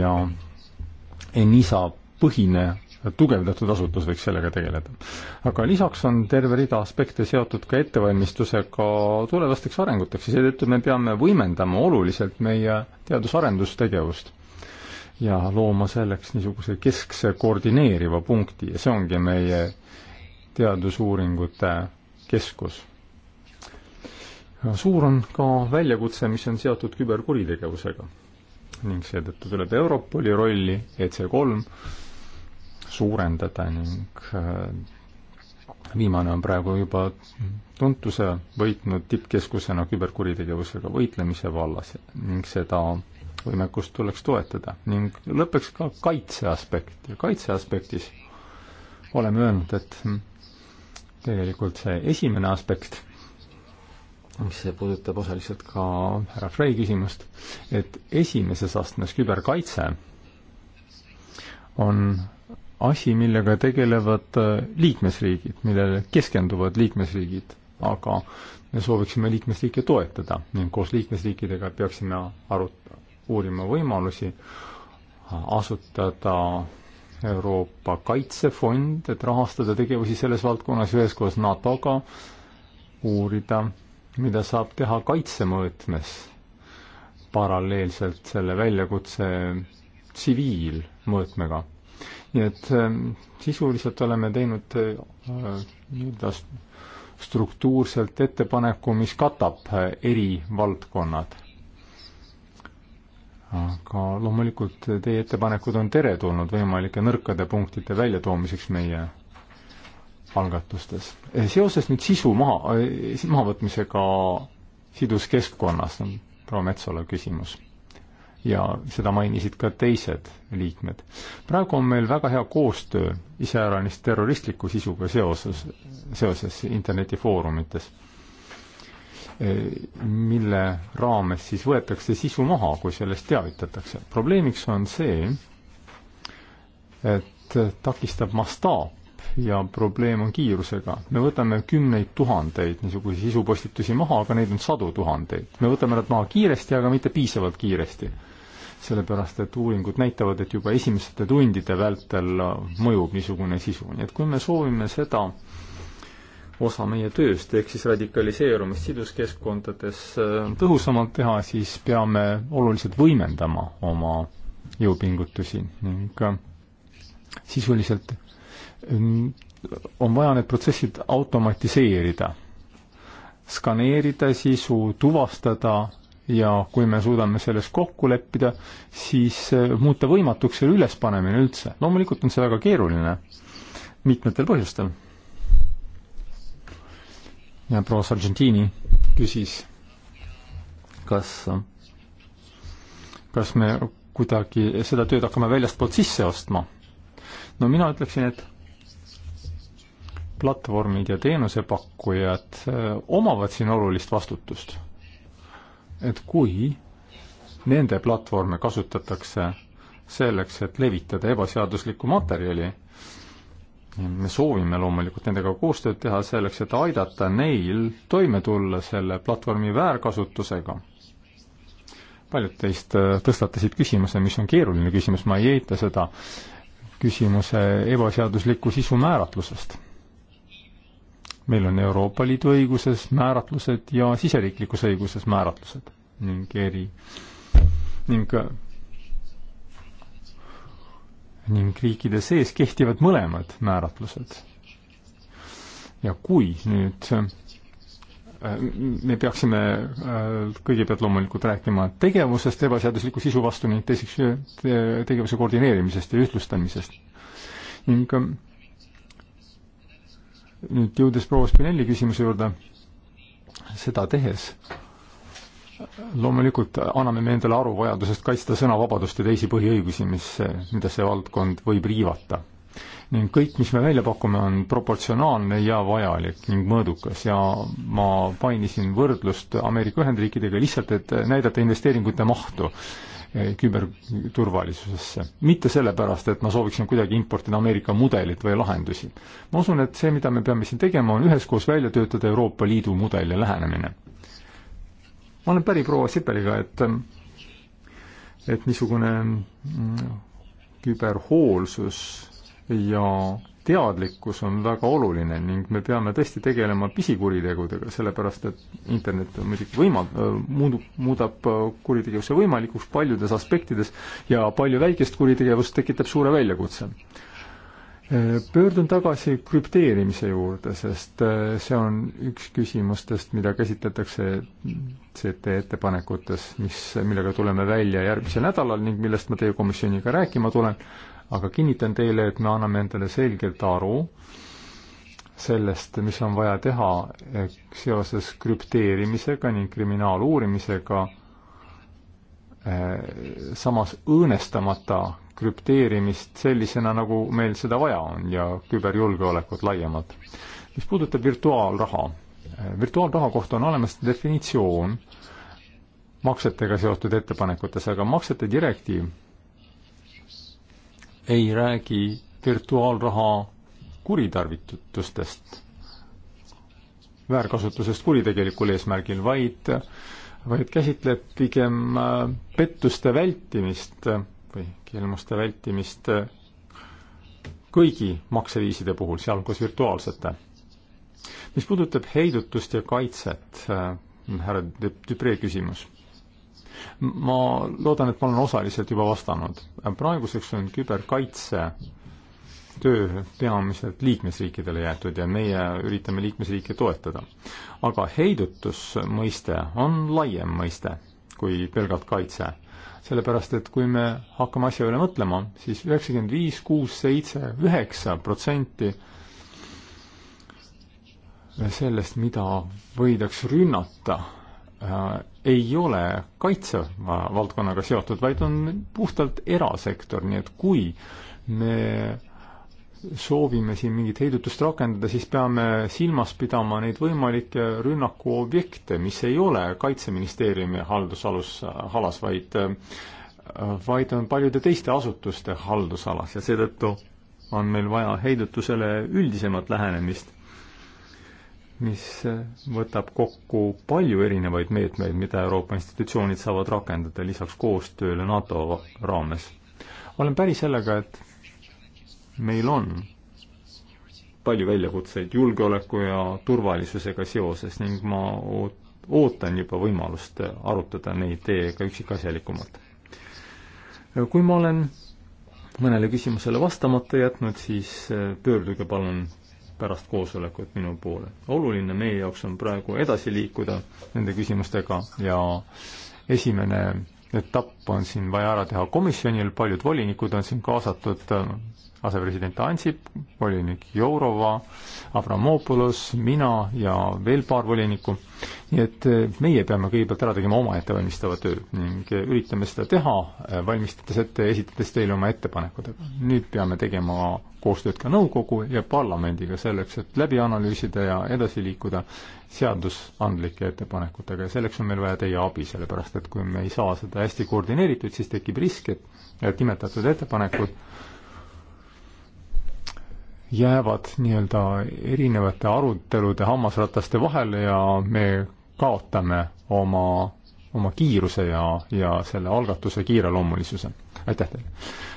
A: ja ENISA põhine tugevdatud asutus võiks sellega tegeleda. aga lisaks on terve rida aspekte seotud ka ettevalmistusega tulevasteks arenguteks ja seetõttu me peame võimendama oluliselt meie teadus-arendustegevust ja looma selleks niisuguse keskse koordineeriva punkti ja see ongi meie teadusuuringute keskus. suur on ka väljakutse, mis on seotud küberkuritegevusega ning seetõttu tuleb Europoli rolli EC3 suurendada ning äh, viimane on praegu juba tuntuse võitnud tippkeskusena küberkuritegevusega võitlemise vallas ning seda võimekust tuleks toetada ning lõpuks ka kaitseaspekt ja kaitseaspektis oleme öelnud, et tegelikult see esimene aspekt, mis puudutab osaliselt ka härra Frey küsimust, et esimeses astmes küberkaitse on asi, millega tegelevad liikmesriigid, millele keskenduvad liikmesriigid, aga me sooviksime liikmesriike toetada ning koos liikmesriikidega peaksime arut-, uurima võimalusi asutada Euroopa Kaitsefond, et rahastada tegevusi selles valdkonnas üheskoos NATO-ga, uurida, mida saab teha kaitsemõõtmes paralleelselt selle väljakutse tsiviilmõõtmega. nii et ähm, sisuliselt oleme teinud äh, nii-öelda struktuurselt ettepaneku, mis katab äh, eri valdkonnad aga loomulikult teie ettepanekud on teretulnud võimalike nõrkade punktide väljatoomiseks meie algatustes. Eh, seoses nüüd sisu maha, eh, mahavõtmisega siduskeskkonnas on proua Metsola küsimus. ja seda mainisid ka teised liikmed. praegu on meil väga hea koostöö iseäranis terroristliku sisuga seoses, seoses internetifoorumites mille raames siis võetakse sisu maha, kui sellest teavitatakse. probleemiks on see, et takistab mastaap ja probleem on kiirusega. me võtame kümneid tuhandeid niisuguseid sisupostitusi maha, aga neid on sadu tuhandeid. me võtame nad maha kiiresti, aga mitte piisavalt kiiresti. sellepärast, et uuringud näitavad, et juba esimeste tundide vältel mõjub niisugune sisu, nii et kui me soovime seda osa meie tööst, ehk siis radikaliseerumist siduskeskkondades äh, tõhusamalt teha, siis peame oluliselt võimendama oma jõupingutusi ning äh, sisuliselt ähm, on vaja need protsessid automatiseerida, skaneerida sisu, tuvastada ja kui me suudame selles kokku leppida, siis äh, muuta võimatuks selle ülespanemine üldse. loomulikult on see väga keeruline mitmetel põhjustel proua Sargentini küsis, kas, kas me kuidagi seda tööd hakkame väljastpoolt sisse ostma. no mina ütleksin, et platvormid ja teenusepakkujad eh, omavad siin olulist vastutust. et kui nende platvorme kasutatakse selleks, et levitada ebaseaduslikku materjali me soovime loomulikult nendega koostööd teha selleks, et aidata neil toime tulla selle platvormi väärkasutusega. paljud teist äh, tõstatasid küsimuse, mis on keeruline küsimus, ma ei eita seda, küsimuse ebaseadusliku sisu määratlusest. meil on Euroopa Liidu õiguses määratlused ja siseriiklikus õiguses määratlused ning eri, ning ning riikide sees kehtivad mõlemad määratlused. ja kui nüüd äh, me peaksime äh, kõigepealt loomulikult rääkima tegevusest ebaseadusliku sisu vastu ning teiseks äh, tegevuse koordineerimisest ja ühtlustamisest. ning nüüd jõudes proua Spinelli küsimuse juurde, seda tehes loomulikult anname me endale aru vajadusest kaitsta sõnavabadust ja teisi põhiõigusi, mis, mida see valdkond võib riivata. ning kõik, mis me välja pakume, on proportsionaalne ja vajalik ning mõõdukas ja ma mainisin võrdlust Ameerika Ühendriikidega lihtsalt, et näidata investeeringute mahtu eh, küberturvalisusesse. mitte sellepärast, et ma sooviksin kuidagi importida Ameerika mudelit või lahendusi. ma usun, et see, mida me peame siin tegema, on üheskoos välja töötada Euroopa Liidu mudel ja lähenemine ma olen päri proua Sipeliga, et et niisugune mm, küberhoolsus ja teadlikkus on väga oluline ning me peame tõesti tegelema pisikuritegudega, sellepärast et internet on muidugi võima-, muudub, muudab kuritegevuse võimalikuks paljudes aspektides ja palju väikest kuritegevust tekitab suure väljakutse pöördun tagasi krüpteerimise juurde, sest äh, see on üks küsimustest, mida käsitletakse CT ettepanekutes, mis, millega tuleme välja järgmisel nädalal ning millest ma teie komisjoniga rääkima tulen, aga kinnitan teile, et me anname endale selgelt aru sellest, mis on vaja teha eh, seoses krüpteerimisega ning kriminaaluurimisega, eh, samas õõnestamata krüpteerimist sellisena, nagu meil seda vaja on ja küberjulgeolekut laiemalt. mis puudutab virtuaalraha, eh, virtuaalraha kohta on olemas definitsioon maksetega seotud ettepanekutes, aga maksete direktiiv ei räägi virtuaalraha kuritarvitustest, väärkasutusest kuritegelikul eesmärgil, vaid vaid käsitleb pigem eh, pettuste vältimist või kelmuste vältimist eh, kõigi makseviiside puhul, sealhulgas virtuaalsete. mis puudutab heidutust ja kaitset, eh, härra Dupree küsimus, ma loodan, et ma olen osaliselt juba vastanud. praeguseks on küberkaitse töö peamiselt liikmesriikidele jäetud ja meie üritame liikmesriike toetada. aga heidutusmõiste on laiem mõiste kui pelgalt kaitse sellepärast et kui me hakkame asja üle mõtlema siis, siis üheksakümmend viis, kuus, seitse, üheksa protsenti sellest, mida võidaks rünnata, äh, ei ole kaitsevaldkonnaga seotud, vaid on puhtalt erasektor, nii et kui me soovime siin mingit heidutust rakendada, siis peame silmas pidama neid võimalikke rünnaku objekte, mis ei ole Kaitseministeeriumi haldusalus, halas, vaid vaid on paljude teiste asutuste haldusalas ja seetõttu on meil vaja heidutusele üldisemat lähenemist, mis võtab kokku palju erinevaid meetmeid, mida Euroopa institutsioonid saavad rakendada lisaks koostööle NATO raames. olen päri sellega, et meil on palju väljakutseid julgeoleku ja turvalisusega seoses ning ma ootan juba võimalust arutada neid teiega üksikasjalikumalt. kui ma olen mõnele küsimusele vastamata jätnud, siis äh, pöörduge palun pärast koosolekut minu poole. oluline meie jaoks on praegu edasi liikuda nende küsimustega ja esimene etapp on siin vaja ära teha komisjonil, paljud volinikud on siin kaasatud, asepresident Ansip, volinik Jourova, Avramopoulos, mina ja veel paar volinikku. nii et eh, meie peame kõigepealt ära tegema oma ettevalmistava töö ning eh, üritame seda teha, eh, valmistades ette, esitades teile oma ettepanekutega. nüüd peame tegema koostööd ka nõukogu ja parlamendiga selleks, et läbi analüüsida ja edasi liikuda seadusandlike ettepanekutega ja selleks on meil vaja teie abi, sellepärast et kui me ei saa seda hästi koordineeritud, siis tekib risk, et, et nimetatud ettepanekud jäävad nii-öelda erinevate arutelude hammasrataste vahele ja me kaotame oma, oma kiiruse ja, ja selle algatuse kiireloomulisuse. aitäh teile.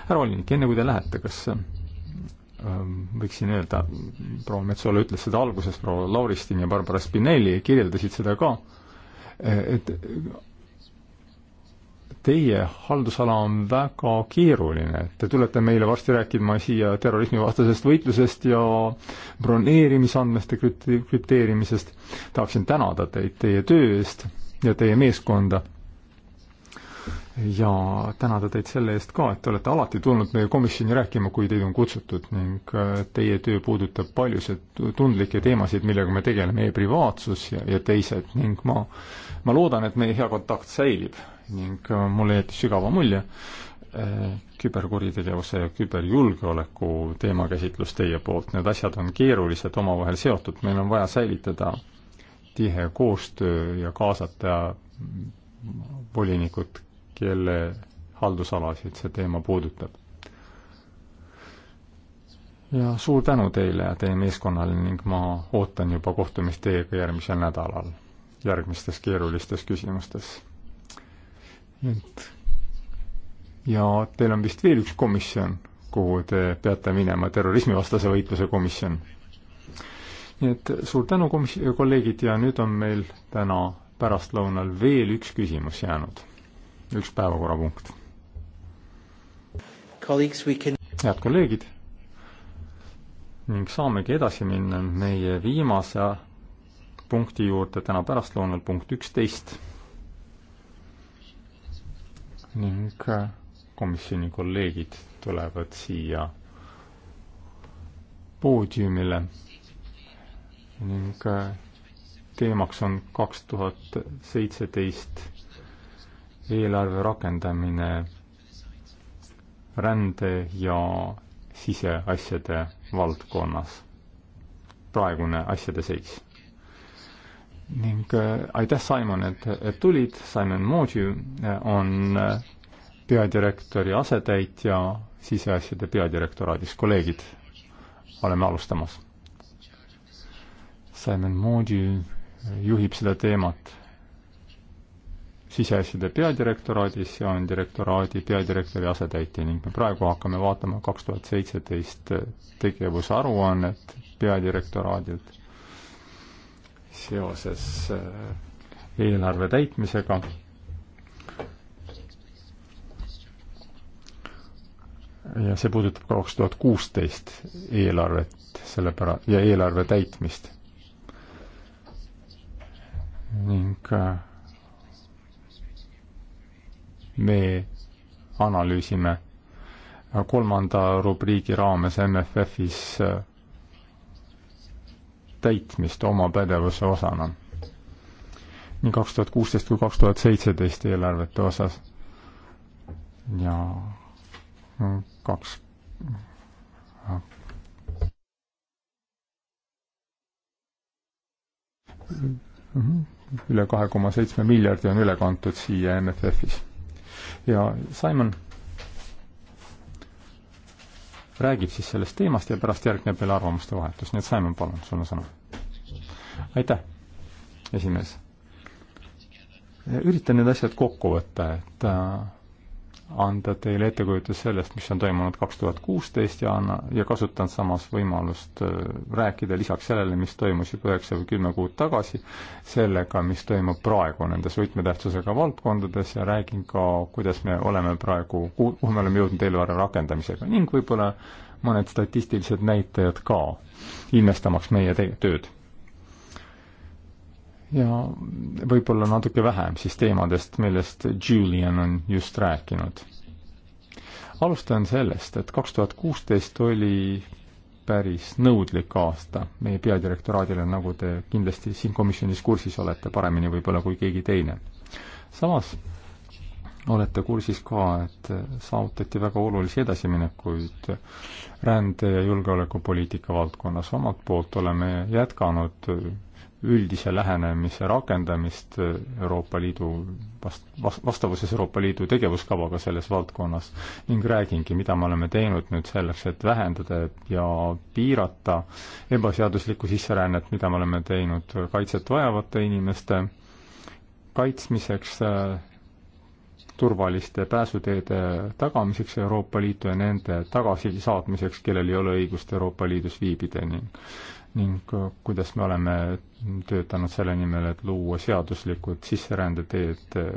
A: härra volinik, enne kui te lähete, kas ähm, võiksin öelda, proua Metsola ütles seda alguses, proua Lauristin ja Barbara Spinelli kirjeldasid seda ka, et teie haldusala on väga keeruline. Te tulete meile varsti rääkima siia terrorismivastasest võitlusest ja broneerimisandmeste krüpteerimisest. tahaksin tänada teid teie töö eest ja teie meeskonda. ja tänada teid selle eest ka, et te olete alati tulnud meie komisjoni rääkima, kui teid on kutsutud ning äh, teie töö puudutab paljusid tundlikke teemasid, millega me tegeleme e, e-privaatsus ja, ja teised ning ma ma loodan, et meie hea kontakt säilib ning äh, mulle jättis sügava mulje äh, küberkuritegevuse ja küberjulgeoleku teemakäsitlus teie poolt, need asjad on keerulised, omavahel seotud, meil on vaja säilitada tihe koostöö ja kaasata volinikud, kelle haldusalasid see teema puudutab ja suur tänu teile ja teie meeskonnale ning ma ootan juba kohtumist teiega järgmisel nädalal järgmistes keerulistes küsimustes et mm. ja teil on vist veel üks komisjon, kuhu te peate minema, terrorismivastase võitluse komisjon. nii et suur tänu, komis-, kolleegid, ja nüüd on meil täna pärastlõunal veel üks küsimus jäänud, üks päevakorrapunkt. Can... head kolleegid, ning saamegi edasi minna meie viimase punkti juurde täna pärastlõunal, punkt üksteist ning äh, komisjoni kolleegid tulevad siia poodiumile ning äh, teemaks on kaks tuhat seitseteist eelarve rakendamine rände ja siseasjade valdkonnas, praegune asjade seis ning äh, aitäh, Simon, et, et tulid, Simon Moju äh, on äh, peadirektori asetäitja siseasjade peadirektoraadis, kolleegid, oleme alustamas. Simon Moju juhib seda teemat siseasjade peadirektoraadis ja on direktoraadi peadirektori asetäitja ning me praegu hakkame vaatama kaks tuhat seitseteist tegevusaruannet peadirektoraadilt seoses äh, eelarve täitmisega. ja see puudutab ka kaks tuhat kuusteist eelarvet, selle pära- ja eelarve täitmist. ning äh, me analüüsime kolmanda rubriigi raames MFF-is äh, täitmist oma pädevuse osana. nii kaks tuhat kuusteist kui kaks tuhat seitseteist eelarvete osas. ja kaks üle kahe koma seitsme miljardi on üle kantud siia MFF-is. ja Simon räägib siis sellest teemast ja pärast järgneb veel arvamuste vahetus, nii et Simon, palun, sul on sõna. aitäh, esimees. üritan need asjad kokku võtta, et äh, anda teile ettekujutus sellest, mis on toimunud kaks tuhat kuusteist ja anna, ja kasutan samas võimalust äh, rääkida lisaks sellele, mis toimus juba üheksa või kümme kuud tagasi, sellega, mis toimub praegu nendes võtmetähtsusega valdkondades ja räägin ka, kuidas me oleme praegu, kuhu me oleme jõudnud eelarve rakendamisega ning võib-olla mõned statistilised näitajad ka, ilmestamaks meie tööd ja võib-olla natuke vähem siis teemadest, millest Julian on just rääkinud. alustan sellest, et kaks tuhat kuusteist oli päris nõudlik aasta meie peadirektoraadile, nagu te kindlasti siin komisjonis kursis olete, paremini võib-olla kui keegi teine. samas olete kursis ka, et saavutati väga olulisi edasiminekuid rände- ja julgeolekupoliitika valdkonnas. omalt poolt oleme jätkanud üldise lähenemise rakendamist Euroopa Liidu vast-, vast-, vastavuses Euroopa Liidu tegevuskavaga selles valdkonnas ning räägingi, mida me oleme teinud nüüd selleks, et vähendada ja piirata ebaseaduslikku sisserännet, mida me oleme teinud kaitset vajavate inimeste kaitsmiseks, turvaliste pääsuteede tagamiseks Euroopa Liitu ja nende tagasisaatmiseks, kellel ei ole õigust Euroopa Liidus viibida ning ning äh, kuidas me oleme töötanud selle nimel, et luua seaduslikud sisserändeteed äh,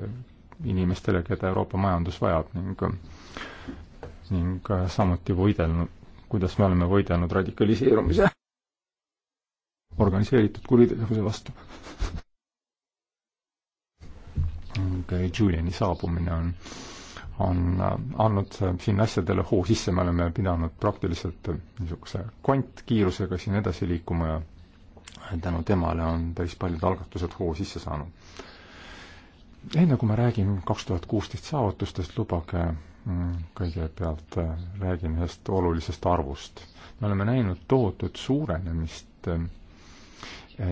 A: inimestele, keda Euroopa majandus vajab ning ning äh, samuti võidelnud, kuidas me oleme võidelnud radikaliseerumise organiseeritud kuritegevuse vastu ning Juliani saabumine on on äh, andnud äh, siin asjadele hoo sisse, me oleme pidanud praktiliselt äh, niisuguse kvantkiirusega siin edasi liikuma ja tänu temale on päris paljud algatused hoo sisse saanud. enne kui ma räägin kaks tuhat kuusteist saavutustest, lubage mm, kõigepealt räägin ühest olulisest arvust. me oleme näinud tohutut suurenemist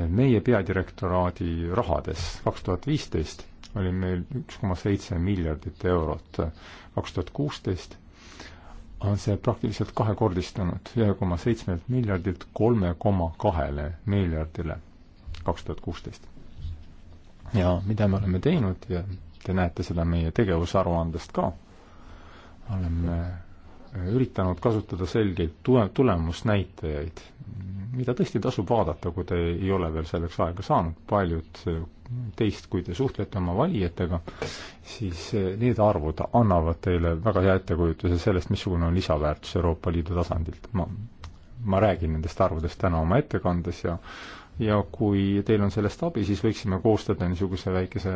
A: meie peadirektoraadi rahades kaks tuhat viisteist oli meil üks koma seitse miljardit eurot. kaks tuhat kuusteist on see praktiliselt kahekordistunud, ühe koma seitsmelt miljardilt kolme koma kahele miljardile kaks tuhat kuusteist. ja mida me oleme teinud ja te näete seda meie tegevusaruandest ka, oleme üritanud kasutada selgeid tule, tulemusnäitajaid, mida tõesti tasub vaadata, kui te ei ole veel selleks aega saanud, paljud teist, kui te suhtlete oma valijatega, siis eh, need arvud annavad teile väga hea ettekujutuse sellest, missugune on lisaväärtus Euroopa Liidu tasandilt. ma, ma räägin nendest arvudest täna oma ettekandes ja ja kui teil on sellest abi, siis võiksime koostada niisuguse väikese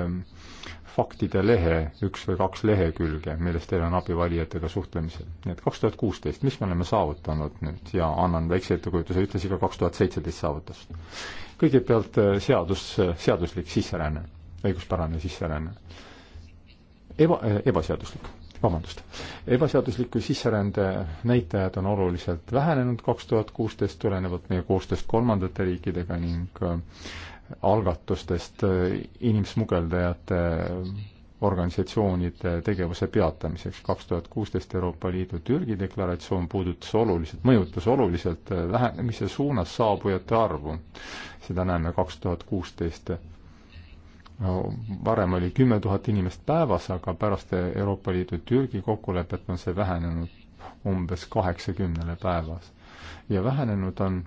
A: faktide lehe, üks või kaks lehekülge, millest teil on abi valijatega suhtlemisel. nii et kaks tuhat kuusteist, mis me oleme saavutanud nüüd ja annan väikse ettekujutuse, ütlesin ka kaks tuhat seitseteist saavutus. kõigepealt äh, seadus, äh, seaduslik sisseränne, õiguspärane sisseränne. Eba, äh, ebaseaduslik vabandust, ebaseadusliku sisserände näitajad on oluliselt vähenenud kaks tuhat kuusteist tulenevalt meie koostööst kolmandate riikidega ning äh, algatustest äh, inimsmugeldajate äh, organisatsioonide tegevuse peatamiseks. kaks tuhat kuusteist Euroopa Liidu Türgi deklaratsioon puudutas oluliselt, mõjutas oluliselt vähenemise suunas saabujate arvu. seda näeme kaks tuhat kuusteist no varem oli kümme tuhat inimest päevas, aga pärast Euroopa Liidu Türgi kokkulepet on see vähenenud umbes kaheksakümnele päevas. ja vähenenud on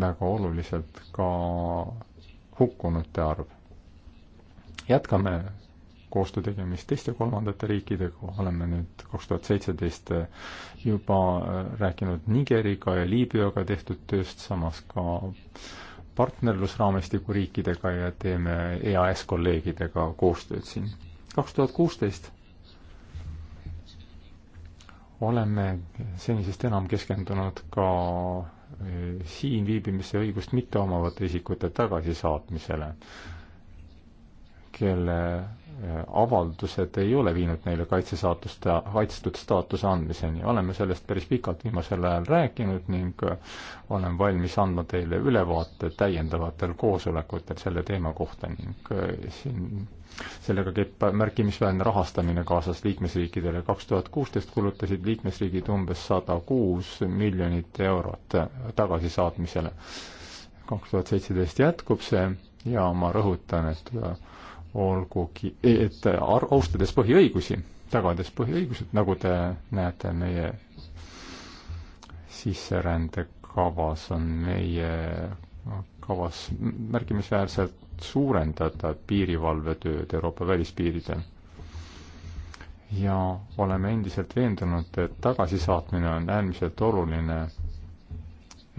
A: väga oluliselt ka hukkunute arv. jätkame koostöö tegemist teiste kolmandate riikidega, oleme nüüd kaks tuhat seitseteist juba rääkinud Nigeriga ja Liibüaga tehtud tööst, samas ka äh, partnerlusraamistiku riikidega ja teeme EAS kolleegidega koostööd siin. kaks tuhat kuusteist oleme senisest enam keskendunud ka eh, siin viibimise õigust mitte omavate isikute tagasisaatmisele, kelle avaldused ei ole viinud neile kaitsesaatuste, kaitstud staatuse andmiseni. oleme sellest päris pikalt viimasel ajal rääkinud ning olen valmis andma teile ülevaate täiendavatel koosolekutel selle teema kohta ning eh, siin sellega käib märkimisväärne rahastamine kaasas liikmesriikidele. kaks tuhat kuusteist kulutasid liikmesriigid umbes sada kuus miljonit eurot tagasisaatmisele. kaks tuhat seitseteist jätkub see ja ma rõhutan, et olgugi, et ar-, austades põhiõigusi, tagades põhiõigused, nagu te näete meie sisserändekavas, on meie kavas märkimisväärselt suurendada piirivalvetööd Euroopa välispiiridel. ja oleme endiselt veendunud, et tagasisaatmine on äärmiselt oluline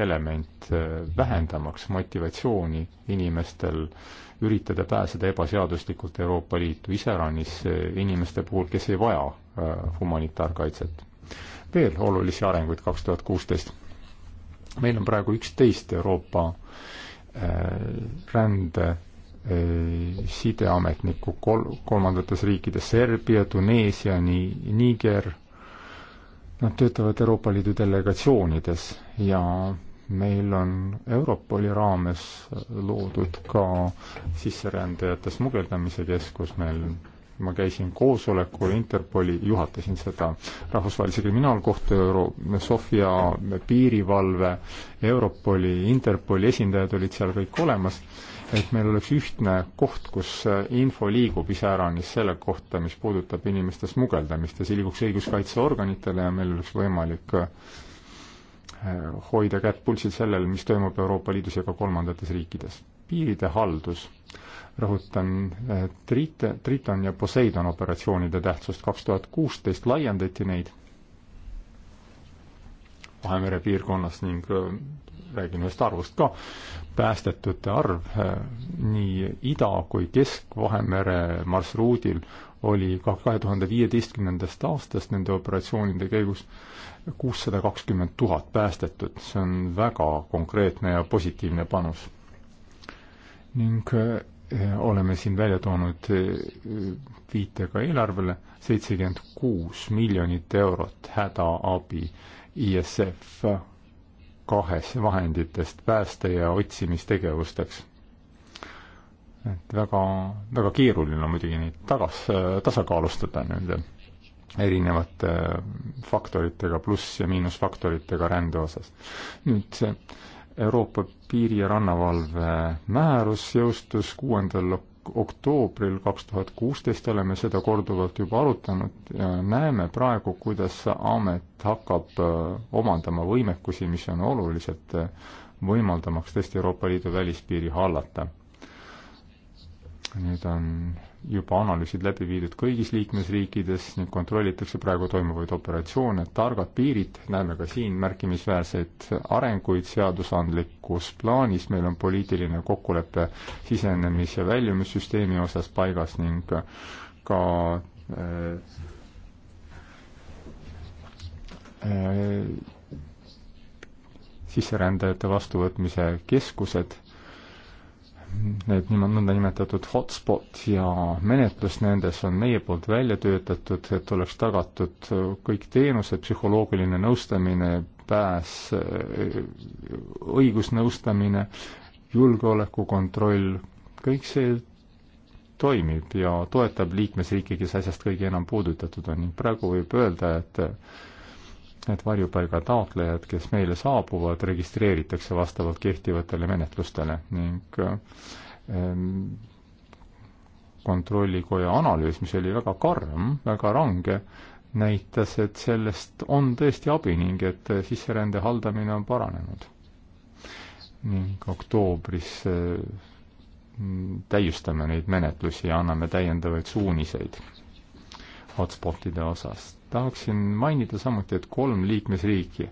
A: element, eh, vähendamaks motivatsiooni inimestel äh, üritada pääseda ebaseaduslikult Euroopa Liitu, iseäranis eh, inimeste puhul, kes ei vaja eh, humanitaarkaitset. veel olulisi arenguid kaks tuhat kuusteist. meil on praegu üksteist Euroopa eh, rände sideametnikku kol-, kolmandates riikides, Serbia, Tuneesia, nii Niger, nad töötavad Euroopa Liidu delegatsioonides ja meil on Europoli raames loodud ka sisserändajate smugeldamise keskus, meil ma käisin koosolekul Interpoli, juhatasin seda Rahvusvahelise Kriminaalkohtu Euro-, Sofia piirivalve, Europoli, Interpoli esindajad olid seal kõik olemas, et meil oleks ühtne koht, kus info liigub iseäranis selle kohta, mis puudutab inimeste smugeldamist ja see liiguks õiguskaitseorganitele ja meil oleks võimalik Eh, hoida kätt pulsil sellel, mis toimub Euroopa Liidus ja ka kolmandates riikides. piiride haldus, rõhutan, eh, Triit-, Triton ja Poseidon operatsioonide tähtsust, kaks tuhat kuusteist laiendati neid Vahemere piirkonnas ning eh, räägin ühest arvust ka, päästetute arv nii Ida- kui Kesk-Vahemere marsruudil oli ka kahe tuhande viieteistkümnendast aastast nende operatsioonide käigus kuussada kakskümmend tuhat päästetut, see on väga konkreetne ja positiivne panus. ning eh, oleme siin välja toonud eh, viitega eelarvele seitsekümmend kuus miljonit eurot hädaabi ISF kahes vahenditest pääste- ja otsimistegevusteks et väga, väga keeruline on muidugi neid tagas, tasakaalustada nende erinevate faktoritega, pluss- ja miinusfaktoritega rände osas. nüüd see Euroopa piiri- ja rannavalve määrus jõustus kuuendal oktoobril kaks tuhat kuusteist, oleme seda korduvalt juba arutanud ja näeme praegu, kuidas amet hakkab äh, omandama võimekusi, mis on olulised, äh, võimaldamaks tõesti Euroopa Liidu välispiiri hallata nüüd on juba analüüsid läbi viidud kõigis liikmesriikides ning kontrollitakse praegu toimuvaid operatsioone, targad piirid, näeme ka siin märkimisväärseid arenguid seadusandlikus plaanis, meil on poliitiline kokkulepe sisenemis- ja väljumissüsteemi osas paigas ning ka äh, äh, sisserändajate vastuvõtmise keskused need nõndanimetatud hotspot ja menetlus nendes on meie poolt välja töötatud, et oleks tagatud kõik teenused, psühholoogiline nõustamine, pääs, õigusnõustamine, julgeolekukontroll, kõik see toimib ja toetab liikmesriike, kes asjast kõige enam puudutatud on ning praegu võib öelda, et et varjupaiga taotlejad, kes meile saabuvad, registreeritakse vastavalt kehtivatele menetlustele ning ähm, kontrollikoja analüüs, mis oli väga karm, väga range, näitas, et sellest on tõesti abi ning et sisserände haldamine on paranenud. ning oktoobris äh, täiustame neid menetlusi ja anname täiendavaid suuniseid hotspotide osas tahaksin mainida samuti, et kolm liikmesriiki,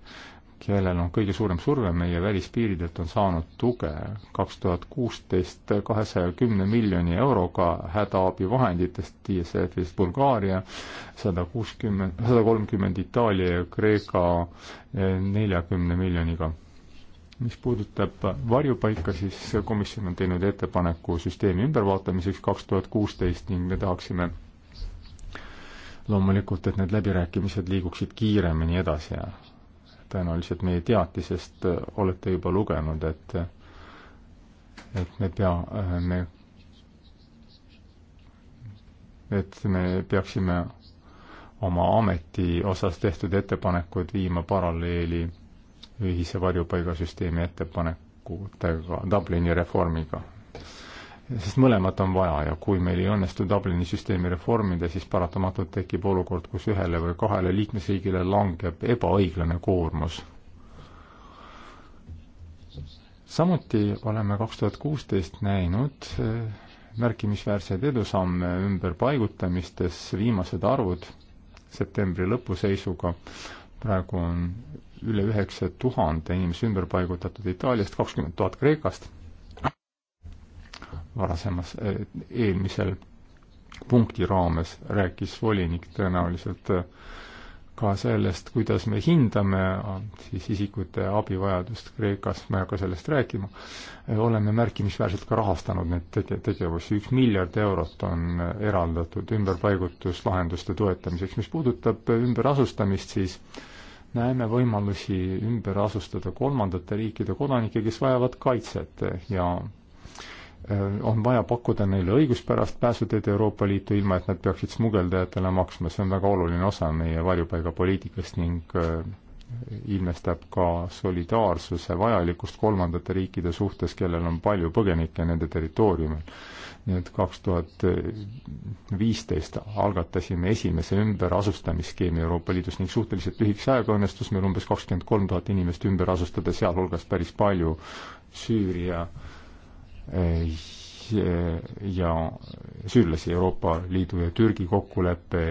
A: kellel on kõige suurem surve meie välispiiridelt, on saanud tuge kaks tuhat kuusteist kahesaja kümne miljoni euroga hädaabivahenditest ISF-ist Bulgaaria, sada kuuskümmend, sada kolmkümmend Itaalia ja Kreeka eh, neljakümne miljoniga mis puudutab varjupaika, siis komisjon on teinud ettepaneku süsteemi ümbervaatamiseks kaks tuhat kuusteist ning me tahaksime loomulikult, et need läbirääkimised liiguksid kiiremini edasi ja tõenäoliselt meie teatisest olete juba lugenud, et et me pea, me, et me peaksime oma ameti osas tehtud ettepanekud viima paralleeli ühise varjupaigasüsteemi ettepanekutega, Dublini reformiga sest mõlemat on vaja ja kui meil ei õnnestu Dublini süsteemi reformida, siis paratamatult tekib olukord, kus ühele või kahele liikmesriigile langeb ebaõiglane koormus. samuti oleme kaks tuhat kuusteist näinud eh, märkimisväärseid edusamme ümberpaigutamistes, viimased arvud septembri lõpu seisuga, praegu on üle üheksa tuhande inimese ümber paigutatud Itaaliast, kakskümmend tuhat Kreekast varasemas, eh, eelmisel punkti raames rääkis volinik tõenäoliselt eh, ka sellest, kuidas me hindame ah, siis isikute abivajadust Kreekas, ma ei hakka sellest rääkima, eh, oleme märkimisväärselt ka rahastanud neid tege-, tegevusi, üks miljard eurot on eraldatud ümberpaigutuslahenduste toetamiseks, mis puudutab ümberasustamist, siis näeme võimalusi ümber asustada kolmandate riikide kodanikke, kes vajavad kaitset ja Äh, on vaja pakkuda neile õiguspärast pääsuteed Euroopa Liitu, ilma et nad peaksid smugeldajatele maksma, see on väga oluline osa meie varjupaigapoliitikast ning äh, ilmestab ka solidaarsuse vajalikkust kolmandate riikide suhtes, kellel on palju põgenikke nende territooriumil. nii et kaks tuhat viisteist algatasime esimese ümberasustamisskeemi Euroopa Liidus ning suhteliselt lühikese ajaga õnnestus meil umbes kakskümmend kolm tuhat inimest ümber asustada, sealhulgas päris palju Süüria äh, Äh, ja süürlasi Euroopa Liidu ja Türgi kokkuleppe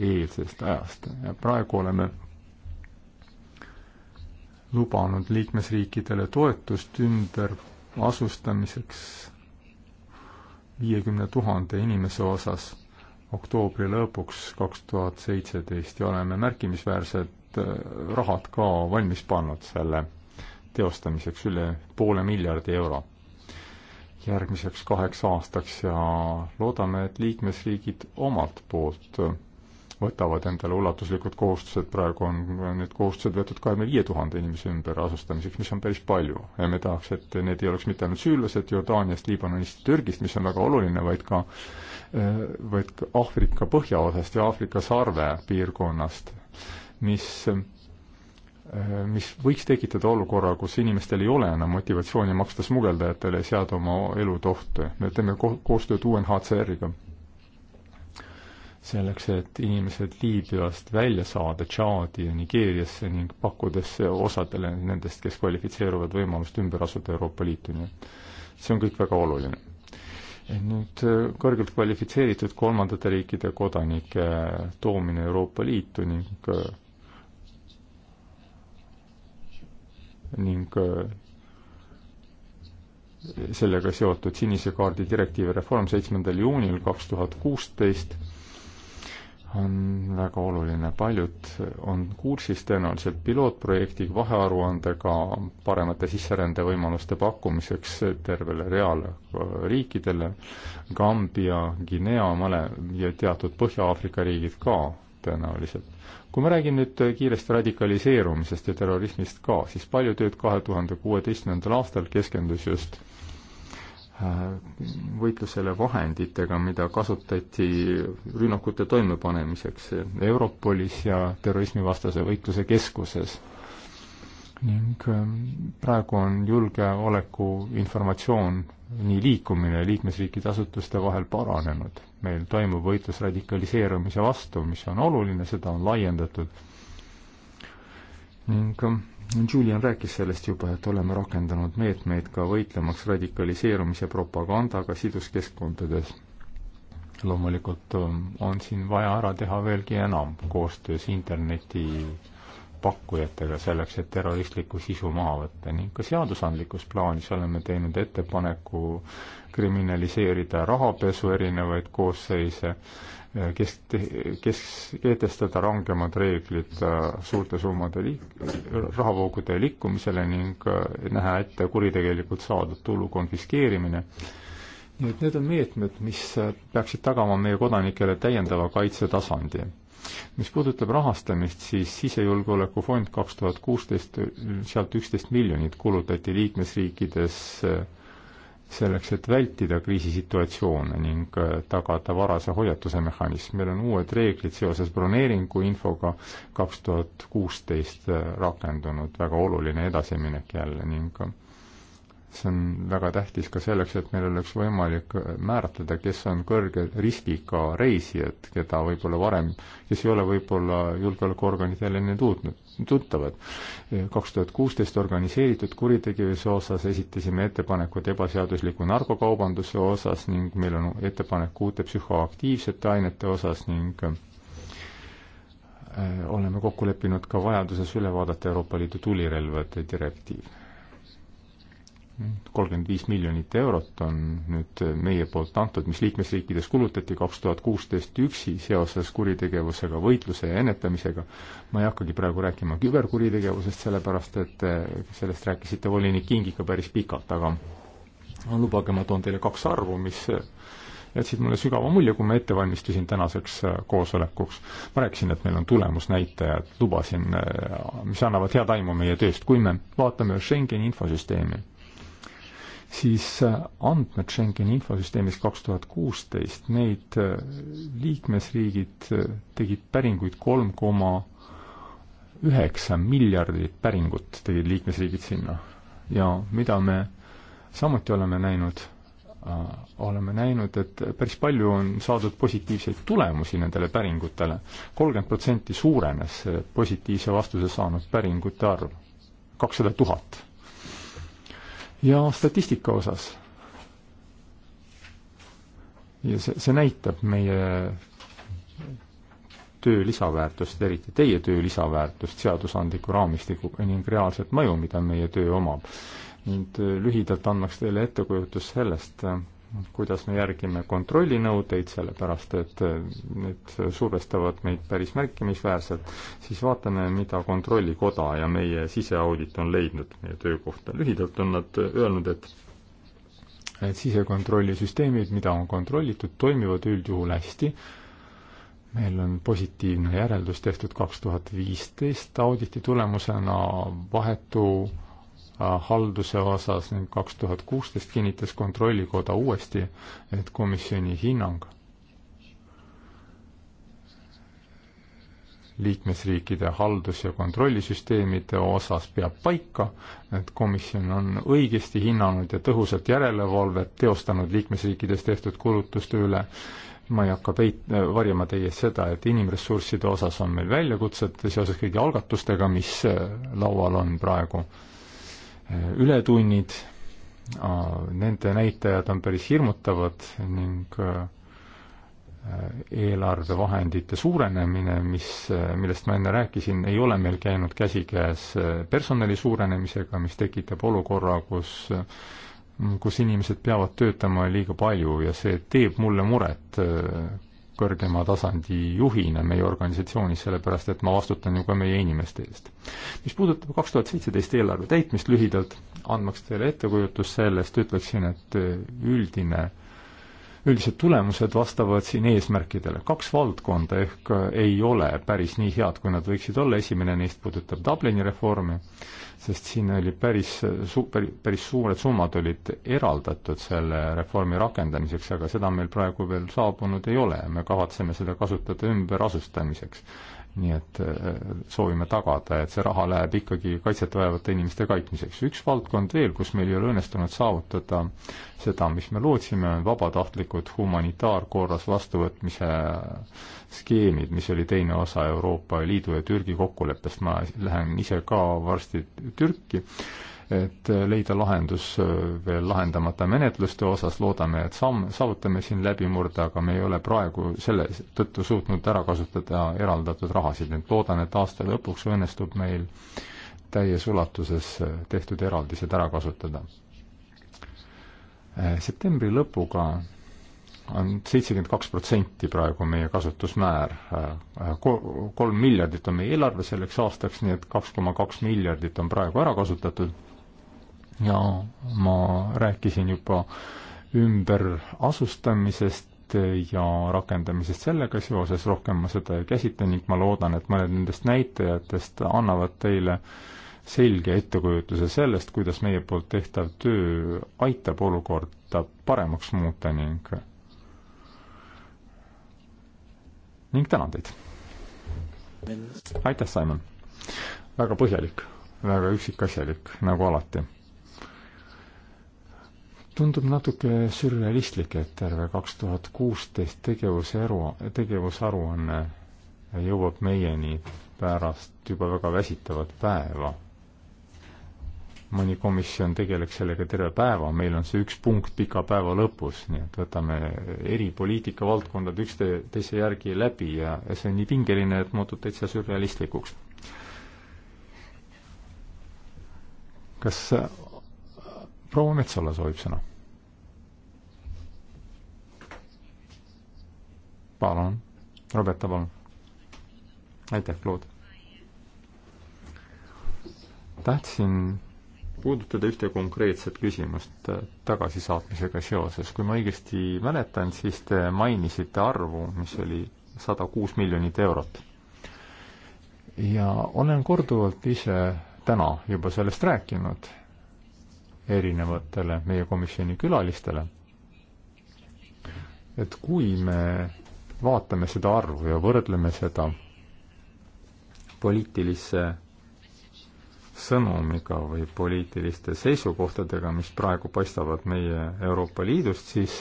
A: eelsest ajast ja praegu oleme lubanud liikmesriikidele toetust ümberasustamiseks viiekümne tuhande inimese osas oktoobri lõpuks kaks tuhat seitseteist ja oleme märkimisväärsed äh, rahad ka valmis pannud selle teostamiseks, üle poole miljardi euro järgmiseks kaheks aastaks ja loodame, et liikmesriigid omalt poolt võtavad endale ulatuslikud kohustused, praegu on need kohustused võetud kahekümne viie tuhande inimese ümberasustamiseks, mis on päris palju. ja me tahaks, et need ei oleks mitte ainult süüdlased Jordaaniast, Liibanonist, Türgist, mis on väga oluline, vaid ka, vaid ka Aafrika põhjaosast ja Aafrika sarve piirkonnast, mis Äh, mis võiks tekitada olukorra, kus inimestel ei ole enam motivatsiooni maksta smugeldajatele ja seada oma elud ohtu. me teeme ko-, koostööd UNHCR-iga selleks, et inimesed Liibüast välja saada Tšaadi ja Nigeeriasse ning pakkudes osadele nendest, kes kvalifitseeruvad, võimalust ümber asuda Euroopa Liitu, nii et see on kõik väga oluline. nüüd äh, kõrgelt kvalifitseeritud kolmandate riikide kodanike toomine Euroopa Liitu ning äh, ning äh, sellega seotud sinise kaardi direktiivi reform seitsmendal juunil kaks tuhat kuusteist on väga oluline, paljud on kursis tõenäoliselt pilootprojekti vahearuandega paremate sisserändevõimaluste pakkumiseks tervele reale äh, riikidele, Gambia, Guinea, male ja teatud Põhja-Aafrika riigid ka tõenäoliselt kui ma räägin nüüd kiirest radikaliseerumisest ja terrorismist ka, siis palju tööd kahe tuhande kuueteistkümnendal aastal keskendus just äh, võitlusele vahenditega, mida kasutati rünnakute toimepanemiseks Europolis ja terrorismivastase võitluse keskuses. ning ähm, praegu on julgeoleku informatsioon, nii liikumine liikmesriikide asutuste vahel paranenud meil toimub võitlus radikaliseerumise vastu, mis on oluline, seda on laiendatud. ning ähm, Julian rääkis sellest juba, et oleme rakendanud meetmeid ka võitlemaks radikaliseerumise propagandaga siduskeskkondades. loomulikult ähm, on siin vaja ära teha veelgi enam koostöös interneti pakkujatega selleks, et terroristlikku sisu maha võtta ning ka seadusandlikus plaanis oleme teinud ettepaneku kriminaliseerida rahapesu erinevaid koosseise, kes, kes kehtestada rangemad reeglid äh, suurte summade liik-, rahavoogude liikumisele ning äh, näha ette kuritegelikult saadud tulu konfiskeerimine nii et need on meetmed, mis äh, peaksid tagama meie kodanikele täiendava kaitsetasandi mis puudutab rahastamist, siis Sisejulgeolekufond kaks tuhat kuusteist, sealt üksteist miljonit kulutati liikmesriikides eh, selleks, et vältida kriisisituatsioone ning eh, tagada varase hoiatuse mehhanism. meil on uued reeglid seoses broneeringu infoga kaks tuhat kuusteist eh, rakendunud, väga oluline edasiminek jälle ning see on väga tähtis ka selleks, et meil oleks võimalik määratleda, kes on kõrge riskiga reisijad, keda võib-olla varem, kes ei ole võib-olla julgeolekuorganitele enne tuutnud, tuttavad. kaks tuhat kuusteist organiseeritud kuritegevuse osas esitasime ettepanekud ebaseadusliku narkokaubanduse osas ning meil on ettepanek uute psühhoaktiivsete ainete osas ning äh, oleme kokku leppinud ka vajaduses üle vaadata Euroopa Liidu tulirelvade direktiiv kolmkümmend viis miljonit eurot on nüüd meie poolt antud, mis liikmesriikides kulutati kaks tuhat kuusteist üksi seoses kuritegevusega, võitluse ja ennetamisega. ma ei hakkagi praegu rääkima küberkuritegevusest, sellepärast et eh, sellest rääkisite volinik Kingiga päris pikalt, aga lubage, ma toon teile kaks arvu, mis jätsid mulle sügava mulje, kui ma ette valmistusin tänaseks eh, koosolekuks. ma rääkisin, et meil on tulemusnäitajad, lubasin, eh, mis annavad head aimu meie tööst, kui me vaatame Schengeni infosüsteemi siis äh, andmed Schengeni infosüsteemis kaks tuhat kuusteist, neid äh, liikmesriigid äh, tegid päringuid kolm koma üheksa miljardit päringut tegid liikmesriigid sinna. ja mida me samuti oleme näinud, oleme näinud, et päris palju on saadud positiivseid tulemusi nendele päringutele. kolmkümmend protsenti suurenes positiivse vastuse saanud päringute arv, kakssada tuhat ja statistika osas. ja see, see näitab meie töö lisaväärtust, eriti teie töö lisaväärtust seadusandliku raamistikuga ning reaalset mõju, mida meie töö omab. ning äh, lühidalt annaks teile ettekujutust sellest, äh, kuidas me järgime kontrollinõudeid, sellepärast et äh, need survestavad meid päris märkimisväärselt, siis vaatame, mida Kontrollikoda ja meie siseaudit on leidnud meie töö kohta. lühidalt on nad äh, öelnud, et et sisekontrollisüsteemid, mida on kontrollitud, toimivad üldjuhul hästi, meil on positiivne järeldus tehtud kaks tuhat viisteist auditi tulemusena vahetu Äh, halduse osas nüüd kaks tuhat kuusteist kinnitas Kontrollikoda uuesti, et komisjoni hinnang liikmesriikide haldus- ja kontrollisüsteemide osas peab paika, et komisjon on õigesti hinnanud ja tõhusalt järelevalvet teostanud liikmesriikides tehtud kulutuste üle. ma ei hakka peit-, varjama teie ees seda, et inimressursside osas on meil väljakutsed seoses kõigi algatustega, mis laual on praegu Äh, ületunnid, äh, nende näitajad on päris hirmutavad ning äh, eelarvevahendite suurenemine, mis, millest ma enne rääkisin, ei ole meil käinud käsikäes personali suurenemisega, mis tekitab olukorra, kus kus inimesed peavad töötama liiga palju ja see teeb mulle muret kõrgema tasandi juhina meie organisatsioonis, sellepärast et ma vastutan ju ka meie inimeste eest. mis puudutab kaks tuhat seitseteist eelarve täitmist lühidalt, andmaks teile ettekujutust sellest, ütleksin, et üldine üldised tulemused vastavad siin eesmärkidele. kaks valdkonda ehk ei ole päris nii head, kui nad võiksid olla, esimene neist puudutab Dublini reformi sest siin oli päris su-, päris suured summad olid eraldatud selle reformi rakendamiseks, aga seda meil praegu veel saabunud ei ole, me kavatseme seda kasutada ümberasustamiseks nii et äh, soovime tagada, et see raha läheb ikkagi kaitset vajavate inimeste kaitsmiseks. üks valdkond veel, kus meil ei ole õnnestunud saavutada seda, mis me lootsime, on vabatahtlikud humanitaarkorras vastuvõtmise skeemid, mis oli teine osa Euroopa Liidu ja Türgi kokkuleppest, ma lähen ise ka varsti Türki et leida lahendus äh, veel lahendamata menetluste osas, loodame, et samm, saavutame siin läbimurde, aga me ei ole praegu selle tõttu suutnud ära kasutada eraldatud rahasid, et loodan, et aasta lõpuks õnnestub meil täies ulatuses äh, tehtud eraldised ära kasutada. Äh, septembri lõpuga on seitsekümmend kaks protsenti praegu meie kasutusmäär. kolm miljardit on meie eelarve selleks aastaks, nii et kaks koma kaks miljardit on praegu ära kasutatud ja ma rääkisin juba ümberasustamisest ja rakendamisest sellega seoses, rohkem ma seda ei käsitle ning ma loodan, et mõned nendest näitajatest annavad teile selge ettekujutuse sellest, kuidas meie poolt tehtav töö aitab olukorda paremaks muuta ning ning tänan teid! aitäh, Simon! väga põhjalik, väga üksikasjalik, nagu alati tundub natuke sürrealistlik, et terve kaks tuhat kuusteist tegevuse aru, tegevusaruanne jõuab meieni pärast juba väga väsitavat päeva. mõni komisjon tegeleks sellega terve päeva, meil on see üks punkt pika päeva lõpus, nii et võtame eri poliitikavaldkondad üksteise järgi läbi ja, ja see on nii pingeline, et muutub täitsa sürrealistlikuks. kas proua Metsala soovib sõna. palun, Roberta, palun. aitäh, Claude. tahtsin puudutada ühte konkreetset küsimust tagasisaatmisega seoses. kui ma õigesti mäletan, siis te mainisite arvu, mis oli sada kuus miljonit eurot. ja olen korduvalt ise täna juba sellest rääkinud erinevatele meie komisjoni külalistele, et kui me vaatame seda arvu ja võrdleme seda poliitilise sõnumiga või poliitiliste seisukohtadega, mis praegu paistavad meie Euroopa Liidust, siis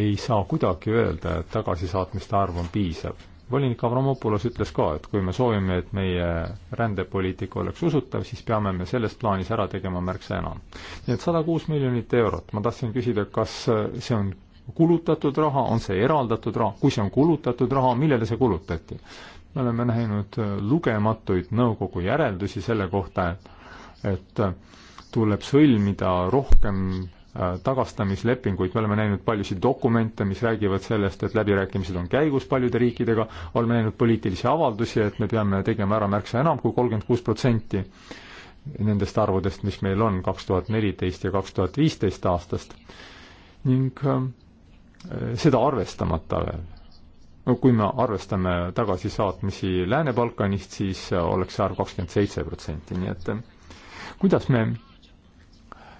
A: ei saa kuidagi öelda, et tagasisaatmiste arv on piisav volinik Avramopoulos ütles ka, et kui me soovime, et meie rändepoliitika oleks usutav, siis peame me selles plaanis ära tegema märksa enam. nii et sada kuus miljonit eurot, ma tahtsin küsida, kas see on kulutatud raha, on see eraldatud raha, kui see on kulutatud raha, millele see kulutati? me oleme näinud lugematuid nõukogu järeldusi selle kohta, et et tuleb sõlmida rohkem Äh, tagastamislepinguid, me oleme näinud paljusid dokumente, mis räägivad sellest, et läbirääkimised on käigus paljude riikidega, oleme näinud poliitilisi avaldusi, et me peame tegema ära märksa enam kui kolmkümmend kuus protsenti nendest arvudest, mis meil on kaks tuhat neliteist ja kaks tuhat viisteist aastast. ning äh, seda arvestamata veel. no kui me arvestame tagasisaatmisi Lääne-Balkanist, siis oleks see arv kakskümmend seitse protsenti, nii et äh, kuidas me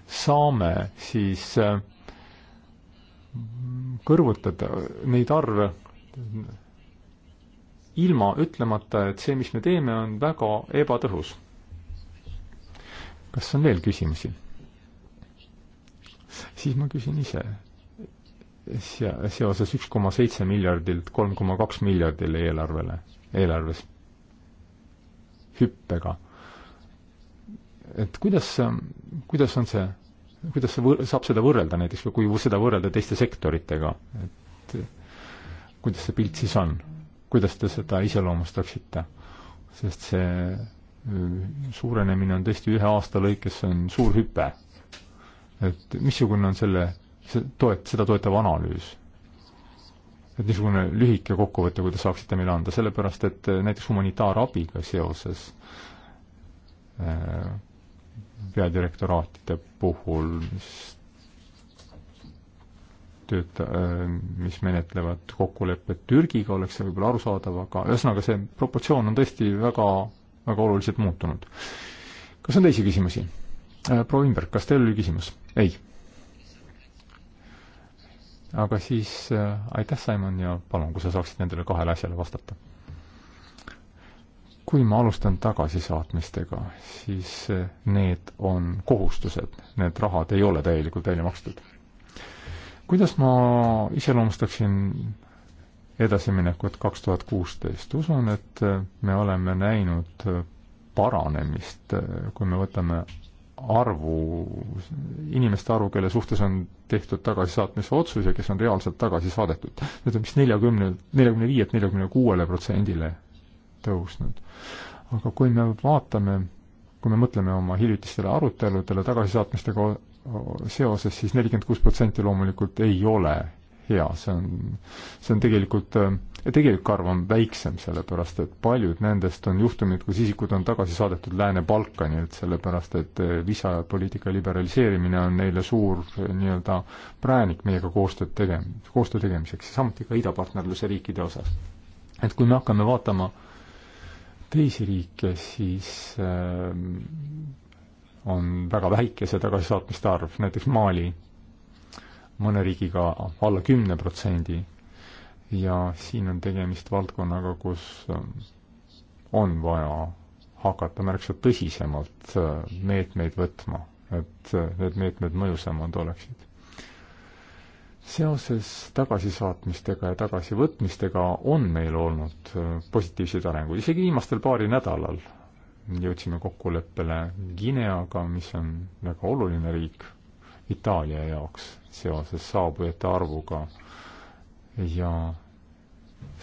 A: saame siis äh, kõrvutada neid arve ilma ütlemata, et see, mis me teeme, on väga ebatõhus. kas on veel küsimusi? siis ma küsin ise seoses üks koma seitse miljardilt kolm koma kaks miljardile eelarvele, eelarves hüppega. et kuidas, kuidas on see kuidas see võr-, saab seda võrrelda näiteks või kui seda võrrelda teiste sektoritega, et kuidas see pilt siis on? kuidas te seda iseloomustaksite? sest see suurenemine on tõesti ühe aasta lõikes, see on suur hüpe. et missugune on selle, see toet-, seda toetav analüüs? et niisugune lühike kokkuvõte, kui te saaksite meile anda, sellepärast et äh, näiteks humanitaarabiga seoses äh, peadirektoraatide puhul, mis tööta-, äh, mis menetlevad kokkulepet Türgiga, oleks see võib-olla arusaadav, aga ühesõnaga, see proportsioon on tõesti väga, väga oluliselt muutunud. kas on teisi küsimusi? Äh, proua Imberg, kas teil oli küsimus? ei? aga siis äh, aitäh, Simon, ja palun, kui sa saaksid nendele kahele asjale vastata kui ma alustan tagasisaatmistega, siis need on kohustused, need rahad ei ole täielikult välja makstud. kuidas ma iseloomustaksin edasiminekut kaks tuhat kuusteist, usun, et me oleme näinud paranemist, kui me võtame arvu, inimeste arvu, kelle suhtes on tehtud tagasisaatmise otsus ja kes on reaalselt tagasi saadetud. Need on vist neljakümne, neljakümne viielt neljakümne kuuele protsendile tõusnud. aga kui me vaatame, kui me mõtleme oma hiljutistele aruteludele tagasisaatmistega seoses siis, siis nelikümmend kuus protsenti loomulikult ei ole hea, see on, see on tegelikult, tegelik arv on väiksem, sellepärast et paljud nendest on juhtumid, kus isikud on tagasi saadetud Lääne-Balkanilt, sellepärast et viisapoliitika liberaliseerimine on neile suur nii-öelda präänik meiega koostööd tegema, koostöö tegemiseks ja samuti ka idapartnerluse riikide osas. et kui me hakkame vaatama äh, teisi riike, siis ähm, on väga väikese tagasisaatmiste arv, näiteks Mali mõne riigiga alla kümne protsendi ja siin on tegemist valdkonnaga, kus ähm, on vaja hakata märksa tõsisemalt äh, meetmeid võtma, et äh, need meetmed mõjusamad oleksid seoses tagasisaatmistega ja tagasivõtmistega on meil olnud äh, positiivseid arenguid, isegi viimastel paari nädalal jõudsime kokkuleppele Guineaga, mis on väga oluline riik Itaalia jaoks seoses saabujate arvuga ja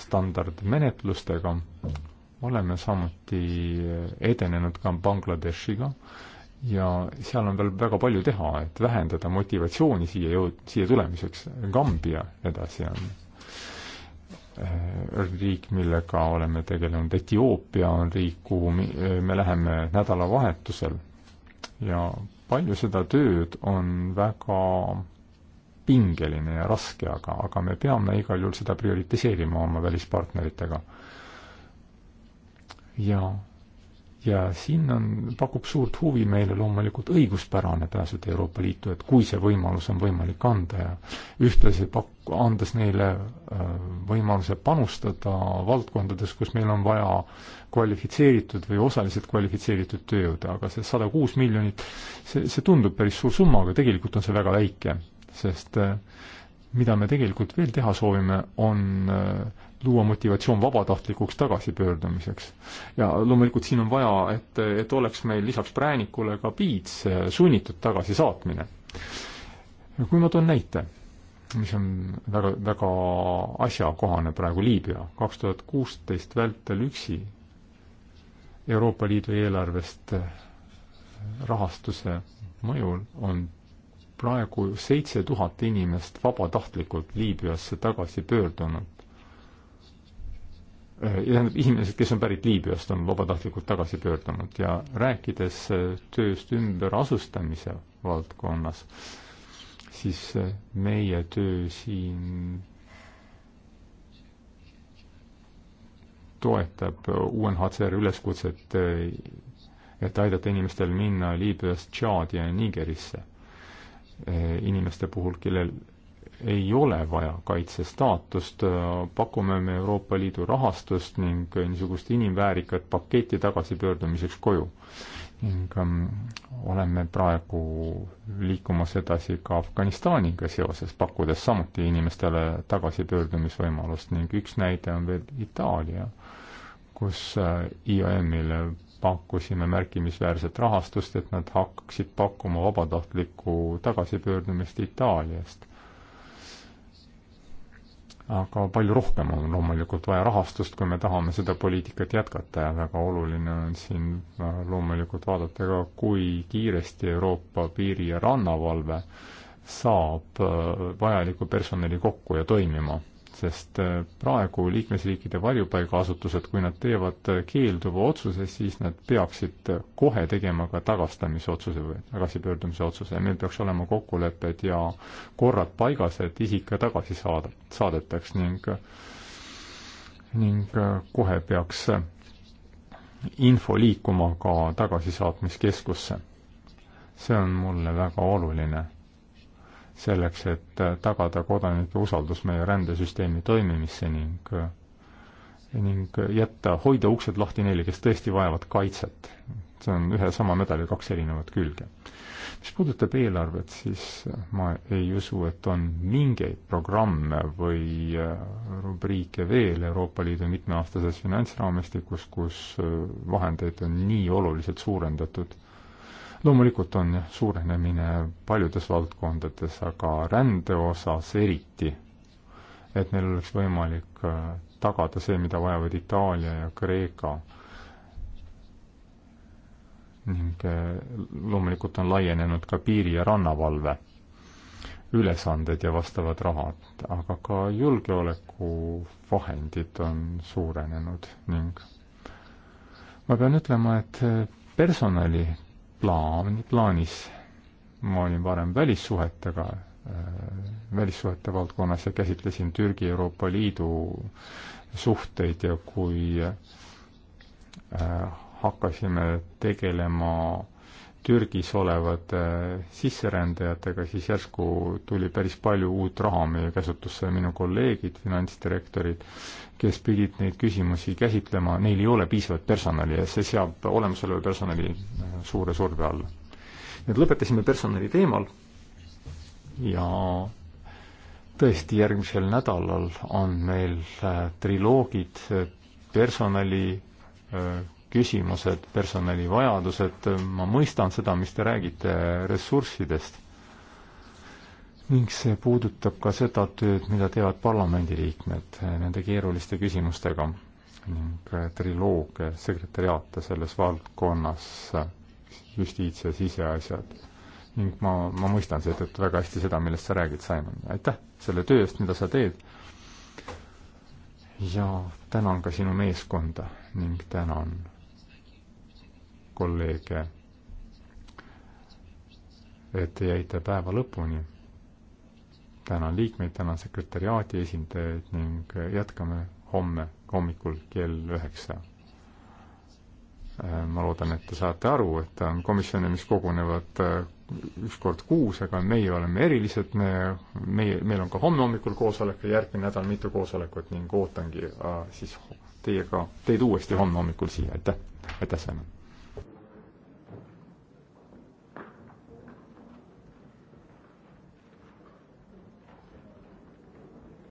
A: standardmenetlustega, oleme samuti edenenud ka Bangladeshiga ja seal on veel väga palju teha, et vähendada motivatsiooni siia jõud-, siia tulemiseks. Gambia edasi on äh, riik, millega oleme tegelenud, Etioopia on riik, kuhu äh, me läheme nädalavahetusel ja palju seda tööd on väga pingeline ja raske, aga, aga me peame igal juhul seda prioritiseerima oma välispartneritega. ja ja siin on, pakub suurt huvi meile loomulikult õiguspärane pääseda Euroopa Liitu, et kui see võimalus on võimalik anda ja ühtlasi pak-, andes neile äh, võimaluse panustada valdkondades, kus meil on vaja kvalifitseeritud või osaliselt kvalifitseeritud tööjõudu, aga see sada kuus miljonit, see, see tundub päris suur summa, aga tegelikult on see väga väike, sest äh, mida me tegelikult veel teha soovime, on äh, luua motivatsioon vabatahtlikuks tagasipöördumiseks. ja loomulikult siin on vaja, et, et oleks meil lisaks präänikule ka piits, eh, sunnitud tagasisaatmine. kui ma toon näite, mis on väga, väga asjakohane praegu Liibüa, kaks tuhat kuusteist vältel üksi Euroopa Liidu eelarvest eh, rahastuse mõjul on praegu seitse tuhat inimest vabatahtlikult Liibüasse tagasi pöördunud tähendab, inimesed, kes on pärit Liibüast, on vabatahtlikult tagasi pöördunud ja rääkides äh, tööst ümberasustamise valdkonnas, siis äh, meie töö siin toetab äh, UNHCR üleskutset, et aidata inimestel minna Liibüast Tšaadi ja Nigerisse. inimeste puhul, kellel ei ole vaja kaitsestaatust, pakume me Euroopa Liidu rahastust ning niisugust inimväärikat paketi tagasipöördumiseks koju. ning ähm, oleme praegu liikumas edasi ka Afganistaniga seoses, pakkudes samuti inimestele tagasipöördumisvõimalust ning üks näide on veel Itaalia, kus äh, IOM-ile pakkusime märkimisväärset rahastust, et nad hakkaksid pakkuma vabatahtlikku tagasipöördumist Itaaliast aga palju rohkem on loomulikult vaja rahastust, kui me tahame seda poliitikat jätkata ja väga oluline on siin loomulikult vaadata ka, kui kiiresti Euroopa piiri- ja rannavalve saab äh, vajaliku personali kokku ja toimima sest äh, praegu liikmesriikide varjupaigaasutused, kui nad teevad äh, keelduva otsuse, siis nad peaksid äh, kohe tegema ka tagastamisotsuse või tagasipöördumise otsuse ja meil peaks olema kokkulepped ja korrad paigas, et isik ka tagasi saada, saadetaks ning ning kohe peaks info liikuma ka tagasisaatmiskeskusse. see on mulle väga oluline selleks, et äh, tagada kodanike usaldus meie rändesüsteemi toimimisse ning äh, ning jätta, hoida uksed lahti neile, kes tõesti vajavad kaitset. see on ühe sama medali kaks erinevat külge. mis puudutab eelarvet, siis ma ei usu, et on mingeid programme või äh, rubriike veel Euroopa Liidu mitmeaastases finantsraamistikus, kus vahendeid on nii oluliselt suurendatud loomulikult on suurenemine paljudes valdkondades, aga rände osas eriti, et neil oleks võimalik äh, tagada see, mida vajavad Itaalia ja Kreeka. ning äh, loomulikult on laienenud ka piiri- ja rannavalve ülesanded ja vastavad rahad, aga ka julgeolekuvahendid on suurenenud ning ma pean ütlema, et äh, personali plaan, plaanis. ma olin varem välissuhetega, äh, välissuhete valdkonnas ja käsitlesin Türgi Euroopa Liidu suhteid ja kui äh, hakasime tegelema Türgis olevate äh, sisserändajatega, siis järsku tuli päris palju uut raha meie käsutusse, minu kolleegid, finantsdirektorid, kes pidid neid küsimusi käsitlema, neil ei ole piisavalt personali ja see seab olemasoleva personali äh, suure surve alla. nii et lõpetasime personali teemal ja tõesti, järgmisel nädalal on meil äh, triloogid personali küsimused, personalivajadused, ma mõistan seda, mis te räägite ressurssidest. ning see puudutab ka seda tööd, mida teevad parlamendiliikmed nende keeruliste küsimustega ning triloog, sekretäriaate selles valdkonnas, justiits- ja siseasjad. ning ma, ma mõistan seetõttu väga hästi seda, millest sa räägid, Simon. aitäh selle töö eest, mida sa teed ja tänan ka sinu meeskonda ning tänan kolleege, et te jäite päeva lõpuni. tänan liikmeid, tänan sekretäriaadi esindajaid ning jätkame homme hommikul kell üheksa. Äh, ma loodan, et te saate aru, et on komisjone, mis kogunevad äh, üks kord kuus, aga meie oleme erilised, me, meie, meil on ka homme hommikul koosolek ja järgmine nädal mitu koosolekut ning ootangi äh, siis teiega, teid uuesti homme hommikul siia, aitäh, aitäh, Simon!